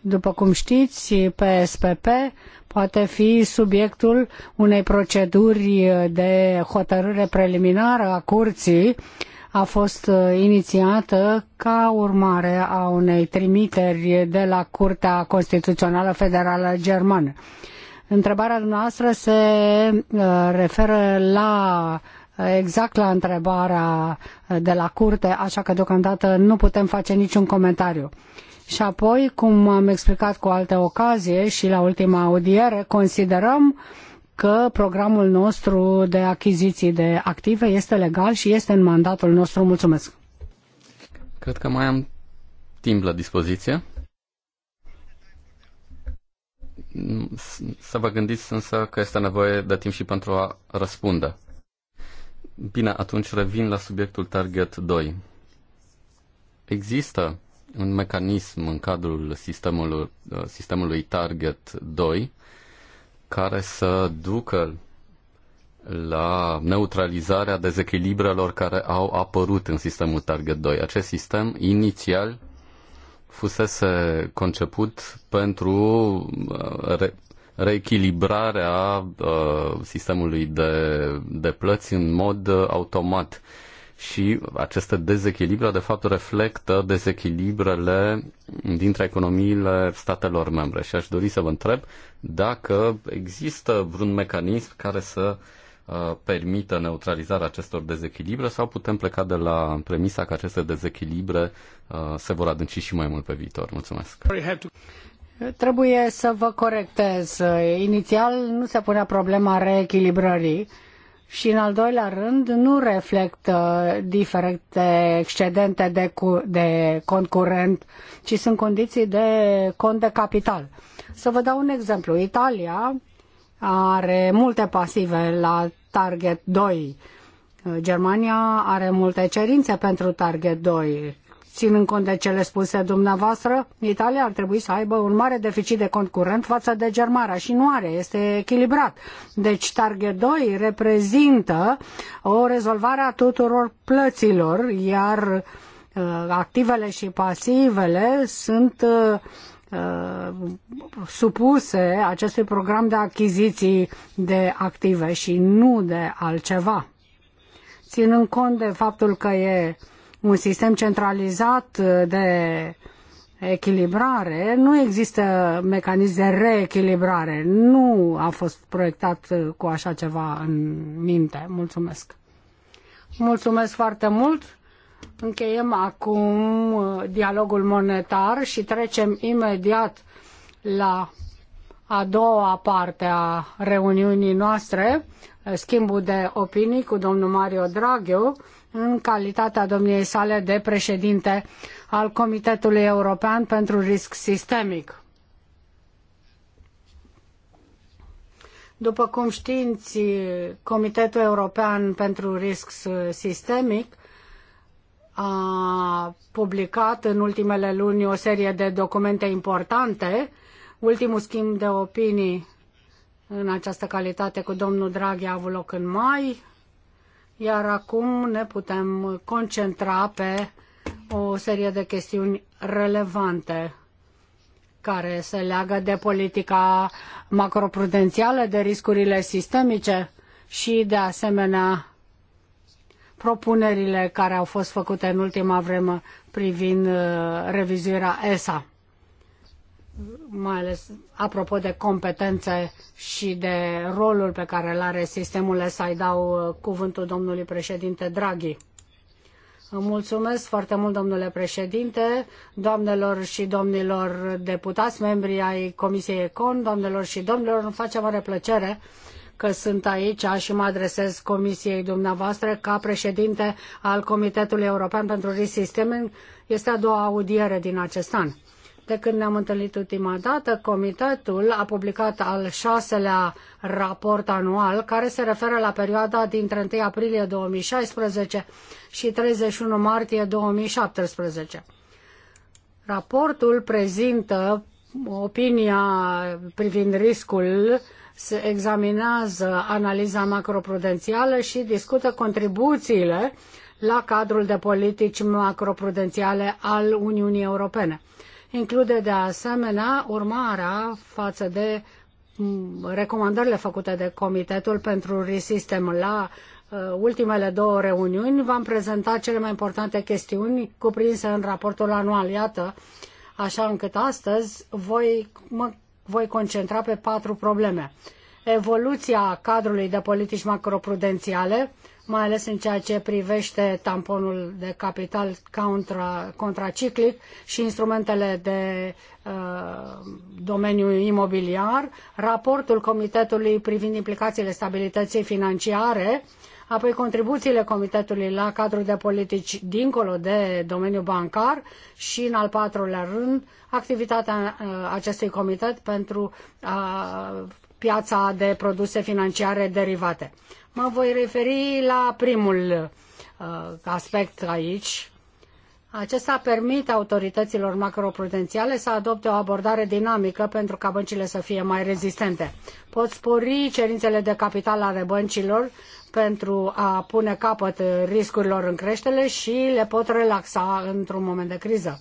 după cum știți, PSPP poate fi subiectul unei proceduri de hotărâre preliminară a curții a fost uh, inițiată ca urmare a unei trimiteri de la Curtea Constituțională Federală Germană. Întrebarea dumneavoastră se uh, referă la exact la întrebarea de la curte, așa că deocamdată nu putem face niciun comentariu. Și apoi, cum am explicat cu alte ocazie și la ultima audiere, considerăm că programul nostru de achiziții de active este legal și este în mandatul nostru. Mulțumesc!
Cred că mai am timp la dispoziție. Mm, să vă gândiți însă că este nevoie de timp și pentru a răspunde. Bine, atunci revin la subiectul Target 2. Există un mecanism în cadrul sistemului, uh, sistemului Target 2 care să ducă la neutralizarea dezechilibrelor care au apărut în sistemul Target 2. Acest sistem inițial fusese conceput pentru uh, reechilibrarea uh, sistemului de, de plăți în mod uh, automat. Și aceste dezechilibre, de fapt, reflectă dezechilibrele dintre economiile statelor membre. Și aș dori să vă întreb dacă există vreun mecanism care să uh, permită neutralizarea acestor dezechilibre sau putem pleca de la premisa că aceste dezechilibre uh, se vor adânci și mai mult pe viitor. Mulțumesc!
Trebuie să vă corectez. Inițial nu se punea problema reechilibrării și, în al doilea rând, nu reflectă diferite excedente de, cu, de cont curent, ci sunt condiții de cont de capital. Să vă dau un exemplu. Italia are multe pasive la Target 2. Germania are multe cerințe pentru Target 2 ținând cont de cele spuse dumneavoastră, Italia ar trebui să aibă un mare deficit de cont curent față de Germania și nu are, este echilibrat. Deci target 2 reprezintă o rezolvare a tuturor plăților, iar uh, activele și pasivele sunt uh, uh, supuse acestui program de achiziții de active și nu de altceva. Ținând cont de faptul că e un sistem centralizat uh, de echilibrare, nu există mecanism de reechilibrare. Nu a fost proiectat uh, cu așa ceva în minte. Mulțumesc. Mulțumesc foarte mult. Încheiem acum uh, dialogul monetar și trecem imediat la a doua parte a reuniunii noastre, schimbul de opinii cu domnul Mario Draghiu, în calitatea domniei sale de președinte al Comitetului European pentru Risc Sistemic. După cum știți, Comitetul European pentru Risc Sistemic a publicat în ultimele luni o serie de documente importante. Ultimul schimb de opinii în această calitate cu domnul Draghi a avut loc în mai iar acum ne putem concentra pe o serie de chestiuni relevante care se leagă de politica macroprudențială, de riscurile sistemice și, de asemenea, propunerile care au fost făcute în ultima vreme privind uh, revizuirea ESA mai ales apropo de competențe și de rolul pe care îl are sistemul să-i dau uh, cuvântul domnului președinte Draghi. Mulțumesc foarte mult, domnule președinte, doamnelor și domnilor deputați, membri ai Comisiei Econ, doamnelor și domnilor, îmi face mare plăcere că sunt aici și mă adresez Comisiei dumneavoastră ca președinte al Comitetului European pentru Risk Systeming. Este a doua audiere din acest an. De când ne-am întâlnit ultima dată, comitetul a publicat al șaselea raport anual care se referă la perioada dintre 1 aprilie 2016 și 31 martie 2017. Raportul prezintă opinia privind riscul, se examinează analiza macroprudențială și discută contribuțiile la cadrul de politici macroprudențiale al Uniunii Europene include de asemenea urmarea față de recomandările făcute de Comitetul pentru Risistem la uh, ultimele două reuniuni. V-am prezentat cele mai importante chestiuni cuprinse în raportul anual. Iată, așa încât astăzi voi, mă voi concentra pe patru probleme. Evoluția cadrului de politici macroprudențiale, mai ales în ceea ce privește tamponul de capital contra, contraciclic și instrumentele de uh, domeniu imobiliar, raportul Comitetului privind implicațiile stabilității financiare, apoi contribuțiile Comitetului la cadrul de politici dincolo de domeniul bancar și, în al patrulea rând, activitatea uh, acestui comitet pentru uh, piața de produse financiare derivate. Mă voi referi la primul uh, aspect aici. Acesta permite autorităților macroprudențiale să adopte o abordare dinamică pentru ca băncile să fie mai rezistente. Pot spori cerințele de capital ale băncilor pentru a pune capăt riscurilor în creștere și le pot relaxa într-un moment de criză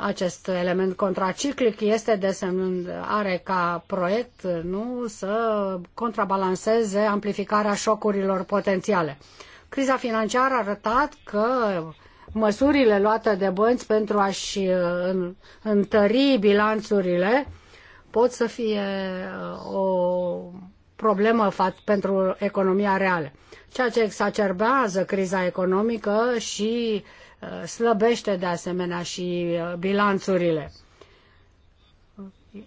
acest element contraciclic este desemnând, are ca proiect nu să contrabalanceze amplificarea șocurilor potențiale. Criza financiară a arătat că măsurile luate de bănci pentru a-și uh, întări bilanțurile pot să fie uh, o problemă pentru economia reală, ceea ce exacerbează criza economică și uh, Uh, slăbește de asemenea și uh, bilanțurile.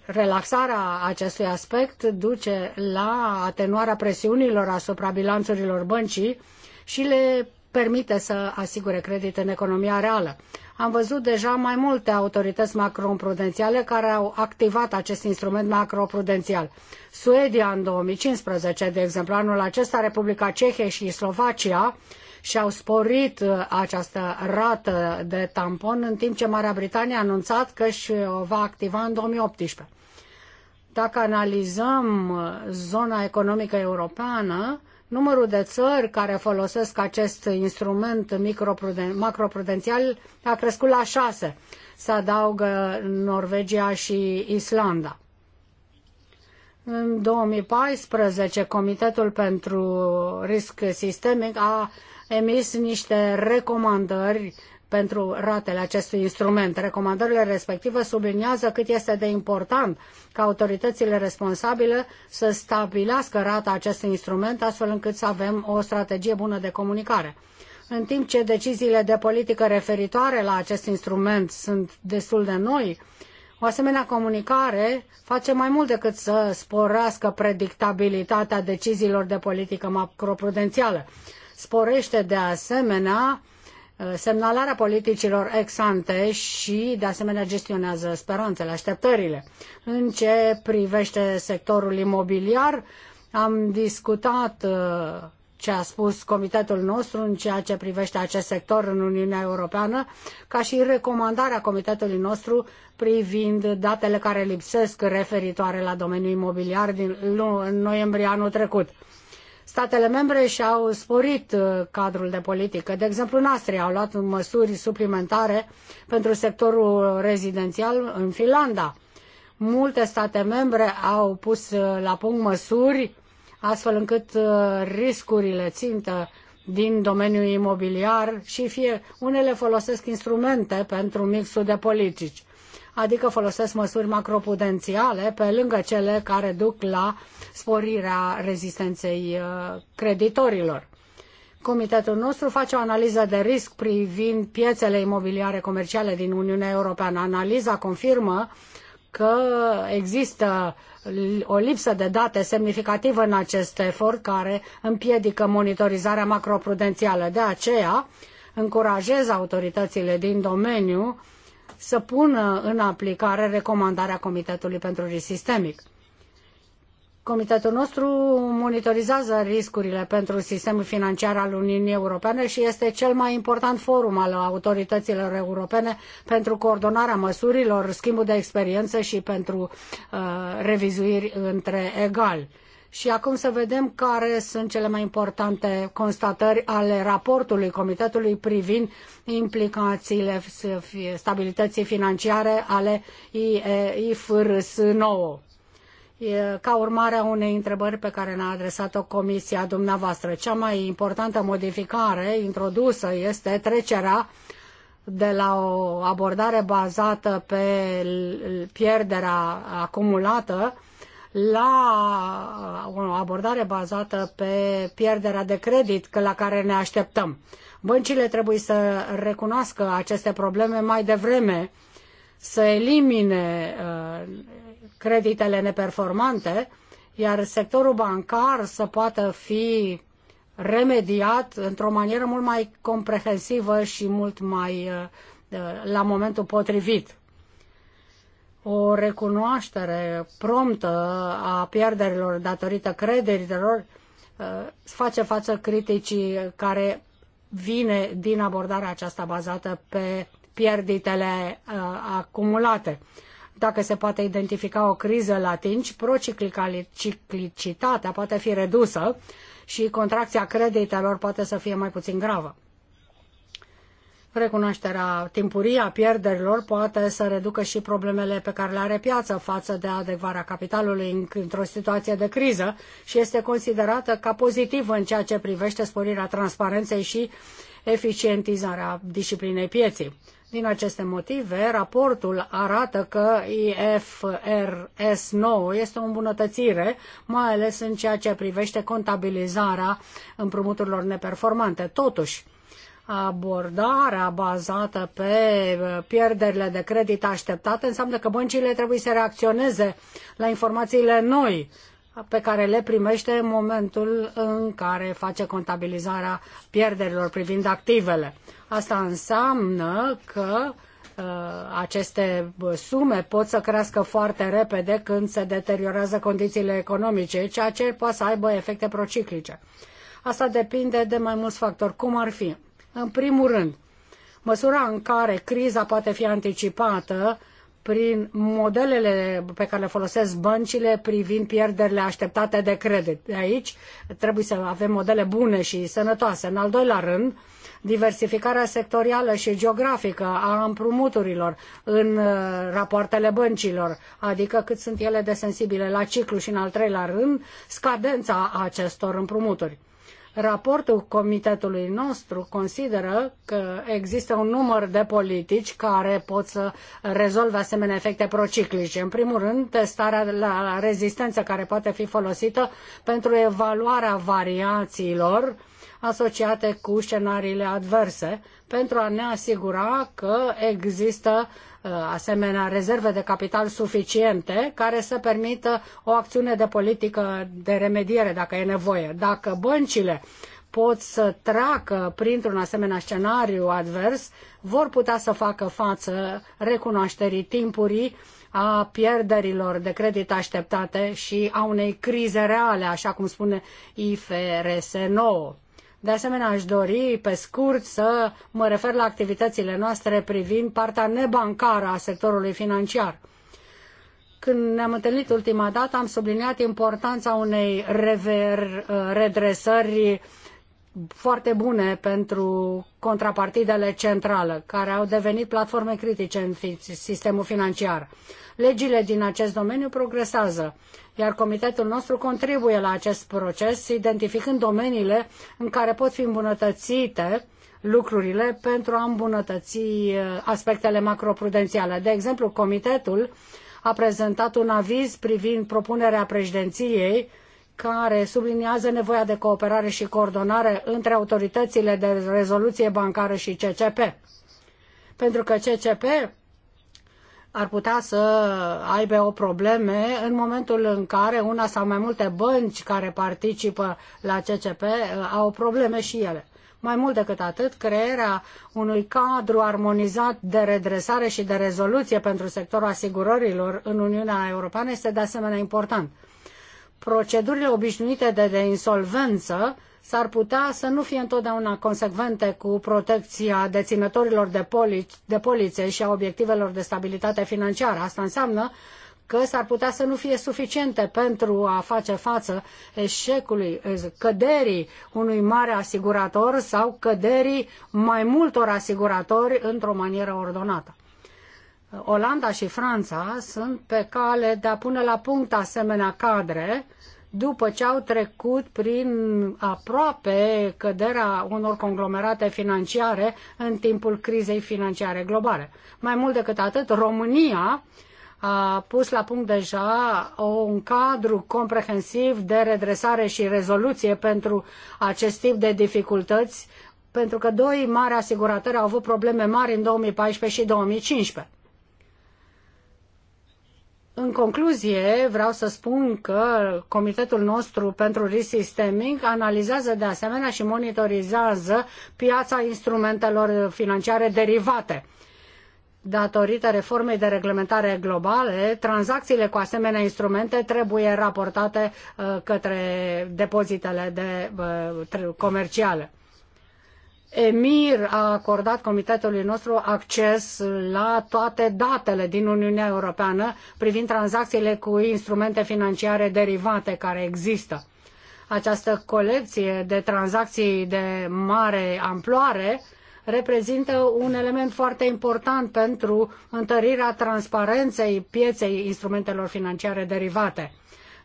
Relaxarea acestui aspect duce la atenuarea presiunilor asupra bilanțurilor băncii și le permite să asigure credit în economia reală. Am văzut deja mai multe autorități macroprudențiale care au activat acest instrument macroprudențial. Suedia în 2015, de exemplu, anul acesta, Republica Cehe și Slovacia și au sporit uh, această rată de tampon, în timp ce Marea Britanie a anunțat că își uh, o va activa în 2018. Dacă analizăm uh, zona economică europeană, numărul de țări care folosesc acest instrument macroprudențial a crescut la șase. Se adaugă Norvegia și Islanda. În 2014, Comitetul pentru Risc Sistemic a emis niște recomandări pentru ratele acestui instrument. Recomandările respective subliniază cât este de important ca autoritățile responsabile să stabilească rata acestui instrument astfel încât să avem o strategie bună de comunicare. În timp ce deciziile de politică referitoare la acest instrument sunt destul de noi, o asemenea comunicare face mai mult decât să sporească predictabilitatea deciziilor de politică macroprudențială sporește de asemenea uh, semnalarea politicilor ex ante și, de asemenea, gestionează speranțele, așteptările. În ce privește sectorul imobiliar, am discutat uh, ce a spus comitetul nostru în ceea ce privește acest sector în Uniunea Europeană, ca și recomandarea comitetului nostru privind datele care lipsesc referitoare la domeniul imobiliar din noiembrie anul trecut statele membre și-au sporit uh, cadrul de politică. De exemplu, în Austria au luat măsuri suplimentare pentru sectorul rezidențial în Finlanda. Multe state membre au pus uh, la punct măsuri astfel încât uh, riscurile țintă din domeniul imobiliar și fie unele folosesc instrumente pentru mixul de politici adică folosesc măsuri macroprudențiale pe lângă cele care duc la sporirea rezistenței uh, creditorilor. Comitetul nostru face o analiză de risc privind piețele imobiliare comerciale din Uniunea Europeană. Analiza confirmă că există o lipsă de date semnificativă în acest efort care împiedică monitorizarea macroprudențială. De aceea, încurajez autoritățile din domeniu să pună în aplicare recomandarea Comitetului pentru Risc Sistemic. Comitetul nostru monitorizează riscurile pentru sistemul financiar al Uniunii Europene și este cel mai important forum al autorităților europene pentru coordonarea măsurilor, schimbul de experiență și pentru uh, revizuiri între egali. Și acum să vedem care sunt cele mai importante constatări ale raportului Comitetului privind implicațiile stabilității financiare ale IFRS 9 ca urmare a unei întrebări pe care ne-a adresat-o comisia dumneavoastră. Cea mai importantă modificare introdusă este trecerea de la o abordare bazată pe pierderea acumulată la o abordare bazată pe pierderea de credit că la care ne așteptăm. Băncile trebuie să recunoască aceste probleme mai devreme, să elimine uh, creditele neperformante, iar sectorul bancar să poată fi remediat într-o manieră mult mai comprehensivă și mult mai uh, uh, la momentul potrivit o recunoaștere promptă a pierderilor datorită crederilor uh, face față criticii care vine din abordarea aceasta bazată pe pierditele uh, acumulate. Dacă se poate identifica o criză latinci, prociclicitatea poate fi redusă și contracția creditelor poate să fie mai puțin gravă. Recunoașterea timpurie a pierderilor poate să reducă și problemele pe care le are piața față de adecvarea capitalului într-o situație de criză și este considerată ca pozitivă în ceea ce privește sporirea transparenței și eficientizarea disciplinei pieței. Din aceste motive, raportul arată că IFRS 9 este o îmbunătățire, mai ales în ceea ce privește contabilizarea împrumuturilor neperformante. Totuși, abordarea bazată pe uh, pierderile de credit așteptate înseamnă că băncile trebuie să reacționeze la informațiile noi pe care le primește în momentul în care face contabilizarea pierderilor privind activele. Asta înseamnă că uh, aceste sume pot să crească foarte repede când se deteriorează condițiile economice, ceea ce poate să aibă efecte prociclice. Asta depinde de mai mulți factori, cum ar fi în primul rând, măsura în care criza poate fi anticipată prin modelele pe care le folosesc băncile privind pierderile așteptate de credit. De aici trebuie să avem modele bune și sănătoase. În al doilea rând, diversificarea sectorială și geografică a împrumuturilor în uh, rapoartele băncilor, adică cât sunt ele de sensibile la ciclu și în al treilea rând, scadența acestor împrumuturi. Raportul comitetului nostru consideră că există un număr de politici care pot să rezolve asemenea efecte prociclice. În primul rând, testarea la rezistență care poate fi folosită pentru evaluarea variațiilor uh, asociate cu scenariile adverse pentru a ne asigura că există uh, asemenea rezerve de capital suficiente care să permită o acțiune de politică de remediere dacă e nevoie. Dacă băncile pot să treacă printr-un asemenea scenariu advers, vor putea să facă față recunoașterii timpurii a pierderilor de credit așteptate și a unei crize reale, așa cum spune IFRS 9. De asemenea, aș dori, pe scurt, să mă refer la activitățile noastre privind partea nebancară a sectorului financiar. Când ne-am întâlnit ultima dată, am subliniat importanța unei rever, redresări foarte bune pentru contrapartidele centrale, care au devenit platforme critice în sistemul financiar. Legile din acest domeniu progresează, iar comitetul nostru contribuie la acest proces, identificând domeniile în care pot fi îmbunătățite lucrurile pentru a îmbunătăți uh, aspectele macroprudențiale. De exemplu, comitetul a prezentat un aviz privind propunerea președinției care subliniază nevoia de cooperare și coordonare între autoritățile de rezoluție bancară și CCP. Pentru că CCP ar putea să aibă o probleme în momentul în care una sau mai multe bănci care participă la CCP uh, au probleme și ele. Mai mult decât atât, crearea unui cadru armonizat de redresare și de rezoluție pentru sectorul asigurărilor în Uniunea Europeană este de asemenea important procedurile obișnuite de, de insolvență s-ar putea să nu fie întotdeauna consecvente cu protecția deținătorilor de, poli, de polițe și a obiectivelor de stabilitate financiară. Asta înseamnă că s-ar putea să nu fie suficiente pentru a face față eșecului, căderii unui mare asigurator sau căderii mai multor asiguratori într-o manieră ordonată. Olanda și Franța sunt pe cale de a pune la punct asemenea cadre după ce au trecut prin aproape căderea unor conglomerate financiare în timpul crizei financiare globale. Mai mult decât atât, România a pus la punct deja un cadru comprehensiv de redresare și rezoluție pentru acest tip de dificultăți, pentru că doi mari asigurători au avut probleme mari în 2014 și 2015. În concluzie, vreau să spun că comitetul nostru pentru risc sistemic analizează de asemenea și monitorizează piața instrumentelor financiare derivate. Datorită reformei de reglementare globale, tranzacțiile cu asemenea instrumente trebuie raportate uh, către depozitele de, uh, comerciale. EMIR a acordat comitetului nostru acces la toate datele din Uniunea Europeană privind tranzacțiile cu instrumente financiare derivate care există. Această colecție de tranzacții de mare amploare reprezintă un element foarte important pentru întărirea transparenței pieței instrumentelor financiare derivate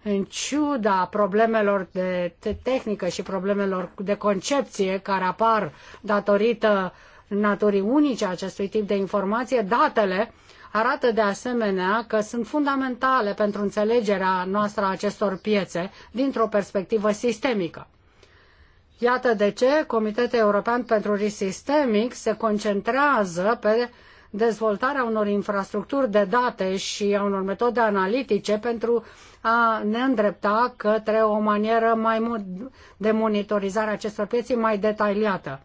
în ciuda problemelor de tehnică și problemelor de concepție care apar datorită naturii unice a acestui tip de informație, datele arată de asemenea că sunt fundamentale pentru înțelegerea noastră a acestor piețe dintr-o perspectivă sistemică. Iată de ce Comitetul European pentru Risc Sistemic se concentrează pe dezvoltarea unor infrastructuri de date și a unor metode analitice pentru a ne îndrepta către o manieră mai mult de monitorizare a acestor pieții mai detaliată.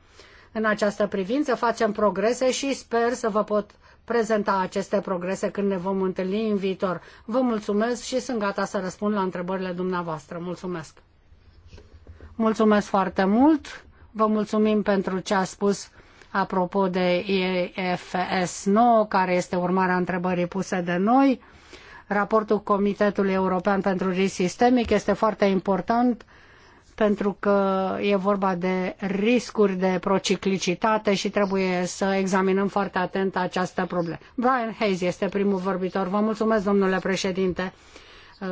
În această privință facem progrese și sper să vă pot prezenta aceste progrese când ne vom întâlni în viitor. Vă mulțumesc și sunt gata să răspund la întrebările dumneavoastră. Mulțumesc! Mulțumesc foarte mult! Vă mulțumim pentru ce a spus apropo de EFS 9, care este urmarea întrebării puse de noi. Raportul Comitetului European pentru Risc Sistemic este foarte important pentru că e vorba de riscuri de prociclicitate și trebuie să examinăm foarte atent această problemă. Brian Hayes este primul vorbitor. Vă mulțumesc, domnule președinte.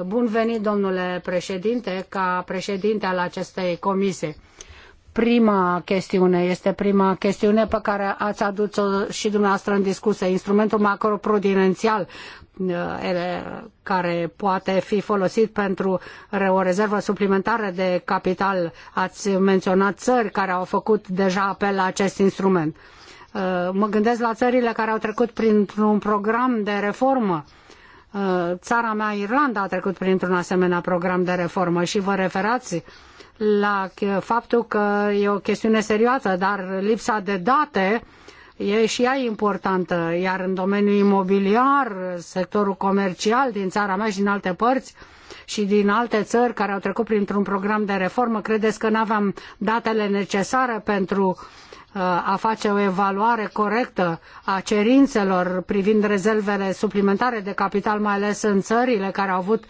Bun venit, domnule președinte, ca președinte al acestei comisii prima chestiune, este prima chestiune pe care ați adus-o și dumneavoastră în discuție, instrumentul macroprudențial uh, care poate fi folosit pentru o rezervă suplimentară de capital. Ați menționat țări care au făcut deja apel la acest instrument. Uh, mă gândesc la țările care au trecut printr-un program de reformă uh, țara mea, Irlanda, a trecut printr-un asemenea program de reformă și vă referați la faptul că e o chestiune serioasă, dar lipsa de date e și ea importantă, iar în domeniul imobiliar, sectorul comercial din țara mea și din alte părți și din alte țări care au trecut printr-un program de reformă, credeți că nu aveam datele necesare pentru uh, a face o evaluare corectă a cerințelor privind rezervele suplimentare de capital, mai ales în țările care au avut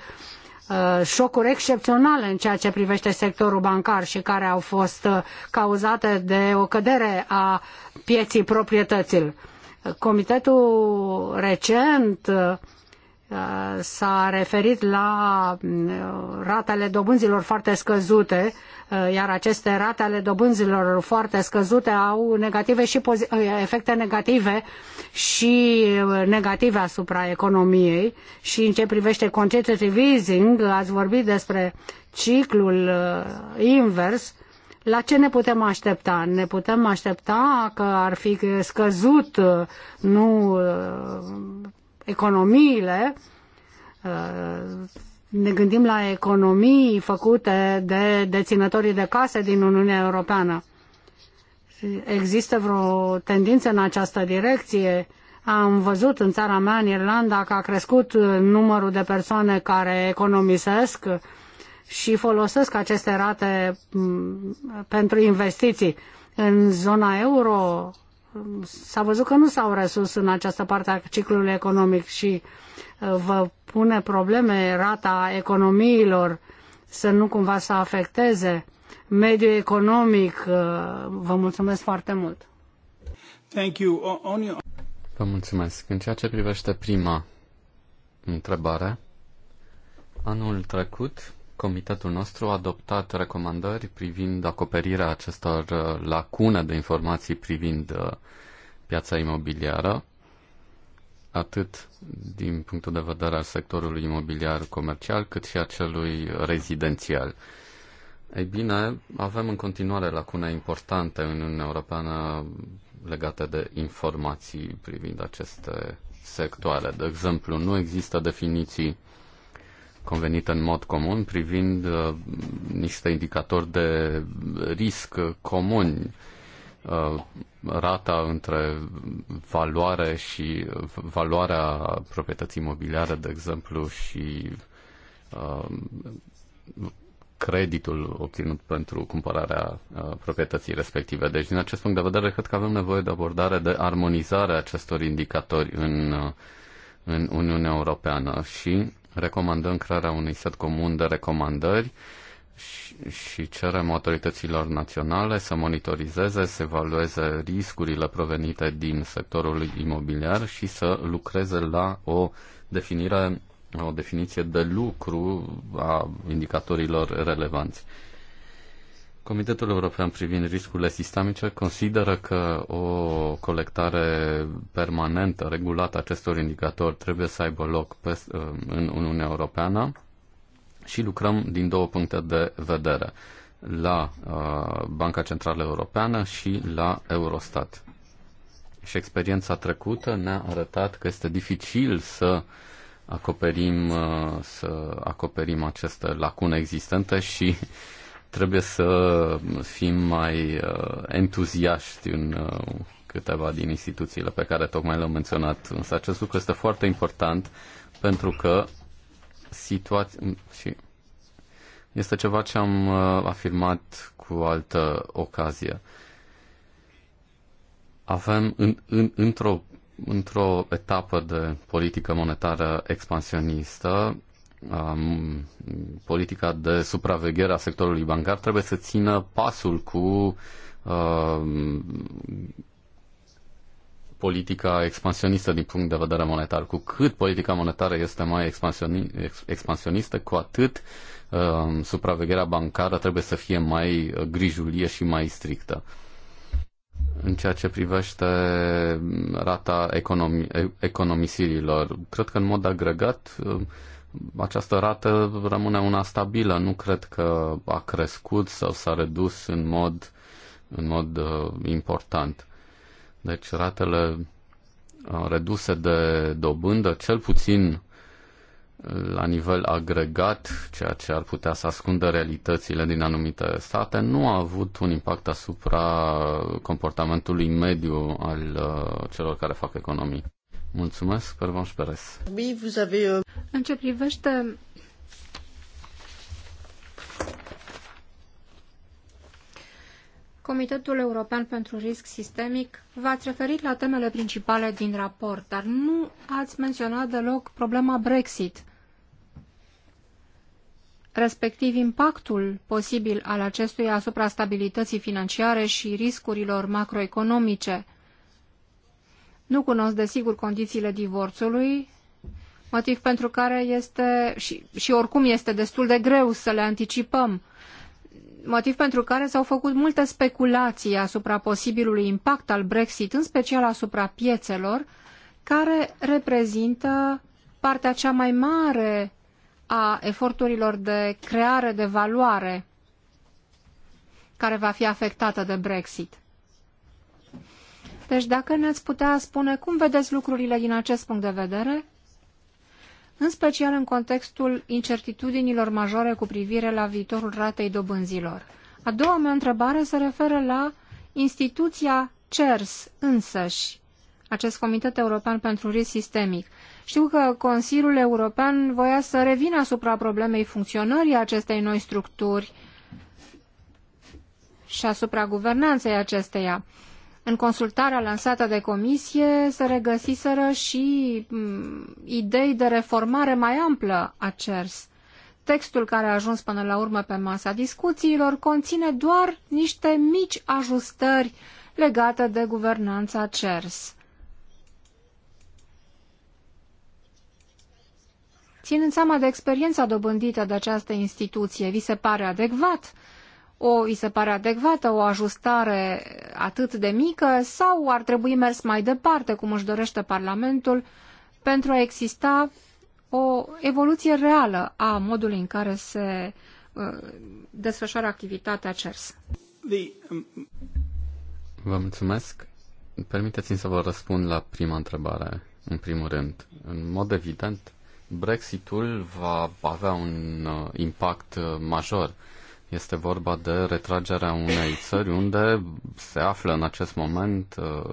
Uh, șocuri excepționale în ceea ce privește sectorul bancar și care au fost uh, cauzate de o cădere a pieții proprietăților. Comitetul recent uh, s-a referit la mm, ratele dobânzilor foarte scăzute, uh, iar aceste rate ale dobânzilor foarte scăzute au negative și uh, efecte negative și uh, negative asupra economiei și în ce privește quantitative easing, ați vorbit despre ciclul invers, la ce ne putem aștepta? Ne putem aștepta că ar fi scăzut nu economiile, uh, ne gândim la economii făcute de deținătorii de case din Uniunea Europeană. Există vreo tendință în această direcție? Am văzut în țara mea, în Irlanda, că a crescut numărul de persoane care economisesc și folosesc aceste rate mm, pentru investiții. În zona euro s-a văzut că nu s-au resus în această parte a ciclului economic și uh, vă pune probleme rata economiilor să nu cumva să afecteze mediul economic. Uh, vă mulțumesc foarte mult.
Thank you. Only...
Vă mulțumesc. În ceea ce privește prima întrebare, anul trecut Comitetul nostru a adoptat recomandări privind acoperirea acestor uh, lacune de informații privind uh, piața imobiliară, atât din punctul de vedere al sectorului imobiliar comercial, cât și a celui rezidențial. Ei bine, avem în continuare lacune importante în Uniunea Europeană legate de informații privind aceste sectoare. De exemplu, nu există definiții convenit în mod comun privind uh, niște indicatori de risc comuni, uh, rata între valoare și uh, valoarea proprietății imobiliare, de exemplu, și uh, creditul obținut pentru cumpărarea uh, proprietății respective. Deci, din acest punct de vedere, cred că avem nevoie de abordare de armonizare a acestor indicatori în, uh, în Uniunea Europeană și recomandăm crearea unui set comun de recomandări și, cerem autorităților naționale să monitorizeze, să evalueze riscurile provenite din sectorul imobiliar și să lucreze la o definire o definiție de lucru a indicatorilor relevanți. Comitetul European privind riscurile sistemice consideră că o colectare permanentă, regulată acestor indicatori trebuie să aibă loc pe, în Uniunea Europeană și lucrăm din două puncte de vedere, la uh, Banca Centrală Europeană și la Eurostat. Și experiența trecută ne-a arătat că este dificil să acoperim, uh, să acoperim aceste lacune existente și uh, Trebuie să fim mai uh, entuziaști în uh, câteva din instituțiile pe care tocmai le-am menționat. Însă acest lucru este foarte important pentru că situația... Și este ceva ce am uh, afirmat cu altă ocazie. Avem în, în, într-o într-o etapă de politică monetară expansionistă, um, politica de supraveghere a sectorului bancar trebuie să țină pasul cu um, politica expansionistă din punct de vedere monetar. Cu cât politica monetară este mai expansionistă, cu atât um, supravegherea bancară trebuie să fie mai grijulie și mai strictă. În ceea ce privește rata economi- economisirilor, cred că în mod agregat um, această rată rămâne una stabilă. Nu cred că a crescut sau s-a redus în mod, în mod uh, important. Deci ratele uh, reduse de dobândă, cel puțin uh, la nivel agregat, ceea ce ar putea să ascundă realitățile din anumite state, nu a avut un impact asupra comportamentului mediu al uh, celor care fac economii. Mulțumesc, Pervanș Perez.
Uh, În ce privește Comitetul European pentru Risc Sistemic, v-ați referit la temele principale din raport, dar nu ați menționat deloc problema Brexit, respectiv impactul posibil al acestuia asupra stabilității financiare și riscurilor macroeconomice – nu cunosc, desigur, condițiile divorțului, motiv pentru care este și, și oricum este destul de greu să le anticipăm motiv pentru care s-au făcut multe speculații asupra posibilului impact al Brexit, în special asupra piețelor, care reprezintă partea cea mai mare a eforturilor de creare de valoare care va fi afectată de Brexit. Deci dacă ne-ați putea spune cum vedeți lucrurile din acest punct de vedere, în special în contextul incertitudinilor majore cu privire la viitorul ratei dobânzilor. A doua mea întrebare se referă la instituția CERS însăși, acest Comitet European pentru Risc Sistemic. Știu că Consiliul European voia să revină asupra problemei funcționării acestei noi structuri și asupra guvernanței acesteia în consultarea lansată de comisie se regăsiseră și mm, idei de reformare mai amplă a CERS. Textul care a ajuns până la urmă pe masa discuțiilor conține doar niște mici ajustări legate de guvernanța CERS. Ținând seama de experiența dobândită de această instituție, vi se pare adecvat o îi se pare adecvată o ajustare atât de mică sau ar trebui mers mai departe, cum își dorește Parlamentul, pentru a exista o evoluție reală a modului în care se uh, desfășoară activitatea CERS.
Um,
vă mulțumesc. Permiteți-mi să vă răspund la prima întrebare, în primul rând. În mod evident, Brexitul va avea un uh, impact uh, major este vorba de retragerea unei țări unde se află în acest moment uh,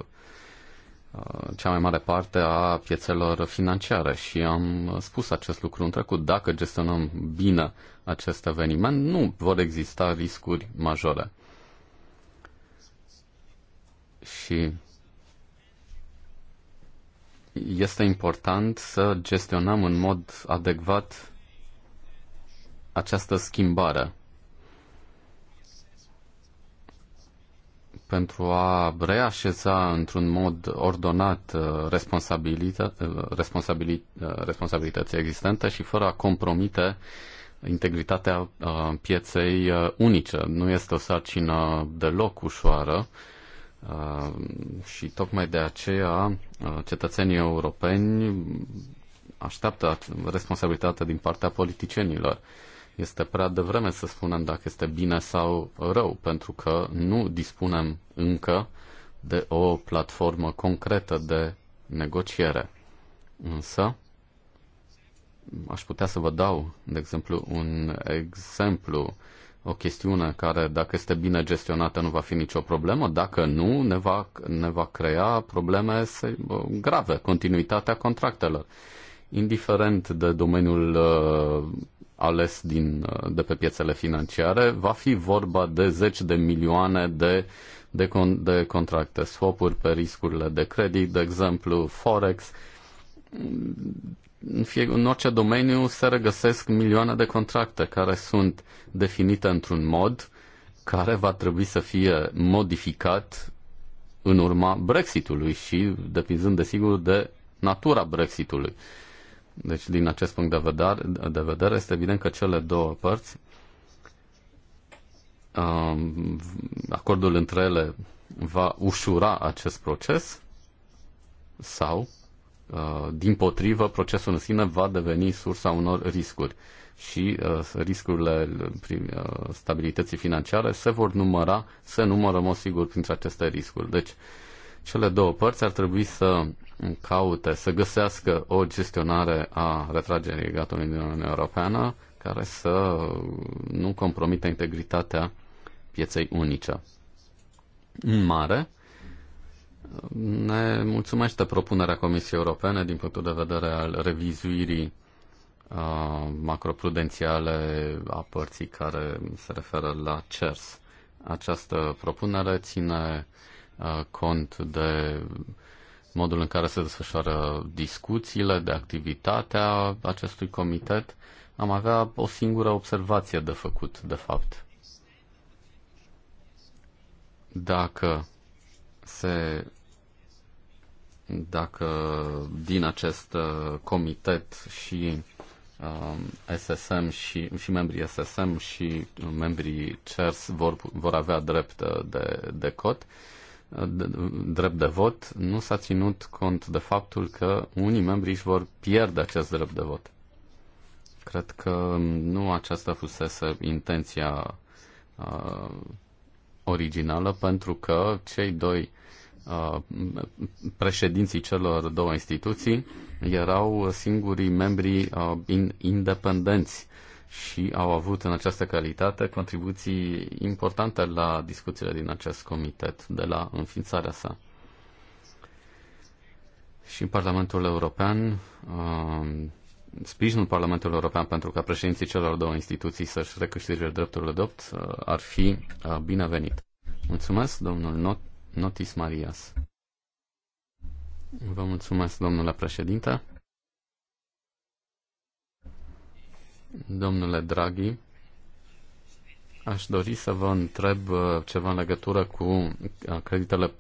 uh, cea mai mare parte a piețelor financiare și am spus acest lucru în trecut. Dacă gestionăm bine acest eveniment, nu vor exista riscuri majore. Și este important să gestionăm în mod adecvat această schimbare pentru a reașeza într-un mod ordonat uh, responsabilitatea uh, responsabili, uh, responsabilității existente și fără a compromite integritatea pieței unice. Nu este o sarcină deloc ușoară și tocmai de aceea cetățenii europeni așteaptă responsabilitatea din partea politicienilor este prea devreme să spunem dacă este bine sau rău, pentru că nu dispunem încă de o platformă concretă de negociere. Însă, aș putea să vă dau, de exemplu, un exemplu, o chestiune care, dacă este bine gestionată, nu va fi nicio problemă, dacă nu, ne va, ne va crea probleme grave, continuitatea contractelor. Indiferent de domeniul uh, ales din, de pe piețele financiare, va fi vorba de zeci de milioane de, de, con, de contracte, swap-uri pe riscurile de credit, de exemplu Forex. În, fie, în orice domeniu se regăsesc milioane de contracte care sunt definite într-un mod care va trebui să fie modificat în urma Brexitului și depinzând desigur de natura Brexitului. Uh, deci, din acest punct de vedere, de vedere este evident că cele două părți, um, acordul între ele va ușura acest proces sau, uh, din potrivă, procesul în sine va deveni sursa unor riscuri și uh, riscurile uh, stabilității financiare se vor număra, se numără, mă sigur, printre aceste riscuri. Deci, cele două părți ar trebui să caute, să găsească o gestionare a retragerii gatului din Uniunea Europeană care să nu compromită integritatea pieței unice. În mare, ne mulțumește propunerea Comisiei Europene din punctul de vedere al revizuirii uh, macroprudențiale a părții care se referă la CERS. Această propunere ține uh, cont de modul în care se desfășoară discuțiile, de activitatea acestui comitet, am avea o singură observație de făcut, de fapt. Dacă se dacă din acest uh, comitet și SSM um, și, și membrii SSM și membrii CERS vor, vor avea drept uh, de, de cot, drept de vot, nu s-a ținut cont de faptul că unii membri își vor pierde acest drept de vot. Cred că nu aceasta fusese intenția uh, originală, pentru că cei doi uh, președinții celor două instituții erau singurii membri uh, independenți și au avut în această calitate contribuții importante la discuțiile din acest comitet de la înființarea sa. Și în Parlamentul European, um, sprijinul Parlamentului European pentru ca președinții celor două instituții să-și recâștige drepturile de opt uh, ar fi uh, binevenit. Mulțumesc, domnul Not- Notis Marias. Vă mulțumesc, domnule președinte. Domnule Draghi, aș dori să vă întreb uh, ceva în legătură cu uh, creditele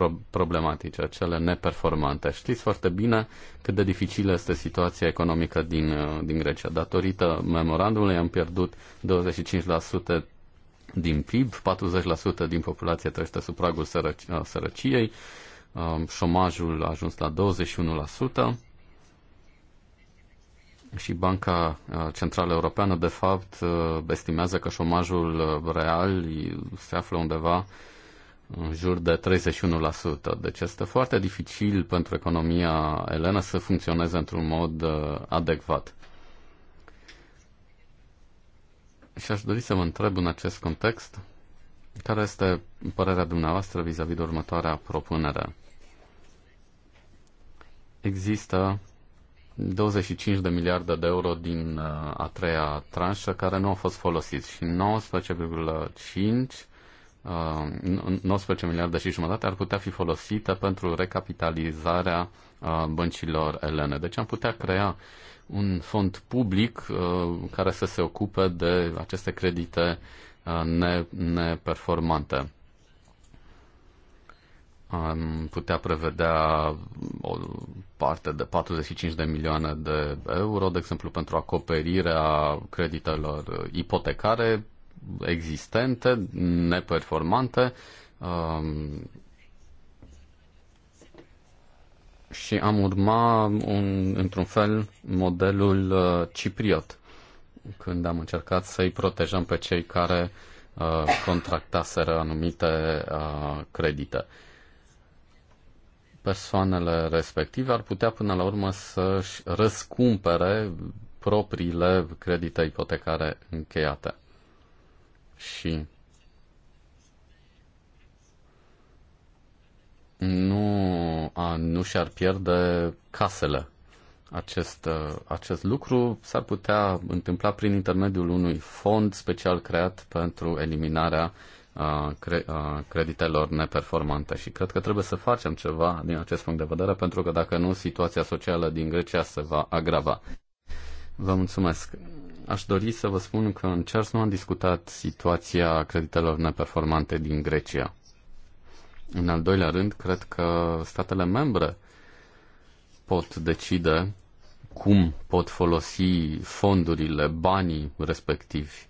uh, problematice, cele neperformante. Știți foarte bine cât de dificilă este situația economică din, din Grecia. Datorită memorandumului am pierdut 25% din PIB, 40% din populație trăiește sub pragul sărăciei, șomajul a ajuns la 21%, și Banca uh, Centrală Europeană, de fapt, uh, estimează că șomajul uh, real se află undeva în jur de 31%. Deci este foarte dificil pentru economia elenă să funcționeze într-un mod adecvat. Și aș dori să mă întreb în acest context care este părerea dumneavoastră vis-a-vis -vis de următoarea propunere. Există 25 de miliarde de euro din uh, a treia tranșă care nu au fost folosiți și 19,5 19 uh, miliarde și jumătate ar putea fi folosită pentru recapitalizarea uh, băncilor elene. Deci am putea crea un fond public care să se ocupe de aceste credite neperformante am putea prevedea o parte de 45 de milioane de euro, de exemplu, pentru acoperirea creditelor ipotecare existente, neperformante. Um, și am urma un, într-un fel modelul uh, cipriot când am încercat să-i protejăm pe cei care uh, contractaseră anumite uh, credite. Uh, persoanele respective ar putea până la urmă să-și răscumpere propriile credite ipotecare încheiate. Și nu, a, nu și-ar pierde casele. Acest, acest lucru s-ar putea întâmpla prin intermediul unui fond special creat pentru eliminarea uh, creditelor neperformante și cred că trebuie să facem ceva din acest punct de vedere pentru că dacă nu, situația socială din Grecia se va agrava. Vă mulțumesc. Aș dori să vă spun că în CERS nu am discutat situația creditelor neperformante din Grecia. În al doilea rând, cred că statele membre pot decide cum pot folosi fondurile, banii respectivi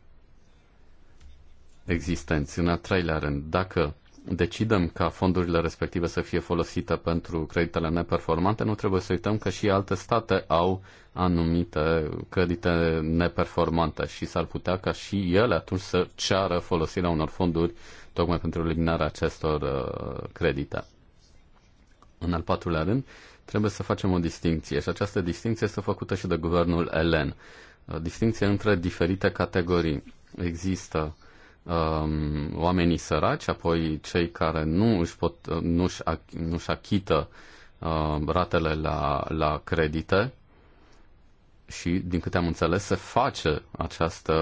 existenți. În a treilea rând, dacă decidem ca fondurile respective să fie folosite pentru creditele neperformante, nu trebuie să uităm că și alte state au anumite credite neperformante și s-ar putea ca și ele atunci să ceară folosirea unor fonduri tocmai pentru eliminarea acestor uh, credite. În al patrulea rând, trebuie să facem o distinție și această distinție este făcută și de guvernul elen. Uh, distinție între diferite categorii. Există uh, Um, oamenii săraci, apoi cei care nu își, pot, nu-și, nu-și achită uh, ratele la, la credite și, din câte am înțeles, se face această,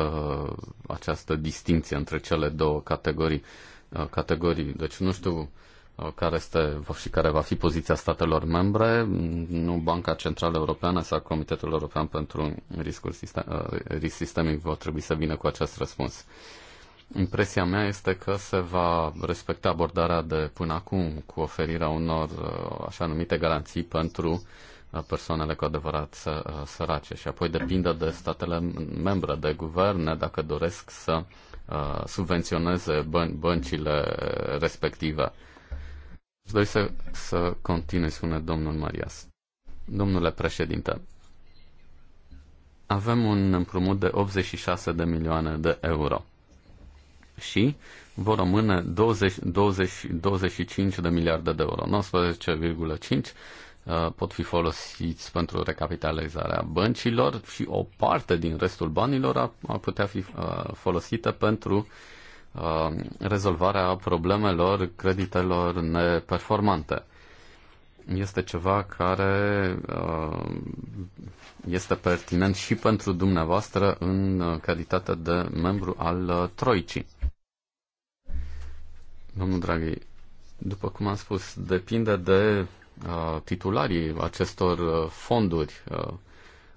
această distinție între cele două categorii. Uh, categorii. Deci nu știu uh, care este și care va fi poziția statelor membre, nu Banca Centrală Europeană sau Comitetul European pentru Riscul Sistem, uh, Risc Sistemic vor trebui să vină cu acest răspuns. Uh, Impresia mea este că se va respecta abordarea de până acum cu oferirea unor uh, așa numite garanții pentru uh, persoanele cu adevărat uh, sărace și apoi depinde de statele membre, de guverne, dacă doresc să subvenționeze bân- băncile respective. Doi să, să continui, spune domnul Marias. Domnule președinte, avem un împrumut de 86 de milioane de euro și vor rămâne 20, 20, 25 de miliarde de euro. 19,5 uh, pot fi folosiți pentru recapitalizarea băncilor și o parte din restul banilor ar, ar putea fi uh, folosită pentru uh, rezolvarea problemelor creditelor neperformante. Este ceva care este pertinent și pentru dumneavoastră în calitate de membru al Troicii. Domnul Draghi, după cum am spus, depinde de uh, titularii acestor uh, fonduri uh,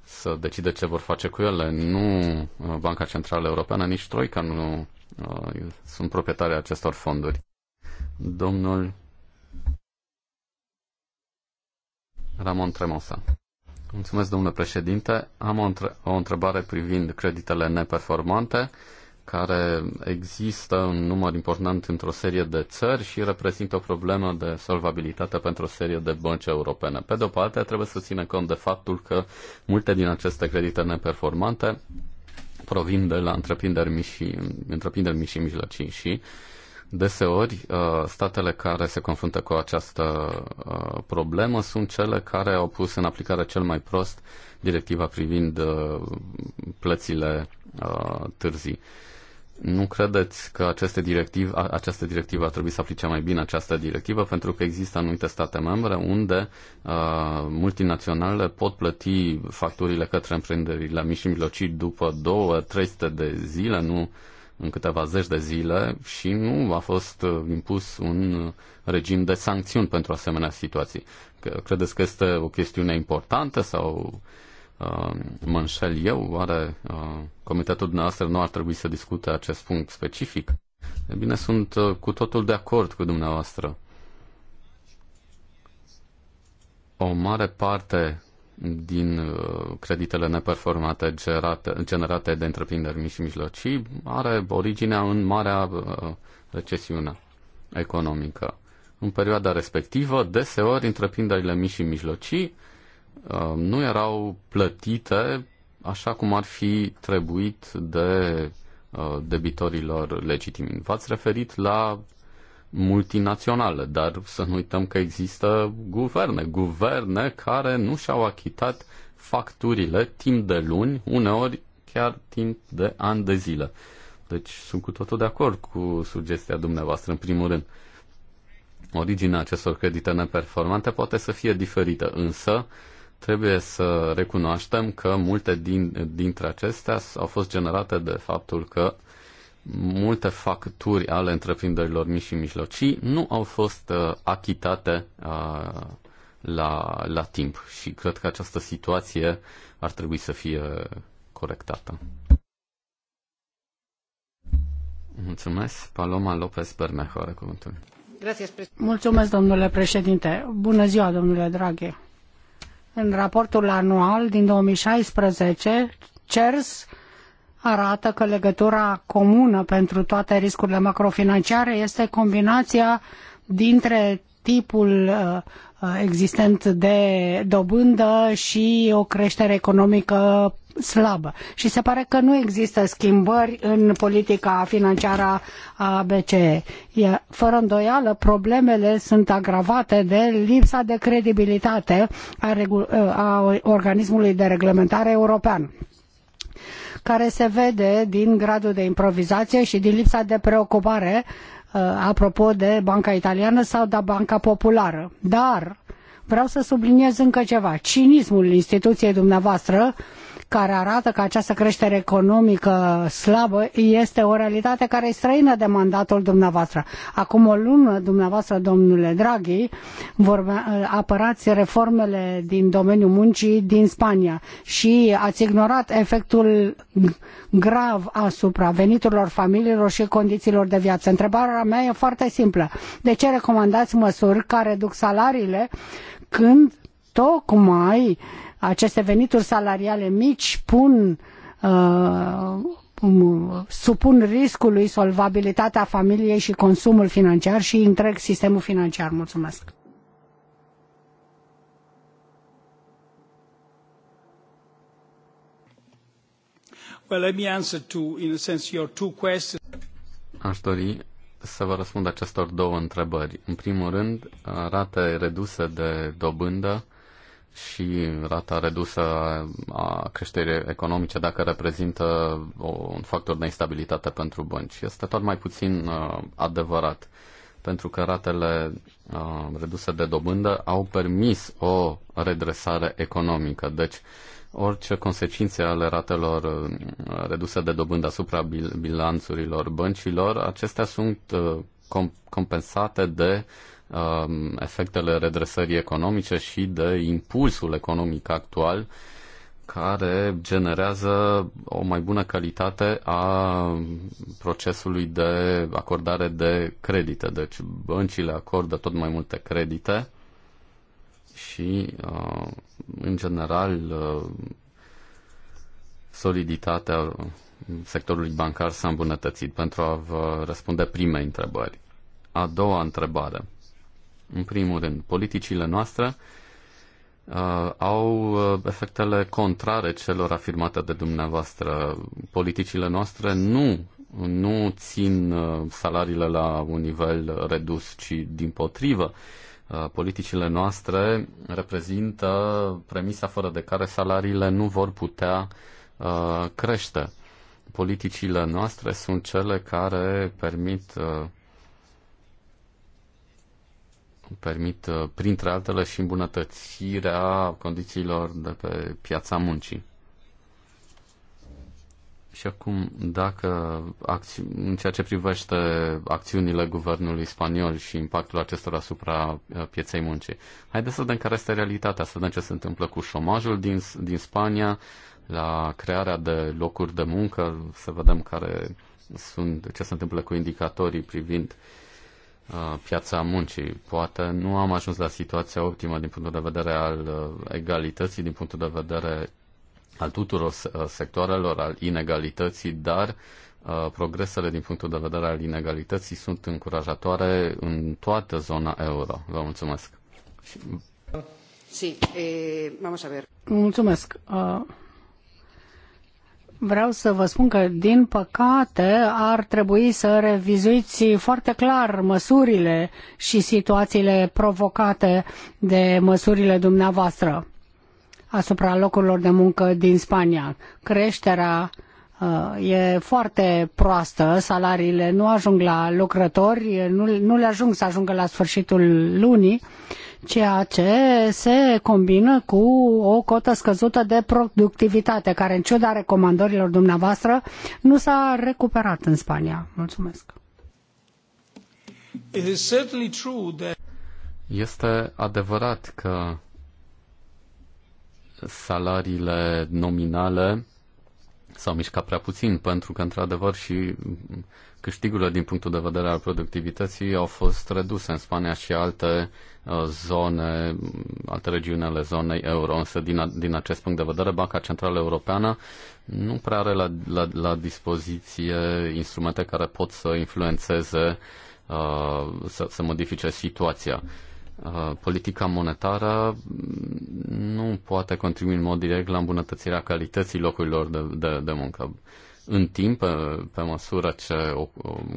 să decide ce vor face cu ele. Nu uh, Banca Centrală Europeană, nici Troica nu uh, sunt proprietari acestor fonduri. Domnul Ramon Tremosa. Mulțumesc, domnule președinte. Am o, între- o întrebare privind creditele neperformante. Uh, care există în număr important într-o serie de țări și reprezintă o problemă de solvabilitate pentru o serie de bănci europene. Pe de o parte, trebuie să ținem cont de faptul că multe din aceste credite neperformante provin de la întreprinderi mici și, întreprinderi mici și mijlocii și deseori uh, statele care se confruntă cu această uh, problemă sunt cele care au pus în aplicare cel mai prost directiva privind uh, plățile târzii. Nu credeți că aceste directiv, această directivă ar trebui să aplice mai bine această directivă pentru că există anumite state membre unde uh, multinaționale pot plăti facturile către întreprinderile mici și mijlocii după 2-300 de zile, nu în câteva zeci de zile și nu a fost uh, impus un uh, regim de sancțiuni pentru asemenea situații. Credeți că este o chestiune importantă sau uh, mă înșel eu, oare uh, comitetul dumneavoastră nu ar trebui să discute acest punct specific? E bine, sunt uh, cu totul de acord cu dumneavoastră. O mare parte din uh, creditele neperformate generate, generate de întreprinderi mici și mijlocii are originea în marea recesiune economică. În perioada respectivă, deseori, întreprinderile mici și mijlocii Uh, nu erau plătite așa cum ar fi trebuit de uh, debitorilor legitimi. V-ați referit la multinaționale, dar să nu uităm că există guverne, guverne care nu și-au achitat facturile timp de luni, uneori chiar timp de ani de zile. Deci sunt cu totul de acord cu sugestia dumneavoastră, în primul rând. Originea acestor credite neperformante poate să fie diferită, însă uh, trebuie să recunoaștem că multe din, dintre acestea au fost generate de faptul că multe facturi ale întreprinderilor mici și mijlocii nu au fost uh, achitate uh, la, la timp și cred că această situație ar trebui să fie corectată. Mulțumesc. Paloma López Bermejo are cuvântul.
Mulțumesc, domnule președinte. Bună ziua, domnule Draghe în raportul anual din 2016, CERS arată că legătura comună pentru toate riscurile macrofinanciare este combinația dintre tipul uh, Uh, existent de dobândă și o creștere economică slabă. Și se pare că nu există schimbări în politica financiară a BCE. Fără îndoială, problemele sunt agravate de lipsa de credibilitate a, uh, a organismului de reglementare european care se vede din gradul de improvizație și din lipsa de preocupare uh, Uh, apropo de Banca Italiană sau de Banca Populară. Dar vreau să subliniez încă ceva. Cinismul instituției dumneavoastră care arată că această creștere economică slabă este o realitate care e străină de mandatul dumneavoastră. Acum o lună, dumneavoastră, domnule Draghi, vorbea, apărați reformele din domeniul muncii din Spania și ați ignorat efectul grav asupra veniturilor familiilor și condițiilor de viață. Întrebarea mea e foarte simplă. De ce recomandați măsuri care reduc salariile când tocmai aceste venituri salariale mici pun uh, um, supun riscului solvabilitatea familiei și consumul financiar și întreg sistemul financiar. Mulțumesc!
Well, let me answer to, in a sense, your two questions.
Aș dori să vă răspund acestor două întrebări. În primul rând, rate reduse de dobândă și rata redusă a creșterii economice dacă reprezintă un factor de instabilitate pentru bănci. Este tot mai puțin uh, adevărat, pentru că ratele uh, reduse de dobândă au permis o redresare economică. Deci, orice consecințe ale ratelor uh, reduse de dobândă asupra bilanțurilor băncilor, acestea sunt compensate de Um, efectele redresării economice și de impulsul economic actual care generează o mai bună calitate a procesului de acordare de credite. Deci băncile acordă tot mai multe credite și, uh, în general, uh, soliditatea sectorului bancar s-a îmbunătățit pentru a vă răspunde primei întrebări. A doua întrebare – în primul rând, politicile noastre uh, au uh, efectele contrare celor afirmate de dumneavoastră. Politicile noastre nu nu țin uh, salariile la un nivel redus, ci din potrivă. Uh, politicile noastre reprezintă premisa fără de care salariile nu vor putea crește. Politicile noastre sunt cele care permit permit, uh, printre altele, și îmbunătățirea condițiilor de pe piața muncii. Și acum, dacă în ceea ce privește acțiunile guvernului spaniol și impactul acestor asupra uh, pieței muncii, haideți să vedem care este realitatea, să vedem ce se întâmplă cu șomajul din, din Spania, la crearea de locuri de muncă, să vedem care sunt, ce se întâmplă cu indicatorii privind uh, Uh, piața muncii. Poate nu am ajuns la situația optimă din punctul de vedere al uh, egalității, din punctul de vedere al tuturor uh, sectoarelor, al inegalității, dar progresele din punctul de vedere al inegalității sunt încurajatoare în toată zona euro. Vă mulțumesc.
Sí, eh, vamos a ver. Mulțumesc. Uh... Vreau să vă spun că, din păcate, ar trebui să revizuiți foarte clar măsurile și situațiile provocate de măsurile dumneavoastră asupra locurilor de muncă din Spania. Creșterea uh, e foarte proastă, salariile nu ajung la lucrători, nu, nu le ajung să ajungă la sfârșitul lunii ceea ce se combină cu o cotă scăzută de productivitate, care în ciuda recomandărilor dumneavoastră nu s-a recuperat în Spania. Mulțumesc.
Este adevărat că salariile nominale s-au mișcat prea puțin, pentru că, într-adevăr, și câștigurile din punctul de vedere al productivității au fost reduse în Spania și alte Uh, zone, alte regiuni ale zonei euro. Însă, din, din acest punct de vedere, Banca Centrală Europeană nu prea are la, la, la dispoziție instrumente care pot să influențeze, uh, să, să modifice situația. Uh, politica monetară nu poate contribui în mod direct la îmbunătățirea calității locurilor de, de, de muncă. Uh, în timp, pe, pe măsură ce o,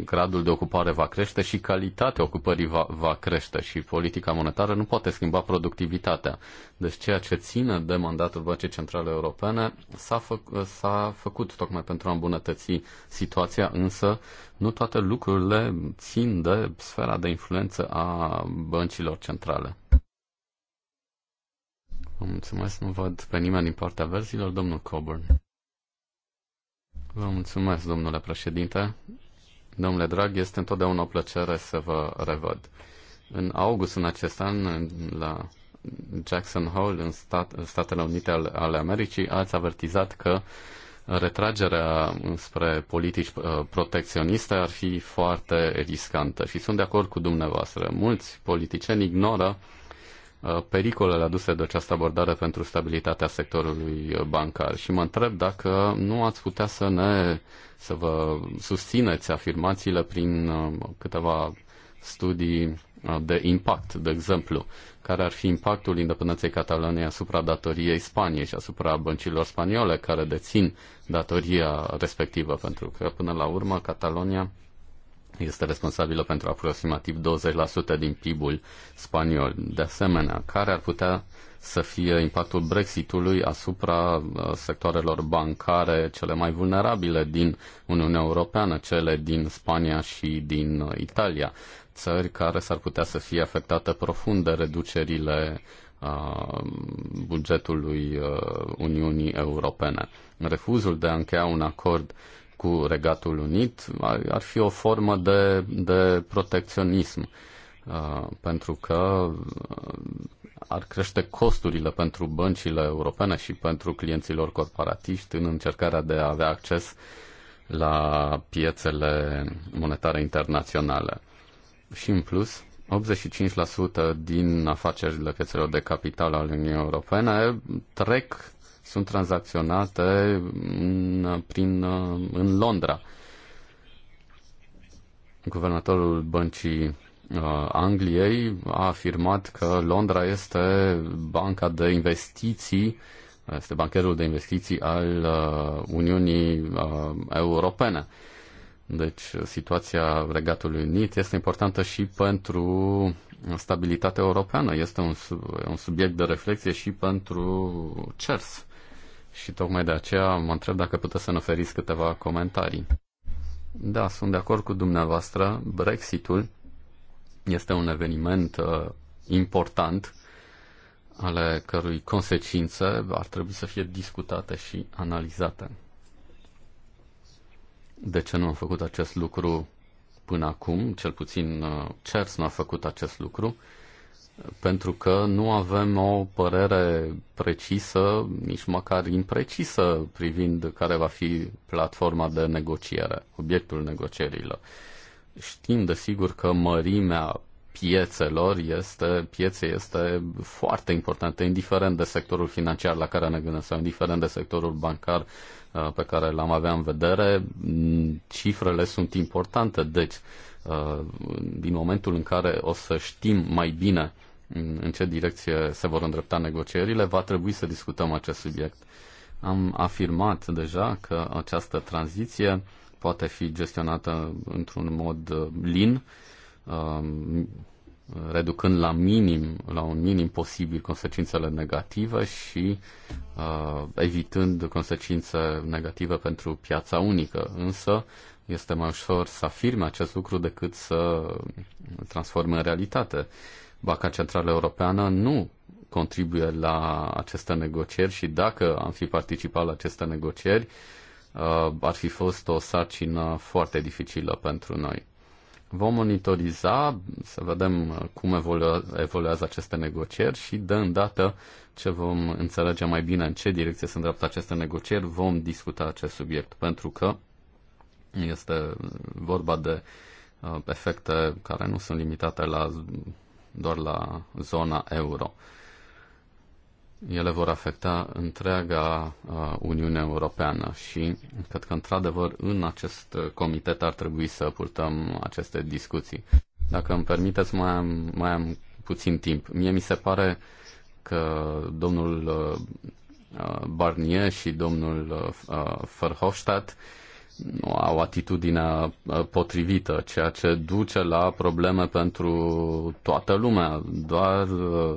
gradul de ocupare va crește și calitatea ocupării va, va crește și politica monetară nu poate schimba productivitatea. Deci ceea ce ține de mandatul Băncii Centrale Europene s-a, fă, s-a făcut tocmai pentru a îmbunătăți situația, însă nu toate lucrurile țin de sfera de influență a băncilor centrale. Vă mulțumesc, nu văd pe nimeni din partea verzilor, domnul Coburn. Vă mulțumesc, domnule președinte. Domnule Drag, este întotdeauna o plăcere să vă revăd. În august în acest an, la Jackson Hole, în, stat, Statele Unite ale, ale Americii, ați avertizat că retragerea spre politici uh, protecționiste ar fi foarte riscantă și sunt de acord cu dumneavoastră. Mulți politicieni ignoră uh, Uh, pericolele aduse de această abordare pentru stabilitatea sectorului bancar și mă întreb dacă nu ați putea să ne să vă susțineți afirmațiile prin uh, câteva studii uh, de impact, de exemplu, care ar fi impactul independenței Cataloniei asupra datoriei Spaniei și asupra băncilor spaniole care dețin datoria respectivă, pentru că până la urmă Catalonia este responsabilă pentru aproximativ 20% din PIB-ul spaniol. De asemenea, care ar putea să fie impactul Brexitului asupra uh, sectoarelor bancare cele mai vulnerabile din Uniunea Europeană, cele din Spania și din uh, Italia, țări care s-ar putea să fie afectate profund de reducerile uh, bugetului Uniunii Europene. Refuzul de a încheia un acord cu Regatul Unit ar fi o formă de, de protecționism, uh, pentru că uh, ar crește costurile pentru băncile europene și pentru clienților corporatiști în încercarea de a avea acces la piețele monetare internaționale. Și în plus, 85% din afacerile piețelor de capital ale Uniunii Europene trec sunt tranzacționate în, prin, în Londra. Guvernatorul băncii uh, Angliei a afirmat că Londra este banca de investiții, este bancherul de investiții al uh, Uniunii uh, Europene. Deci situația Regatului Unit este importantă și pentru stabilitatea europeană. Este un, un subiect de reflexie și pentru CERS și tocmai de aceea mă întreb dacă puteți să ne oferiți câteva comentarii. Da, sunt de acord cu dumneavoastră. Brexitul este un eveniment uh, important ale cărui consecințe ar trebui să fie discutate și analizate. De ce nu am făcut acest lucru până acum? Cel puțin uh, CERS nu a făcut acest lucru. Uh, pentru că nu avem o părere precisă, nici măcar imprecisă, privind care va fi platforma de negociere, obiectul negocierilor. Știm, desigur, că mărimea piețelor este, piețe este foarte importantă, indiferent de sectorul financiar la care ne gândim sau indiferent de sectorul bancar uh, pe care l-am avea în vedere, mm, cifrele sunt importante, deci din momentul în care o să știm mai bine în ce direcție se vor îndrepta negocierile, va trebui să discutăm acest subiect. Am afirmat deja că această tranziție poate fi gestionată într-un mod uh, lin, um, reducând la minim, la un minim posibil consecințele negative și uh, evitând consecințe negative pentru piața unică. Însă, este mai ușor să afirme acest lucru decât să transforme în realitate. Banca Centrală Europeană nu contribuie la aceste negocieri și dacă am fi participat la aceste negocieri, uh, ar fi fost o sarcină foarte dificilă pentru noi. Vom monitoriza, să vedem cum evoluează aceste negocieri și de îndată ce vom înțelege mai bine în ce direcție se îndreaptă aceste negocieri, vom discuta acest subiect, pentru că este vorba de uh, efecte care nu sunt limitate la, doar la zona euro. Ele vor afecta întreaga uh, Uniune Europeană și cred că, într-adevăr, în acest uh, comitet ar trebui să purtăm aceste discuții. Dacă îmi permiteți, mai am, mai am puțin timp. Mie mi se pare că domnul Barnier și domnul Verhofstadt uh, au atitudinea uh, potrivită, ceea ce duce la probleme pentru toată lumea, doar uh,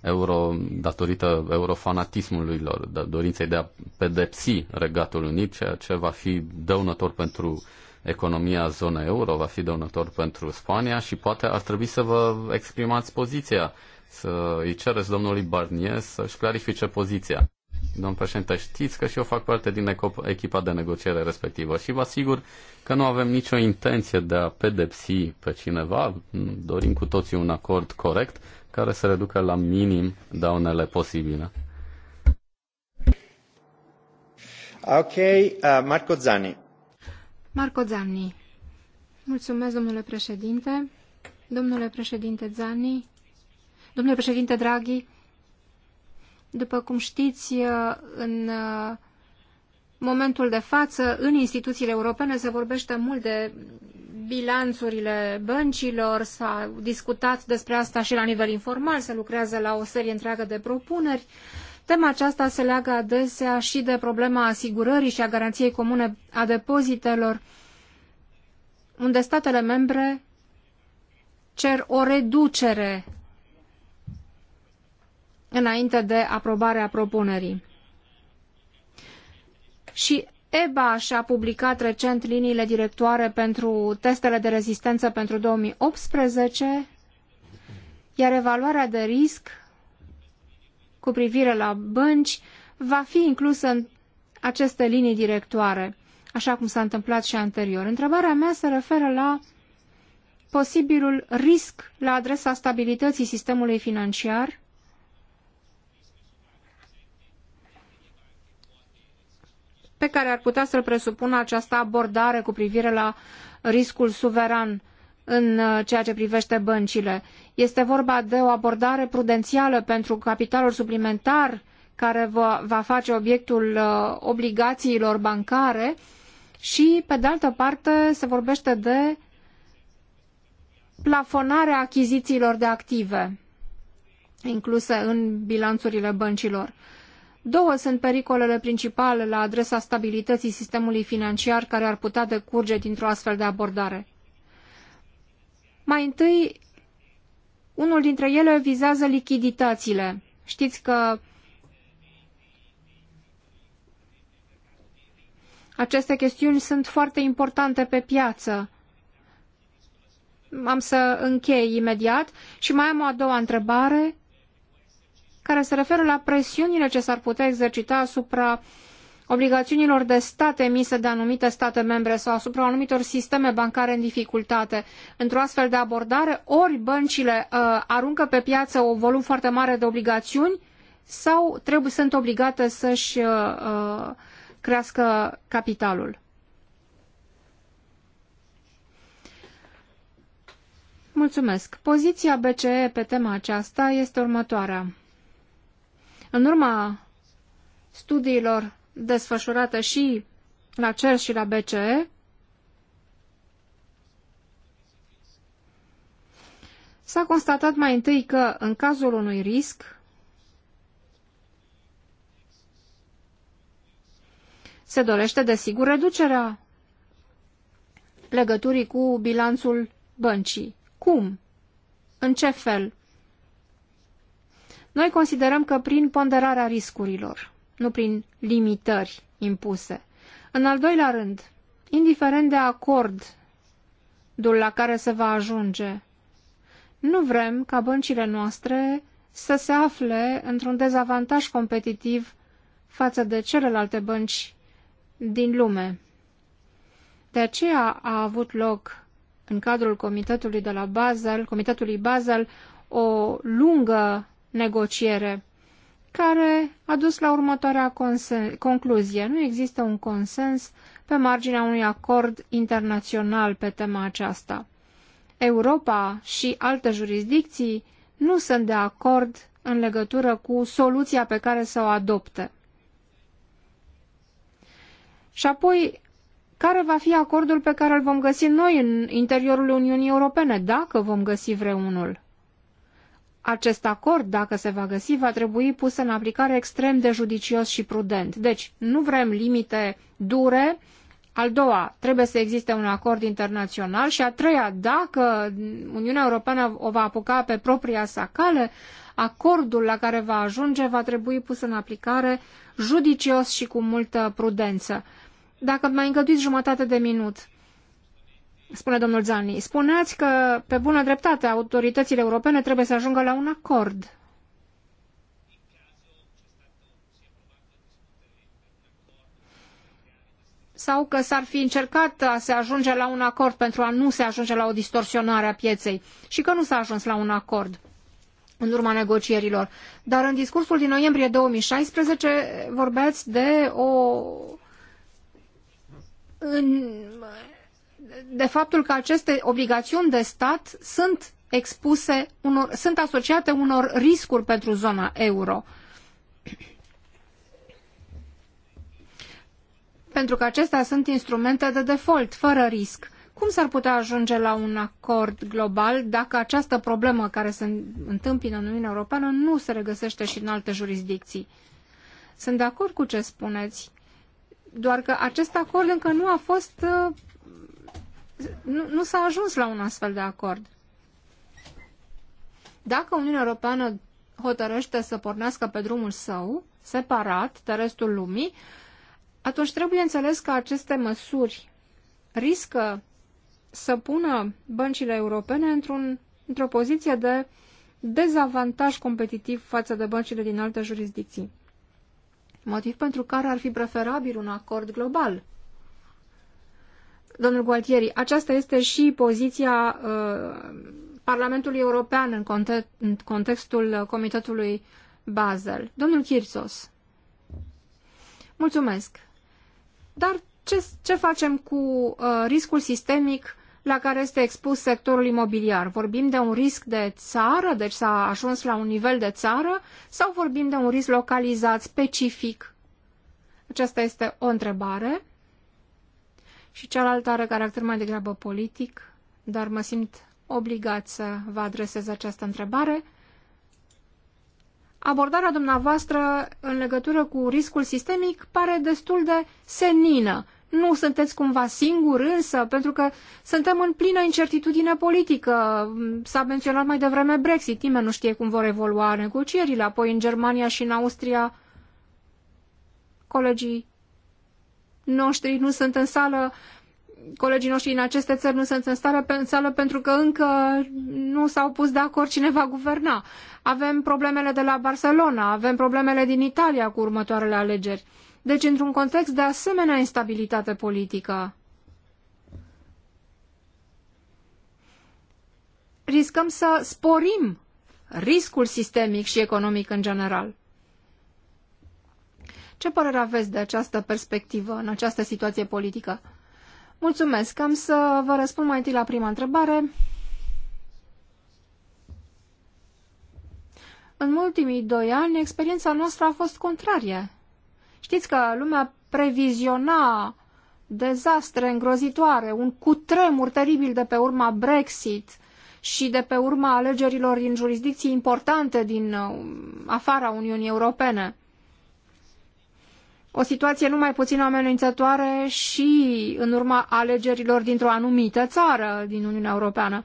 euro, datorită eurofanatismului lor, da, dorinței de a pedepsi Regatul Unit, ceea ce va fi dăunător pentru economia zonei euro, va fi dăunător pentru Spania și poate ar trebui să vă exprimați poziția, să îi cereți domnului Barnier să-și clarifice poziția domn președinte, știți că și eu fac parte din echipa de negociere respectivă și vă asigur că nu avem nicio intenție de a pedepsi pe cineva. Dorim cu toții un acord corect care să reducă la minim daunele posibile.
Ok, uh, Marco Zani.
Marco Zani. Mulțumesc, domnule președinte. Domnule președinte Zani. Domnule președinte Draghi, după cum știți, în momentul de față, în instituțiile europene se vorbește mult de bilanțurile băncilor, s-a discutat despre asta și la nivel informal, se lucrează la o serie întreagă de propuneri. Tema aceasta se leagă adesea și de problema asigurării și a garanției comune a depozitelor, unde statele membre cer o reducere înainte de aprobarea propunerii. Și EBA și-a publicat recent liniile directoare pentru testele de rezistență pentru 2018, iar evaluarea de risc cu privire la bănci va fi inclusă în aceste linii directoare, așa cum s-a întâmplat și anterior. Întrebarea mea se referă la posibilul risc la adresa stabilității sistemului financiar aspect care ar putea să-l presupună această abordare cu privire la riscul suveran în uh, ceea ce privește băncile. Este vorba de o abordare prudențială pentru capitalul suplimentar care va face obiectul uh, obligațiilor bancare și, pe de altă parte, se vorbește de plafonarea achizițiilor de active incluse în bilanțurile băncilor. Două sunt pericolele principale la adresa stabilității sistemului financiar care ar putea decurge dintr-o astfel de abordare. Mai întâi, unul dintre ele vizează lichiditățile. Știți că aceste chestiuni sunt foarte importante pe piață. Am să închei imediat și mai am o a doua întrebare care se referă la presiunile ce s-ar putea exercita asupra obligațiunilor de stat emise de anumite state membre sau asupra anumitor sisteme bancare în dificultate. Într-o astfel de abordare, ori băncile uh, aruncă pe piață un volum foarte mare de obligațiuni sau trebuie, sunt obligate să-și uh, uh crească capitalul. Mulțumesc. Poziția BCE pe tema aceasta este următoarea. În urma studiilor desfășurate și la CER și la BCE, s-a constatat mai întâi că, în cazul unui risc, se dorește, desigur, reducerea legăturii cu bilanțul băncii. Cum? În ce fel? Noi considerăm că prin ponderarea riscurilor, nu prin limitări impuse. În al doilea rând, indiferent de acordul la care se va ajunge, nu vrem ca băncile noastre să se afle într-un dezavantaj competitiv față de celelalte bănci din lume. De aceea a avut loc în cadrul comitetului de la Basel, comitetului Basel, o lungă negociere care a dus la următoarea concluzie. Nu există un consens pe marginea unui acord internațional pe tema aceasta. Europa și alte jurisdicții nu sunt de acord în legătură cu soluția pe care să o adopte. Și apoi, care va fi acordul pe care îl vom găsi noi în interiorul Uniunii Europene, dacă vom găsi vreunul? acest acord, dacă se va găsi, va trebui pus în aplicare extrem de judicios și prudent. Deci, nu vrem limite dure. Al doua, trebuie să existe un acord internațional și a treia, dacă Uniunea Europeană o va apuca pe propria sa cale, acordul la care va ajunge va trebui pus în aplicare judicios și cu multă prudență. Dacă mai îngăduiți jumătate de minut, spune domnul Zani. Spuneați că, pe bună dreptate, autoritățile europene trebuie să ajungă la un acord. Sau că s-ar fi încercat a se ajunge la un acord pentru a nu se ajunge la o distorsionare a pieței și că nu s-a ajuns la un acord în urma negocierilor. Dar în discursul din noiembrie 2016 vorbeați de o în de faptul că aceste obligațiuni de stat sunt expuse, unor, sunt asociate unor riscuri pentru zona euro. Pentru că acestea sunt instrumente de default, fără risc. Cum s-ar putea ajunge la un acord global dacă această problemă care se întâmpină în Uniunea Europeană nu se regăsește și în alte jurisdicții? Sunt de acord cu ce spuneți, doar că acest acord încă nu a fost uh, nu, nu s-a ajuns la un astfel de acord. Dacă Uniunea Europeană hotărăște să pornească pe drumul său, separat de restul lumii, atunci trebuie înțeles că aceste măsuri riscă să pună băncile europene într-un, într-o poziție de dezavantaj competitiv față de băncile din alte jurisdicții. Motiv pentru care ar fi preferabil un acord global domnul Gualtieri, aceasta este și poziția uh, Parlamentului European în, în contextul Comitetului Basel. Domnul Kirsos. Mulțumesc. Dar ce, ce facem cu uh, riscul sistemic la care este expus sectorul imobiliar? Vorbim de un risc de țară, deci s-a ajuns la un nivel de țară, sau vorbim de un risc localizat, specific? Aceasta este o întrebare și cealaltă are caracter mai degrabă politic, dar mă simt obligat să vă adresez această întrebare. Abordarea dumneavoastră în legătură cu riscul sistemic pare destul de senină. Nu sunteți cumva singur însă, pentru că suntem în plină incertitudine politică. S-a menționat mai devreme Brexit, nimeni nu știe cum vor evolua negocierile, apoi în Germania și în Austria colegii noștri nu sunt în sală, colegii noștri în aceste țări nu sunt în, sală, în sală pentru că încă nu s-au pus de acord cine va guverna. Avem problemele de la Barcelona, avem problemele din Italia cu următoarele alegeri. Deci, într-un context de asemenea instabilitate politică, riscăm să sporim riscul sistemic și economic în general. Ce părere aveți de această perspectivă în această situație politică? Mulțumesc. Am să vă răspund mai întâi la prima întrebare. În ultimii doi ani, experiența noastră a fost contrarie. Știți că lumea previziona dezastre îngrozitoare, un cutremur teribil de pe urma Brexit și de pe urma alegerilor în jurisdicții importante din uh, afara Uniunii Europene o situație nu mai puțin amenințătoare și în urma alegerilor dintr-o anumită țară din Uniunea Europeană.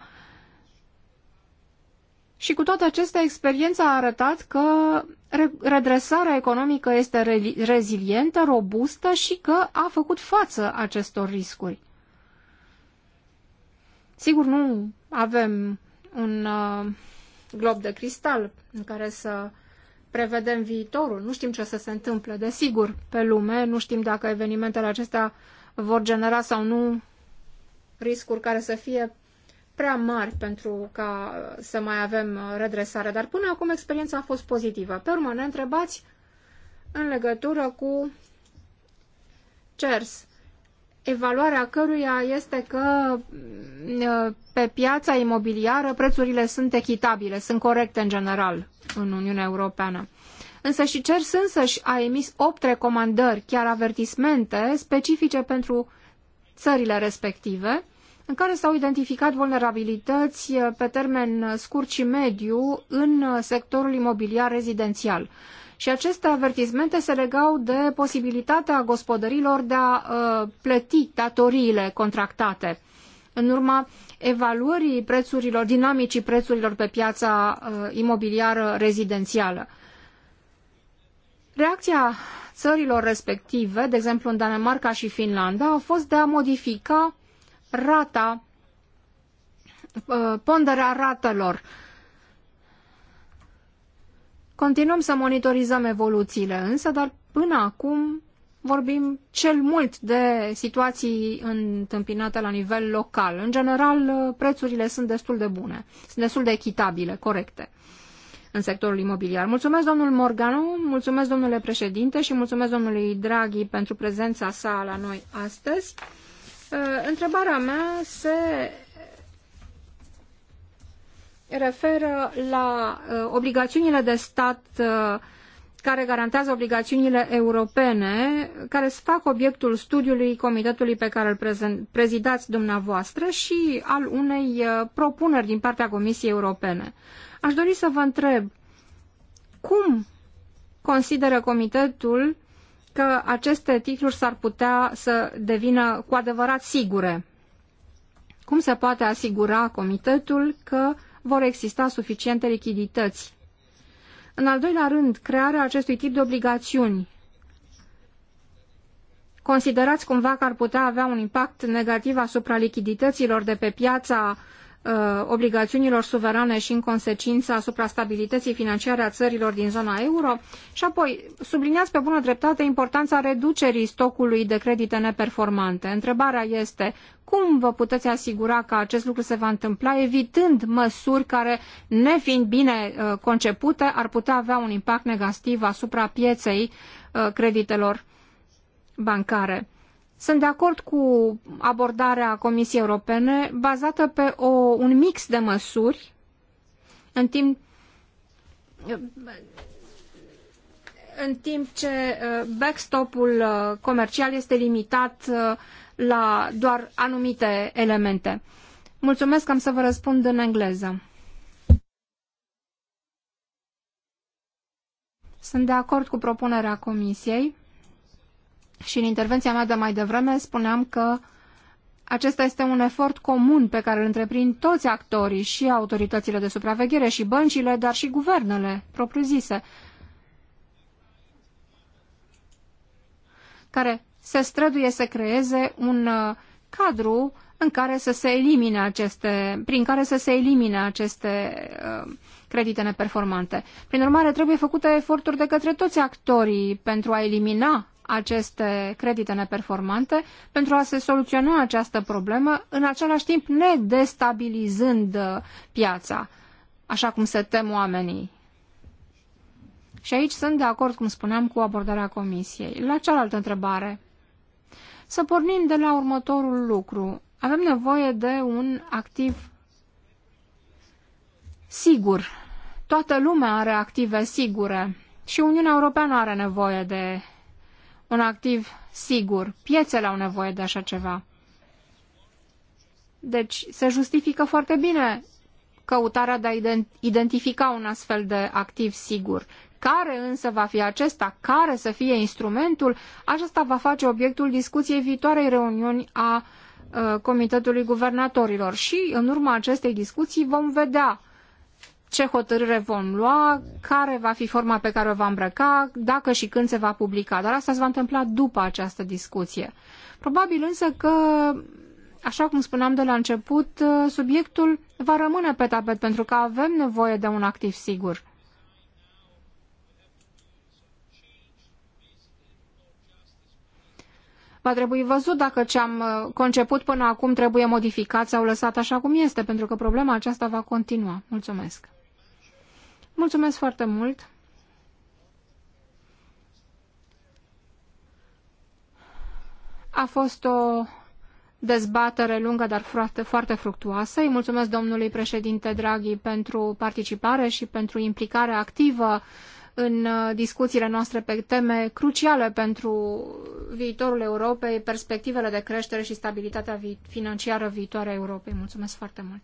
Și cu toate acestea, experiența a arătat că redresarea economică este re rezilientă, robustă și că a făcut față acestor riscuri. Sigur, nu avem un uh, glob de cristal în care să uh, prevedem viitorul, nu știm ce să se întâmple, desigur, pe lume, nu știm dacă evenimentele acestea vor genera sau nu riscuri care să fie prea mari pentru ca uh, să mai avem uh, redresare, dar până acum experiența a fost pozitivă. Pe urmă, ne întrebați în legătură cu CERS evaluarea căruia este că mm, pe piața imobiliară prețurile sunt echitabile, sunt corecte în general în Uniunea Europeană. Însă și CERS însăși a emis opt recomandări, chiar avertismente, specifice pentru țările respective, în care s-au identificat vulnerabilități eh, pe termen scurt și mediu în sectorul imobiliar rezidențial. Și aceste avertismente se legau de posibilitatea gospodărilor de a uh, plăti datoriile contractate. În urma evaluării prețurilor, dinamicii prețurilor pe piața uh, imobiliară rezidențială. Reacția țărilor respective, de exemplu în Danemarca și Finlanda, a fost de a modifica rata, ă, ponderea ratelor Continuăm să monitorizăm evoluțiile, însă, dar până acum vorbim cel mult de situații întâmpinate la nivel local. În general, prețurile sunt destul de bune, sunt destul de echitabile, corecte în sectorul imobiliar. Mulțumesc domnul Morganu, mulțumesc domnule președinte și mulțumesc domnului Draghi pentru prezența sa la noi astăzi. Întrebarea mea se referă la uh, obligațiunile de stat uh, care garantează obligațiunile europene, care fac obiectul studiului comitetului pe care îl prezidați dumneavoastră și al unei uh, propuneri din partea Comisiei Europene. Aș dori să vă întreb cum consideră comitetul că aceste titluri s-ar putea să devină cu adevărat sigure? Cum se poate asigura comitetul că uh, vor exista suficiente lichidități. În al doilea rând, crearea acestui tip de obligațiuni. Considerați cumva că ar putea avea un impact negativ asupra lichidităților de pe piața uh, obligațiunilor suverane și în consecință asupra stabilității financiare a țărilor din zona euro și apoi subliniați pe bună dreptate importanța reducerii stocului de credite neperformante. Întrebarea este cum vă puteți asigura că acest lucru se va întâmpla, evitând măsuri care, nefiind bine uh, concepute, ar putea avea un impact negativ asupra pieței uh, creditelor bancare? Sunt de acord cu abordarea Comisiei Europene bazată pe o, un mix de măsuri în timp în timp ce uh, backstop-ul comercial este limitat la doar anumite elemente. Mulțumesc, am să vă răspund în engleză. Sunt de acord cu propunerea comisiei și în intervenția mea de mai devreme spuneam că acesta este un efort comun pe care îl întreprind toți actorii și autoritățile de supraveghere și băncile, dar și guvernele propriu-zise, care se străduie să creeze un uh, cadru în care să se elimine aceste, prin care să se elimine aceste uh, credite neperformante. Prin urmare, trebuie făcute eforturi de către toți actorii pentru a elimina aceste credite neperformante, pentru a se soluționa această problemă, în același timp ne destabilizând uh, piața, așa cum se tem oamenii. Și aici sunt de acord, cum spuneam, cu abordarea Comisiei. La cealaltă întrebare, să pornim de la următorul lucru. Avem nevoie de un activ sigur. Toată lumea are active sigure și Uniunea Europeană are nevoie de un activ sigur. Piețele au nevoie de așa ceva. Deci se justifică foarte bine căutarea de a identifica un astfel de activ sigur. Care însă va fi acesta, care să fie instrumentul, aceasta va face obiectul discuției viitoarei reuniuni a uh, Comitetului Guvernatorilor și în urma acestei discuții vom vedea ce hotărâre vom lua, care va fi forma pe care o va îmbrăca, dacă și când se va publica. Dar asta se va întâmpla după această discuție. Probabil însă că Așa cum spuneam de la început, uh, subiectul va rămâne pe tapet pentru că avem nevoie de un activ sigur. Va trebui văzut dacă ce am uh, conceput până acum trebuie modificat sau lăsat așa cum este, pentru că problema aceasta va continua. Mulțumesc! Mulțumesc foarte mult! A fost o dezbatere lungă, dar foarte, foarte fructuoasă. Îi mulțumesc domnului președinte Draghi pentru participare și pentru implicare activă în uh, discuțiile noastre pe teme cruciale pentru viitorul Europei, perspectivele de creștere și stabilitatea financiară viitoare a Europei. Mulțumesc foarte mult!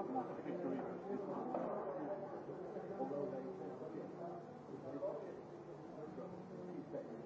Although they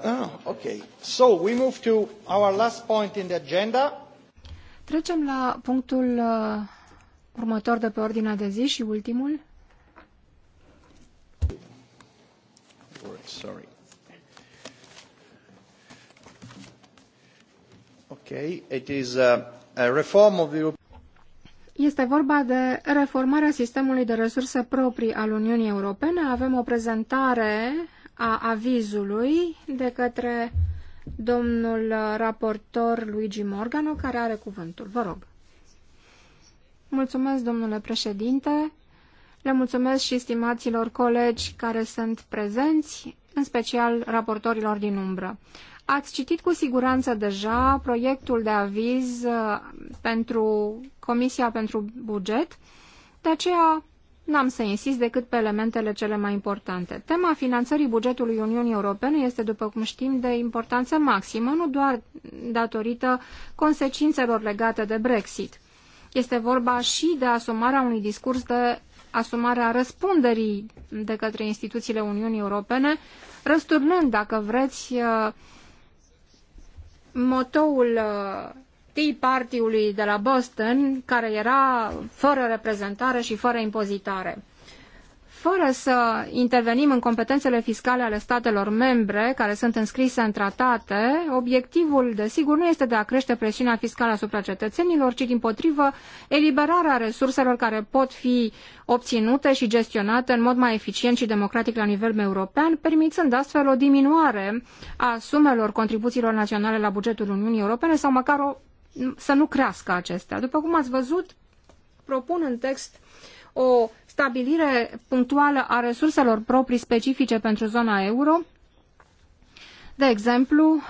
Ah,
Trecem la punctul uh, următor de pe ordinea de zi și ultimul.
Sorry. Okay, it is reform of the
este vorba de reformarea sistemului de resurse proprii al Uniunii Europene. Avem o prezentare a avizului de către domnul raportor Luigi Morgano, care are cuvântul. Vă rog. Mulțumesc, domnule președinte. Le mulțumesc și stimaților colegi care sunt prezenți, în special raportorilor din umbră. Ați citit cu siguranță deja proiectul de aviz uh, pentru Comisia pentru Buget, de aceea N-am să insist decât pe elementele cele mai importante. Tema finanțării bugetului Uniunii Europene este, după cum știm, de importanță maximă, nu doar datorită consecințelor legate de Brexit. Este vorba și de asumarea unui discurs de asumarea răspunderii de către instituțiile Uniunii Europene, răsturnând, dacă vreți, uh, motoul uh, party-ului de la Boston, care era fără reprezentare și fără impozitare. Fără să intervenim în competențele fiscale ale statelor membre, care sunt înscrise în tratate, obiectivul, desigur, nu este de a crește presiunea fiscală asupra cetățenilor, ci, din potrivă, eliberarea resurselor care pot fi obținute și gestionate în mod mai eficient și democratic la nivel european, permițând astfel o diminuare a sumelor contribuțiilor naționale la bugetul Uniunii Europene sau măcar o să nu crească acestea. După cum ați văzut, propun în text o stabilire punctuală a resurselor proprii specifice pentru zona euro. De exemplu,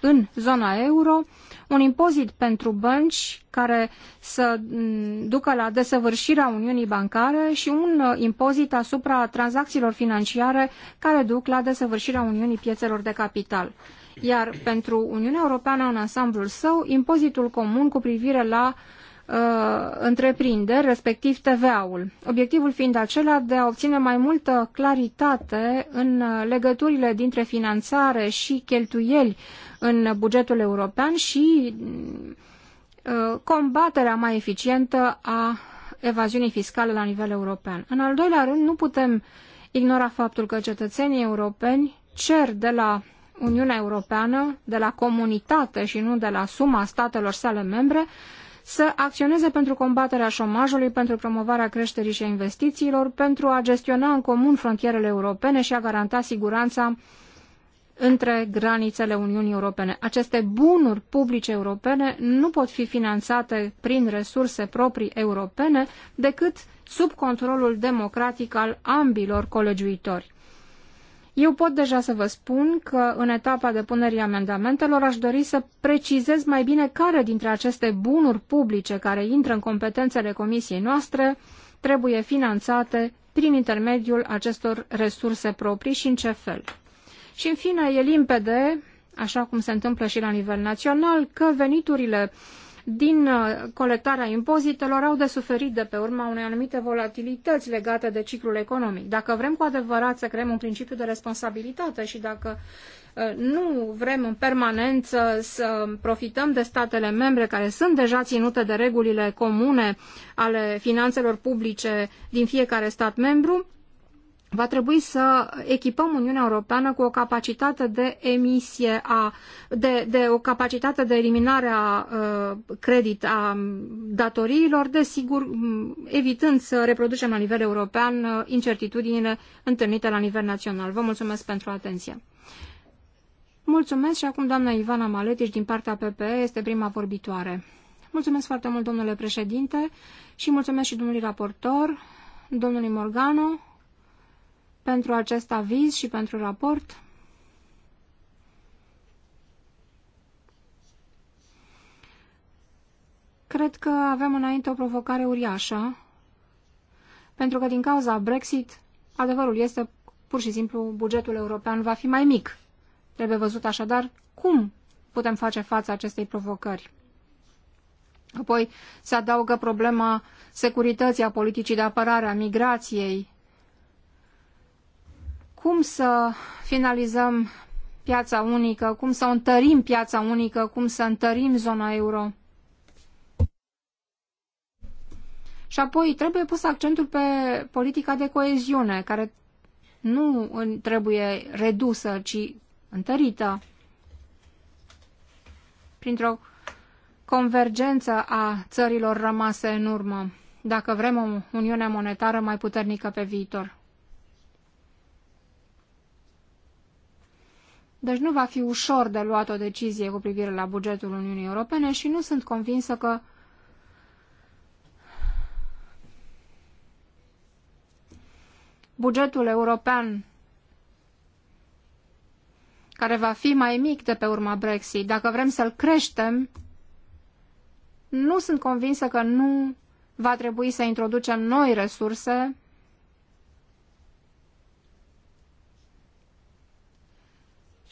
în zona euro, un impozit pentru bănci care să mm, ducă la desăvârșirea Uniunii Bancare și un uh, impozit asupra tranzacțiilor financiare care duc la desăvârșirea Uniunii Piețelor de Capital. Iar pentru Uniunea Europeană în ansamblul său, impozitul comun cu privire la uh, întreprinderi, respectiv TVA-ul. Obiectivul fiind acela de a obține mai multă claritate în uh, legăturile dintre finanțare și cheltuieli în bugetul european și uh, combaterea mai eficientă a evaziunii fiscale la nivel european. În al doilea rând, nu putem ignora faptul că cetățenii europeni cer de la Uniunea Europeană, de la comunitate și nu de la suma statelor sale membre, să acționeze pentru combaterea șomajului, pentru promovarea creșterii și a investițiilor, pentru a gestiona în comun frontierele europene și a garanta siguranța între granițele Uniunii Europene. Aceste bunuri publice europene nu pot fi finanțate prin resurse proprii europene decât sub controlul democratic al ambilor colegiuitori. Eu pot deja să vă spun că în etapa depunerii amendamentelor aș dori să precizez mai bine care dintre aceste bunuri publice care intră în competențele comisiei noastre trebuie finanțate prin intermediul acestor resurse proprii și în ce fel. Și în fine, e limpede, așa cum se întâmplă și la nivel național, că veniturile uh, din uh, colectarea impozitelor au de suferit de pe urma unei anumite volatilități legate de ciclul economic. Dacă vrem cu adevărat să creăm un principiu de responsabilitate și dacă uh, nu vrem în permanență să profităm de statele membre care sunt deja ținute de regulile comune ale finanțelor publice din fiecare stat membru, va trebui să echipăm Uniunea Europeană cu o capacitate de emisie a, de, de o capacitate de eliminare a uh, credit a um, datoriilor, desigur, um, evitând să reproducem la nivel european uh, incertitudinile întâlnite la nivel național. Vă mulțumesc pentru atenție. Mulțumesc și acum doamna Ivana Maletiș din partea PPE este prima vorbitoare. Mulțumesc foarte mult, domnule președinte, și mulțumesc și domnului raportor, domnului Morgano, pentru acest aviz și pentru raport. Cred că avem înainte o provocare uriașă, pentru că din cauza Brexit, adevărul este pur și simplu bugetul european va fi mai mic. Trebuie văzut așadar cum putem face față acestei provocări. Apoi se adaugă problema securității, a politicii de apărare, a migrației, cum să finalizăm piața unică, cum să întărim piața unică, cum să întărim zona euro. Și apoi trebuie pus accentul pe politica de coeziune, care nu trebuie redusă, ci întărită printr-o convergență a țărilor rămase în urmă, dacă vrem o uniune monetară mai puternică pe viitor. Deci nu va fi ușor de luat o decizie cu privire la bugetul Uniunii Europene și nu sunt convinsă că bugetul european care va fi mai mic de pe urma Brexit, dacă vrem să-l creștem, nu sunt convinsă că nu va trebui să introducem noi resurse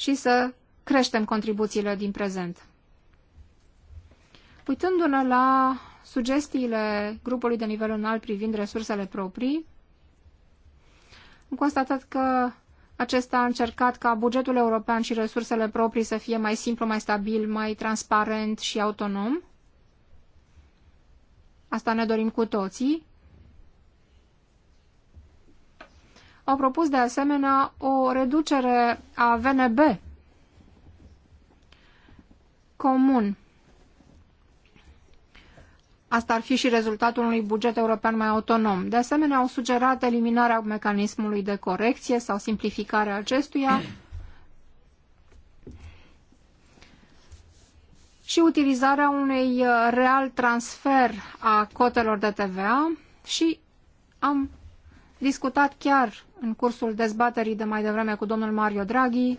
și să creștem contribuțiile din prezent. Uitându-ne la sugestiile grupului de nivel înalt privind resursele proprii, am constatat că acesta a încercat ca bugetul european și resursele proprii să fie mai simplu, mai stabil, mai transparent și autonom. Asta ne dorim cu toții, au propus de asemenea o reducere a VNB comun. Asta ar fi și rezultatul unui buget european mai autonom. De asemenea, au sugerat eliminarea mecanismului de corecție sau simplificarea acestuia și utilizarea unui uh, real transfer a cotelor de TVA și am discutat chiar în cursul dezbaterii de mai devreme cu domnul Mario Draghi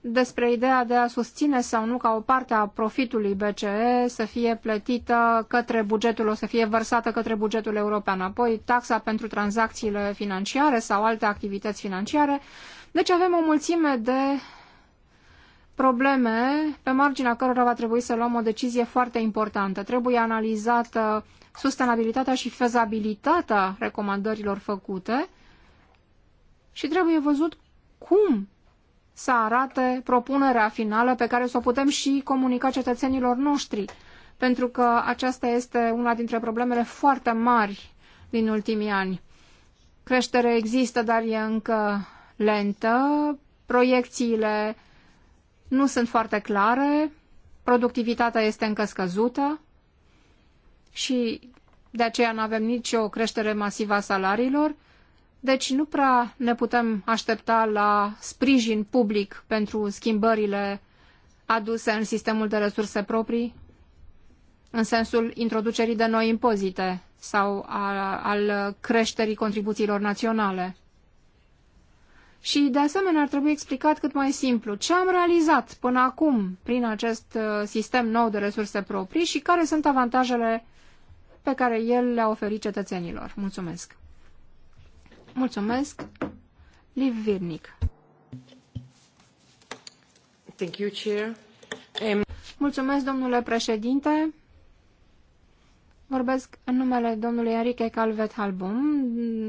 despre ideea de a susține sau nu ca o parte a profitului BCE să fie plătită către bugetul, o să fie vărsată către bugetul european, apoi taxa pentru tranzacțiile financiare sau alte activități financiare. Deci avem o mulțime de probleme pe marginea cărora va trebui să luăm o decizie foarte importantă. Trebuie analizată sustenabilitatea și fezabilitatea recomandărilor făcute și trebuie văzut cum să arate propunerea finală pe care să o putem și comunica cetățenilor noștri, pentru că aceasta este una dintre problemele foarte mari din ultimii ani. Creștere există, dar e încă lentă, proiecțiile nu sunt foarte clare, productivitatea este încă scăzută, și de aceea nu avem nici o creștere masivă a salariilor, deci nu prea ne putem aștepta la sprijin public pentru schimbările aduse în sistemul de resurse proprii, în sensul introducerii de noi impozite sau a, al creșterii contribuțiilor naționale. Și, de asemenea, ar trebui explicat cât mai simplu ce am realizat până acum prin acest uh, sistem nou de resurse proprii și care sunt avantajele pe care el le-a oferit cetățenilor. Mulțumesc! Mulțumesc! Liv Virnic. Thank you, Chair. Um... Mulțumesc, domnule președinte. Vorbesc în numele domnului Enrique Calvet Halbum,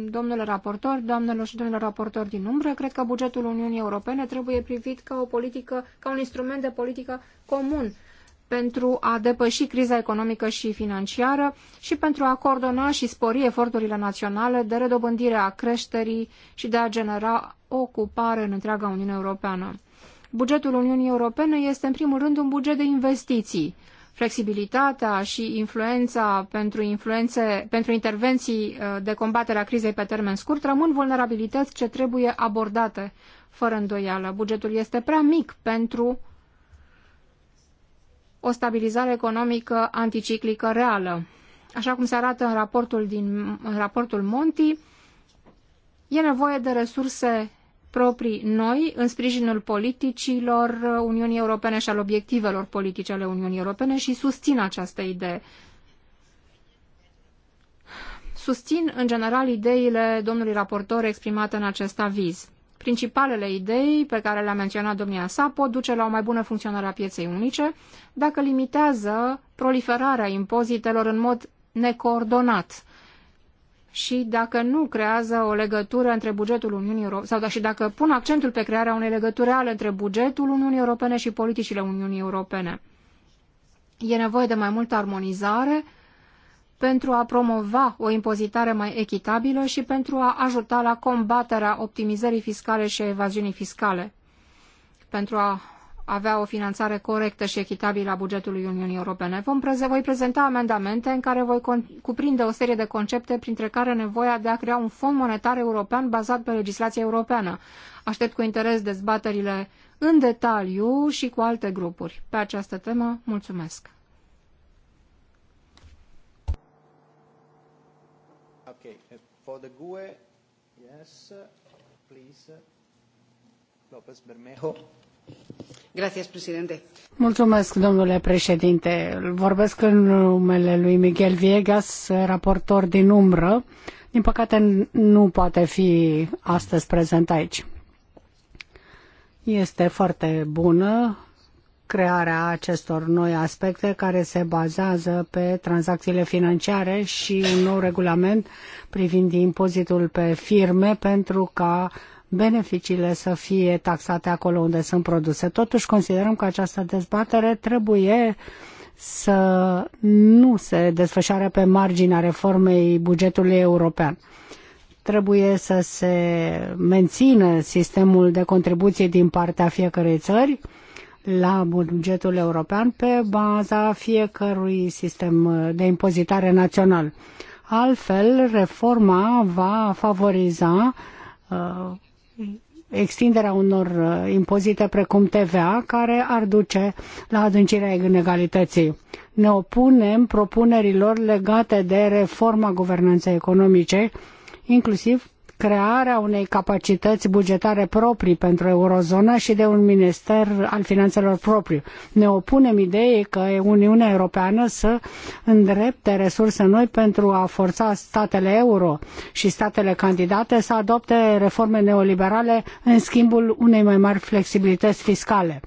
domnule raportor, doamnelor și domnilor raportori din umbră. Cred că bugetul Uniunii Europene trebuie privit ca o politică, ca un instrument de politică comun pentru a depăși criza economică și financiară și pentru a coordona și spori eforturile naționale de redobândire a creșterii și de a genera ocupare în întreaga Uniune Europeană. Bugetul Uniunii Europene este în primul rând un buget de investiții. Flexibilitatea și influența pentru, influențe, pentru intervenții uh, de combatere a crizei pe termen scurt rămân vulnerabilități ce trebuie abordate fără îndoială. Bugetul este prea mic pentru o stabilizare economică anticiclică reală. Așa cum se arată în raportul, din, în raportul Monti, e nevoie de resurse proprii noi în sprijinul politicilor Uniunii Europene și al obiectivelor politice ale Uniunii Europene și susțin această idee. Susțin, în general, ideile domnului raportor exprimate în acest aviz. Principalele idei pe care le-a menționat domnia sa pot duce la o mai bună funcționare a pieței unice dacă limitează proliferarea impozitelor în mod necoordonat și dacă nu creează o legătură între bugetul Uniunii Europene sau da, și dacă pun accentul pe crearea unei legături reale între bugetul Uniunii Europene și politicile Uniunii Europene. E nevoie de mai multă armonizare pentru a promova o impozitare mai echitabilă și pentru a ajuta la combaterea optimizării fiscale și a evaziunii fiscale, pentru a avea o finanțare corectă și echitabilă a bugetului Uniunii Europene. Vom preze voi prezenta amendamente în care voi cuprinde o serie de concepte, printre care nevoia de a crea un fond monetar european bazat pe legislația europeană. Aștept cu interes dezbaterile în detaliu și cu alte grupuri. Pe această temă, mulțumesc!
for the GUE, yes, please, López Bermejo. Gracias,
Mulțumesc, domnule președinte. Vorbesc în numele lui Miguel Viegas, raportor din umbră. Din păcate nu poate fi astăzi prezent aici. Este foarte bună crearea acestor noi aspecte care se bazează pe tranzacțiile financiare și un nou regulament privind impozitul pe firme pentru ca beneficiile să fie taxate acolo unde sunt produse. Totuși considerăm că această dezbatere trebuie să nu se desfășoare pe marginea reformei bugetului european trebuie să se mențină sistemul de contribuție din partea fiecărei țări la bugetul european pe baza fiecărui sistem de impozitare național. Altfel, reforma va favoriza uh, extinderea unor uh, impozite precum TVA, care ar duce la adâncirea inegalității. Ne opunem propunerilor legate de reforma guvernanței economice, inclusiv crearea unei capacități bugetare proprii pentru eurozonă și de un minister al finanțelor propriu. Ne opunem ideii că Uniunea Europeană să îndrepte resurse noi pentru a forța statele euro și statele candidate să adopte reforme neoliberale în schimbul unei mai mari flexibilități fiscale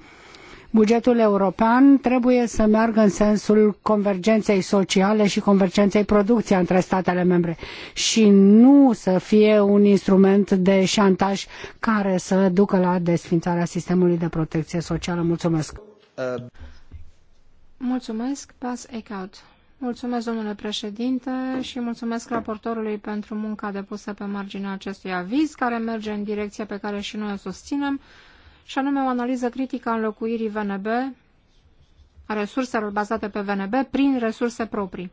bugetul european trebuie să meargă în sensul convergenței sociale și convergenței producției între statele membre și nu să fie un instrument de șantaj care să ducă la desfințarea sistemului de protecție socială. Mulțumesc!
Mulțumesc, Pas Ecaut. Mulțumesc, domnule președinte, și mulțumesc raportorului pentru munca depusă pe marginea acestui aviz, care merge în direcția pe care și noi o susținem și anume o analiză critică a înlocuirii VNB, a resurselor bazate pe VNB, prin resurse proprii.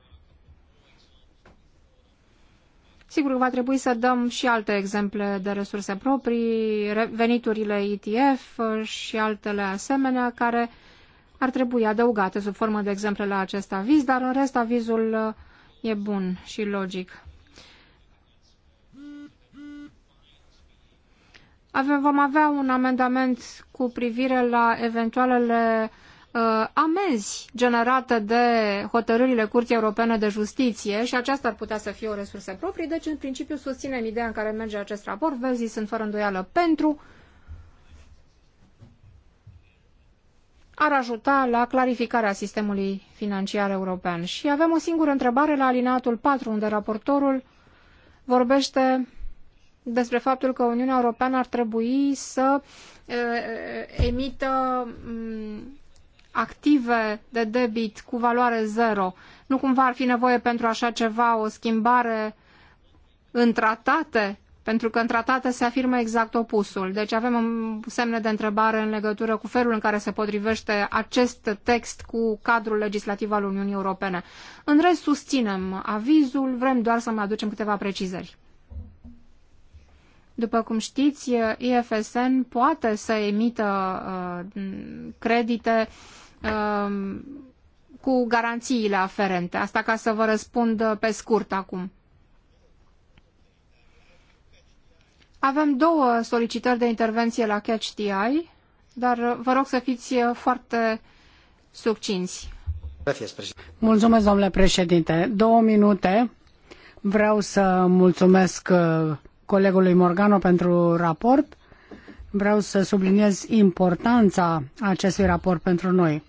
Sigur că va trebui să dăm și alte exemple de resurse proprii, veniturile ETF și altele asemenea, care ar trebui adăugate sub formă de exemple la acest aviz, dar în rest avizul e bun și logic. ave, vom avea un amendament cu privire la eventualele uh, amenzi generate de hotărârile Curții Europene de Justiție și aceasta ar putea să fie o resursă proprie, deci în principiu susținem ideea în care merge acest raport, verzii sunt fără îndoială pentru, ar ajuta la clarificarea sistemului financiar european. Și avem o singură întrebare la alineatul 4, unde raportorul vorbește despre faptul că Uniunea Europeană ar trebui să emită active de debit cu valoare zero. Nu cumva ar fi nevoie pentru așa ceva o schimbare în tratate? Pentru că în tratate se afirmă exact opusul. Deci avem semne de întrebare în legătură cu felul în care se potrivește acest text cu cadrul legislativ al Uniunii Europene. În rest, susținem avizul, vrem doar să mai aducem câteva precizări. După cum știți, IFSN poate să emită uh, credite uh, cu garanțiile aferente. Asta ca să vă răspund uh, pe scurt acum. Avem două solicitări de intervenție la Catch dar uh, vă rog să fiți uh, foarte succinți.
Mulțumesc, domnule președinte. Două minute. Vreau să mulțumesc colegului Morgano pentru raport. Vreau să subliniez importanța acestui raport pentru noi.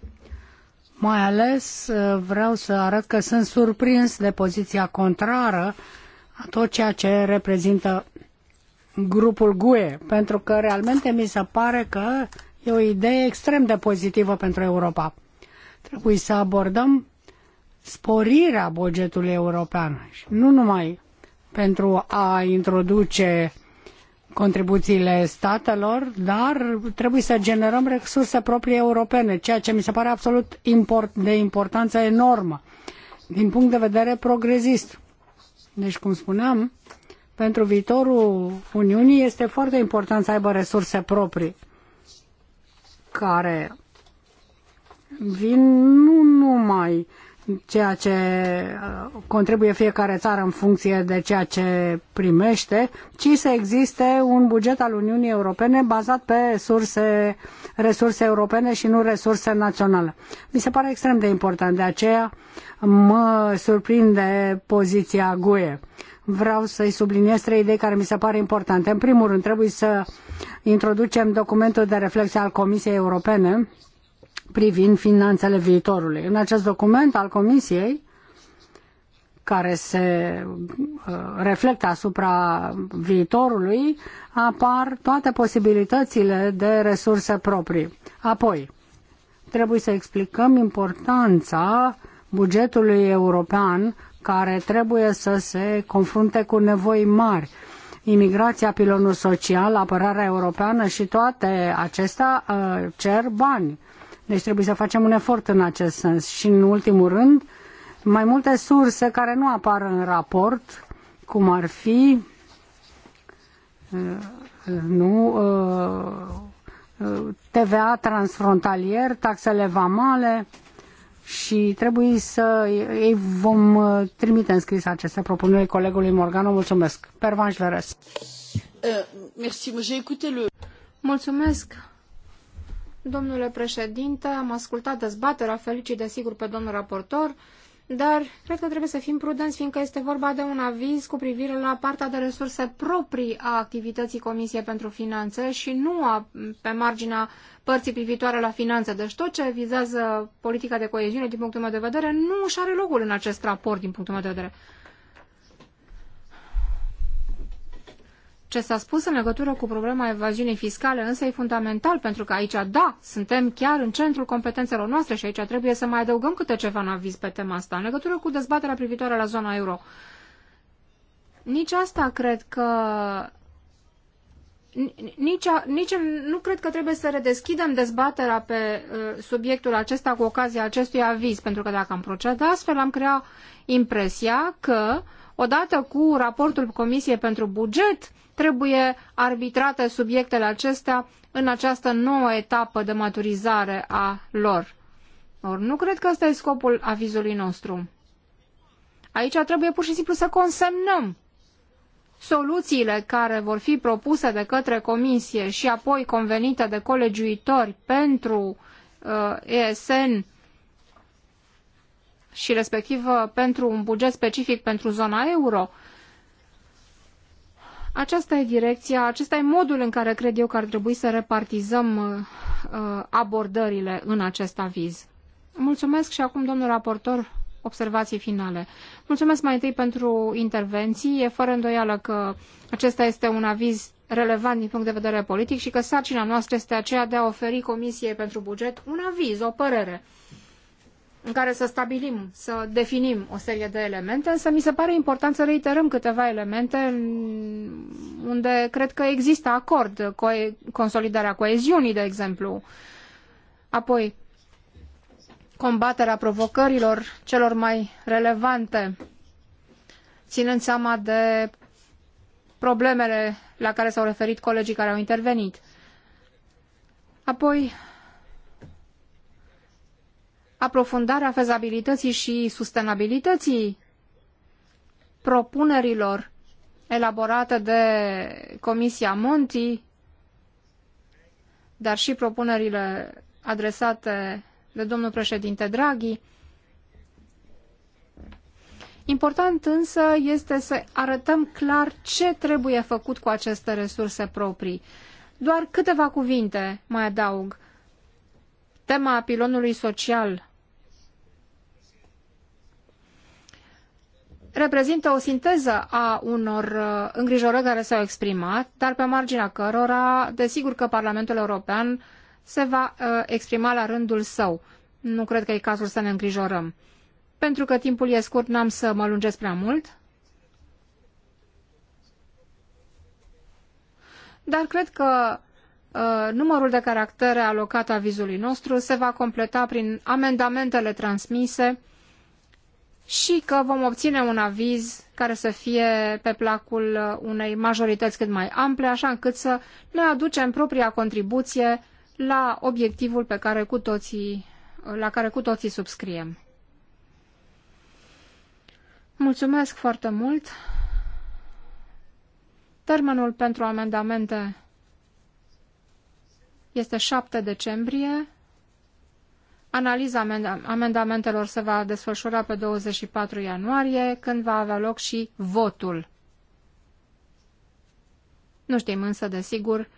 Mai ales uh, vreau să arăt că sunt surprins de poziția contrară a tot ceea ce reprezintă grupul GUE, pentru că realmente mi se pare că e o idee extrem de pozitivă pentru Europa. Trebuie să abordăm sporirea bugetului european și nu numai pentru a introduce contribuțiile statelor, dar trebuie să generăm resurse proprii europene, ceea ce mi se pare absolut import, de importanță enormă din punct de vedere progresist. Deci, cum spuneam, pentru viitorul Uniunii este foarte important să aibă resurse proprii care vin nu numai ceea ce uh, contribuie fiecare țară în funcție de ceea ce primește, ci să existe un buget al Uniunii Europene bazat pe surse, resurse europene și nu resurse naționale. Mi se pare extrem de important, de aceea mă surprinde poziția GUE. Vreau să-i subliniez trei idei care mi se pare importante. În primul rând, trebuie să introducem documentul de reflexie al Comisiei Europene privind finanțele viitorului. În acest document al Comisiei, care se uh, reflectă asupra viitorului, apar toate posibilitățile de resurse proprii. Apoi, trebuie să explicăm importanța bugetului european care trebuie să se confrunte cu nevoi mari. Imigrația, pilonul social, apărarea europeană și toate acestea uh, cer bani. Deci trebuie să facem un efort în acest sens. Și în ultimul rând, mai multe surse care nu apar în raport, cum ar fi uh, nu, uh, uh, TVA transfrontalier, taxele vamale și trebuie să ei vom trimite în scris aceste propuneri colegului Morgano. Mulțumesc. Pervanș Veres.
Mulțumesc. Domnule președinte, am ascultat dezbaterea, felicit desigur pe domnul raportor, dar cred că trebuie să fim prudenți, fiindcă este vorba de un aviz cu privire la partea de resurse proprii a activității Comisiei pentru Finanțe și nu a, pe marginea părții privitoare la finanțe. Deci tot ce vizează politica de coeziune, din punctul meu de vedere, nu își are locul în acest raport, din punctul meu de vedere. Ce s-a spus în legătură cu problema evaziunii fiscale însă e fundamental pentru că aici, da, suntem chiar în centrul competențelor noastre și aici trebuie să mai adăugăm câte ceva în aviz pe tema asta, în legătură cu dezbaterea privitoare la zona euro. Nici asta cred că nici, nici nu cred că trebuie să redeschidem dezbaterea pe uh, subiectul acesta cu ocazia acestui aviz, pentru că dacă am proceda astfel, am creat impresia că, odată cu raportul Comisiei pentru Buget, Trebuie arbitrate subiectele acestea în această nouă etapă de maturizare a lor. Or, nu cred că ăsta e scopul avizului nostru. Aici trebuie pur și simplu să consemnăm soluțiile care vor fi propuse de către comisie și apoi convenite de colegiuitori pentru uh, ESN și respectiv uh, pentru un buget specific pentru zona euro, aceasta e direcția, acesta e modul în care cred eu că ar trebui să repartizăm uh, uh, abordările în acest aviz. Mulțumesc și acum, domnul raportor, observații finale. Mulțumesc mai întâi pentru intervenții. E fără îndoială că acesta este un aviz relevant din punct de vedere politic și că sarcina noastră este aceea de a oferi Comisiei pentru Buget un aviz, o părere în care să stabilim, să definim o serie de elemente, însă mi se pare important să reiterăm câteva elemente unde cred că există acord, co- consolidarea coeziunii, de exemplu, apoi combaterea provocărilor celor mai relevante, ținând seama de problemele la care s-au referit colegii care au intervenit. Apoi, aprofundarea fezabilității și sustenabilității propunerilor elaborate de Comisia Monti, dar și propunerile adresate de domnul președinte Draghi. Important însă este să arătăm clar ce trebuie făcut cu aceste resurse proprii. Doar câteva cuvinte mai adaug. Tema pilonului social reprezintă o sinteză a unor uh, îngrijorări care s-au exprimat, dar pe marginea cărora, desigur că Parlamentul European se va uh, exprima la rândul său. Nu cred că e cazul să ne îngrijorăm. Pentru că timpul e scurt, n-am să mă lungesc prea mult. Dar cred că uh, numărul de caractere alocat avizului nostru se va completa prin amendamentele transmise și că vom obține un aviz care să fie pe placul unei majorități cât mai ample, așa încât să ne aducem propria contribuție la obiectivul pe care cu toții, la care cu toții subscriem. Mulțumesc foarte mult! Termenul pentru amendamente este 7 decembrie Analiza amendamentelor se va desfășura pe 24 ianuarie, când va avea loc și votul. Nu știm însă, desigur,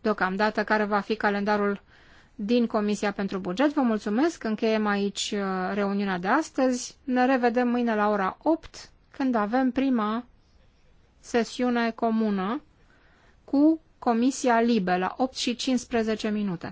deocamdată care va fi calendarul din Comisia pentru Buget. Vă mulțumesc, încheiem aici uh, reuniunea de astăzi. Ne revedem mâine la ora 8, când avem prima sesiune comună cu Comisia Libe la 8 și 15 minute.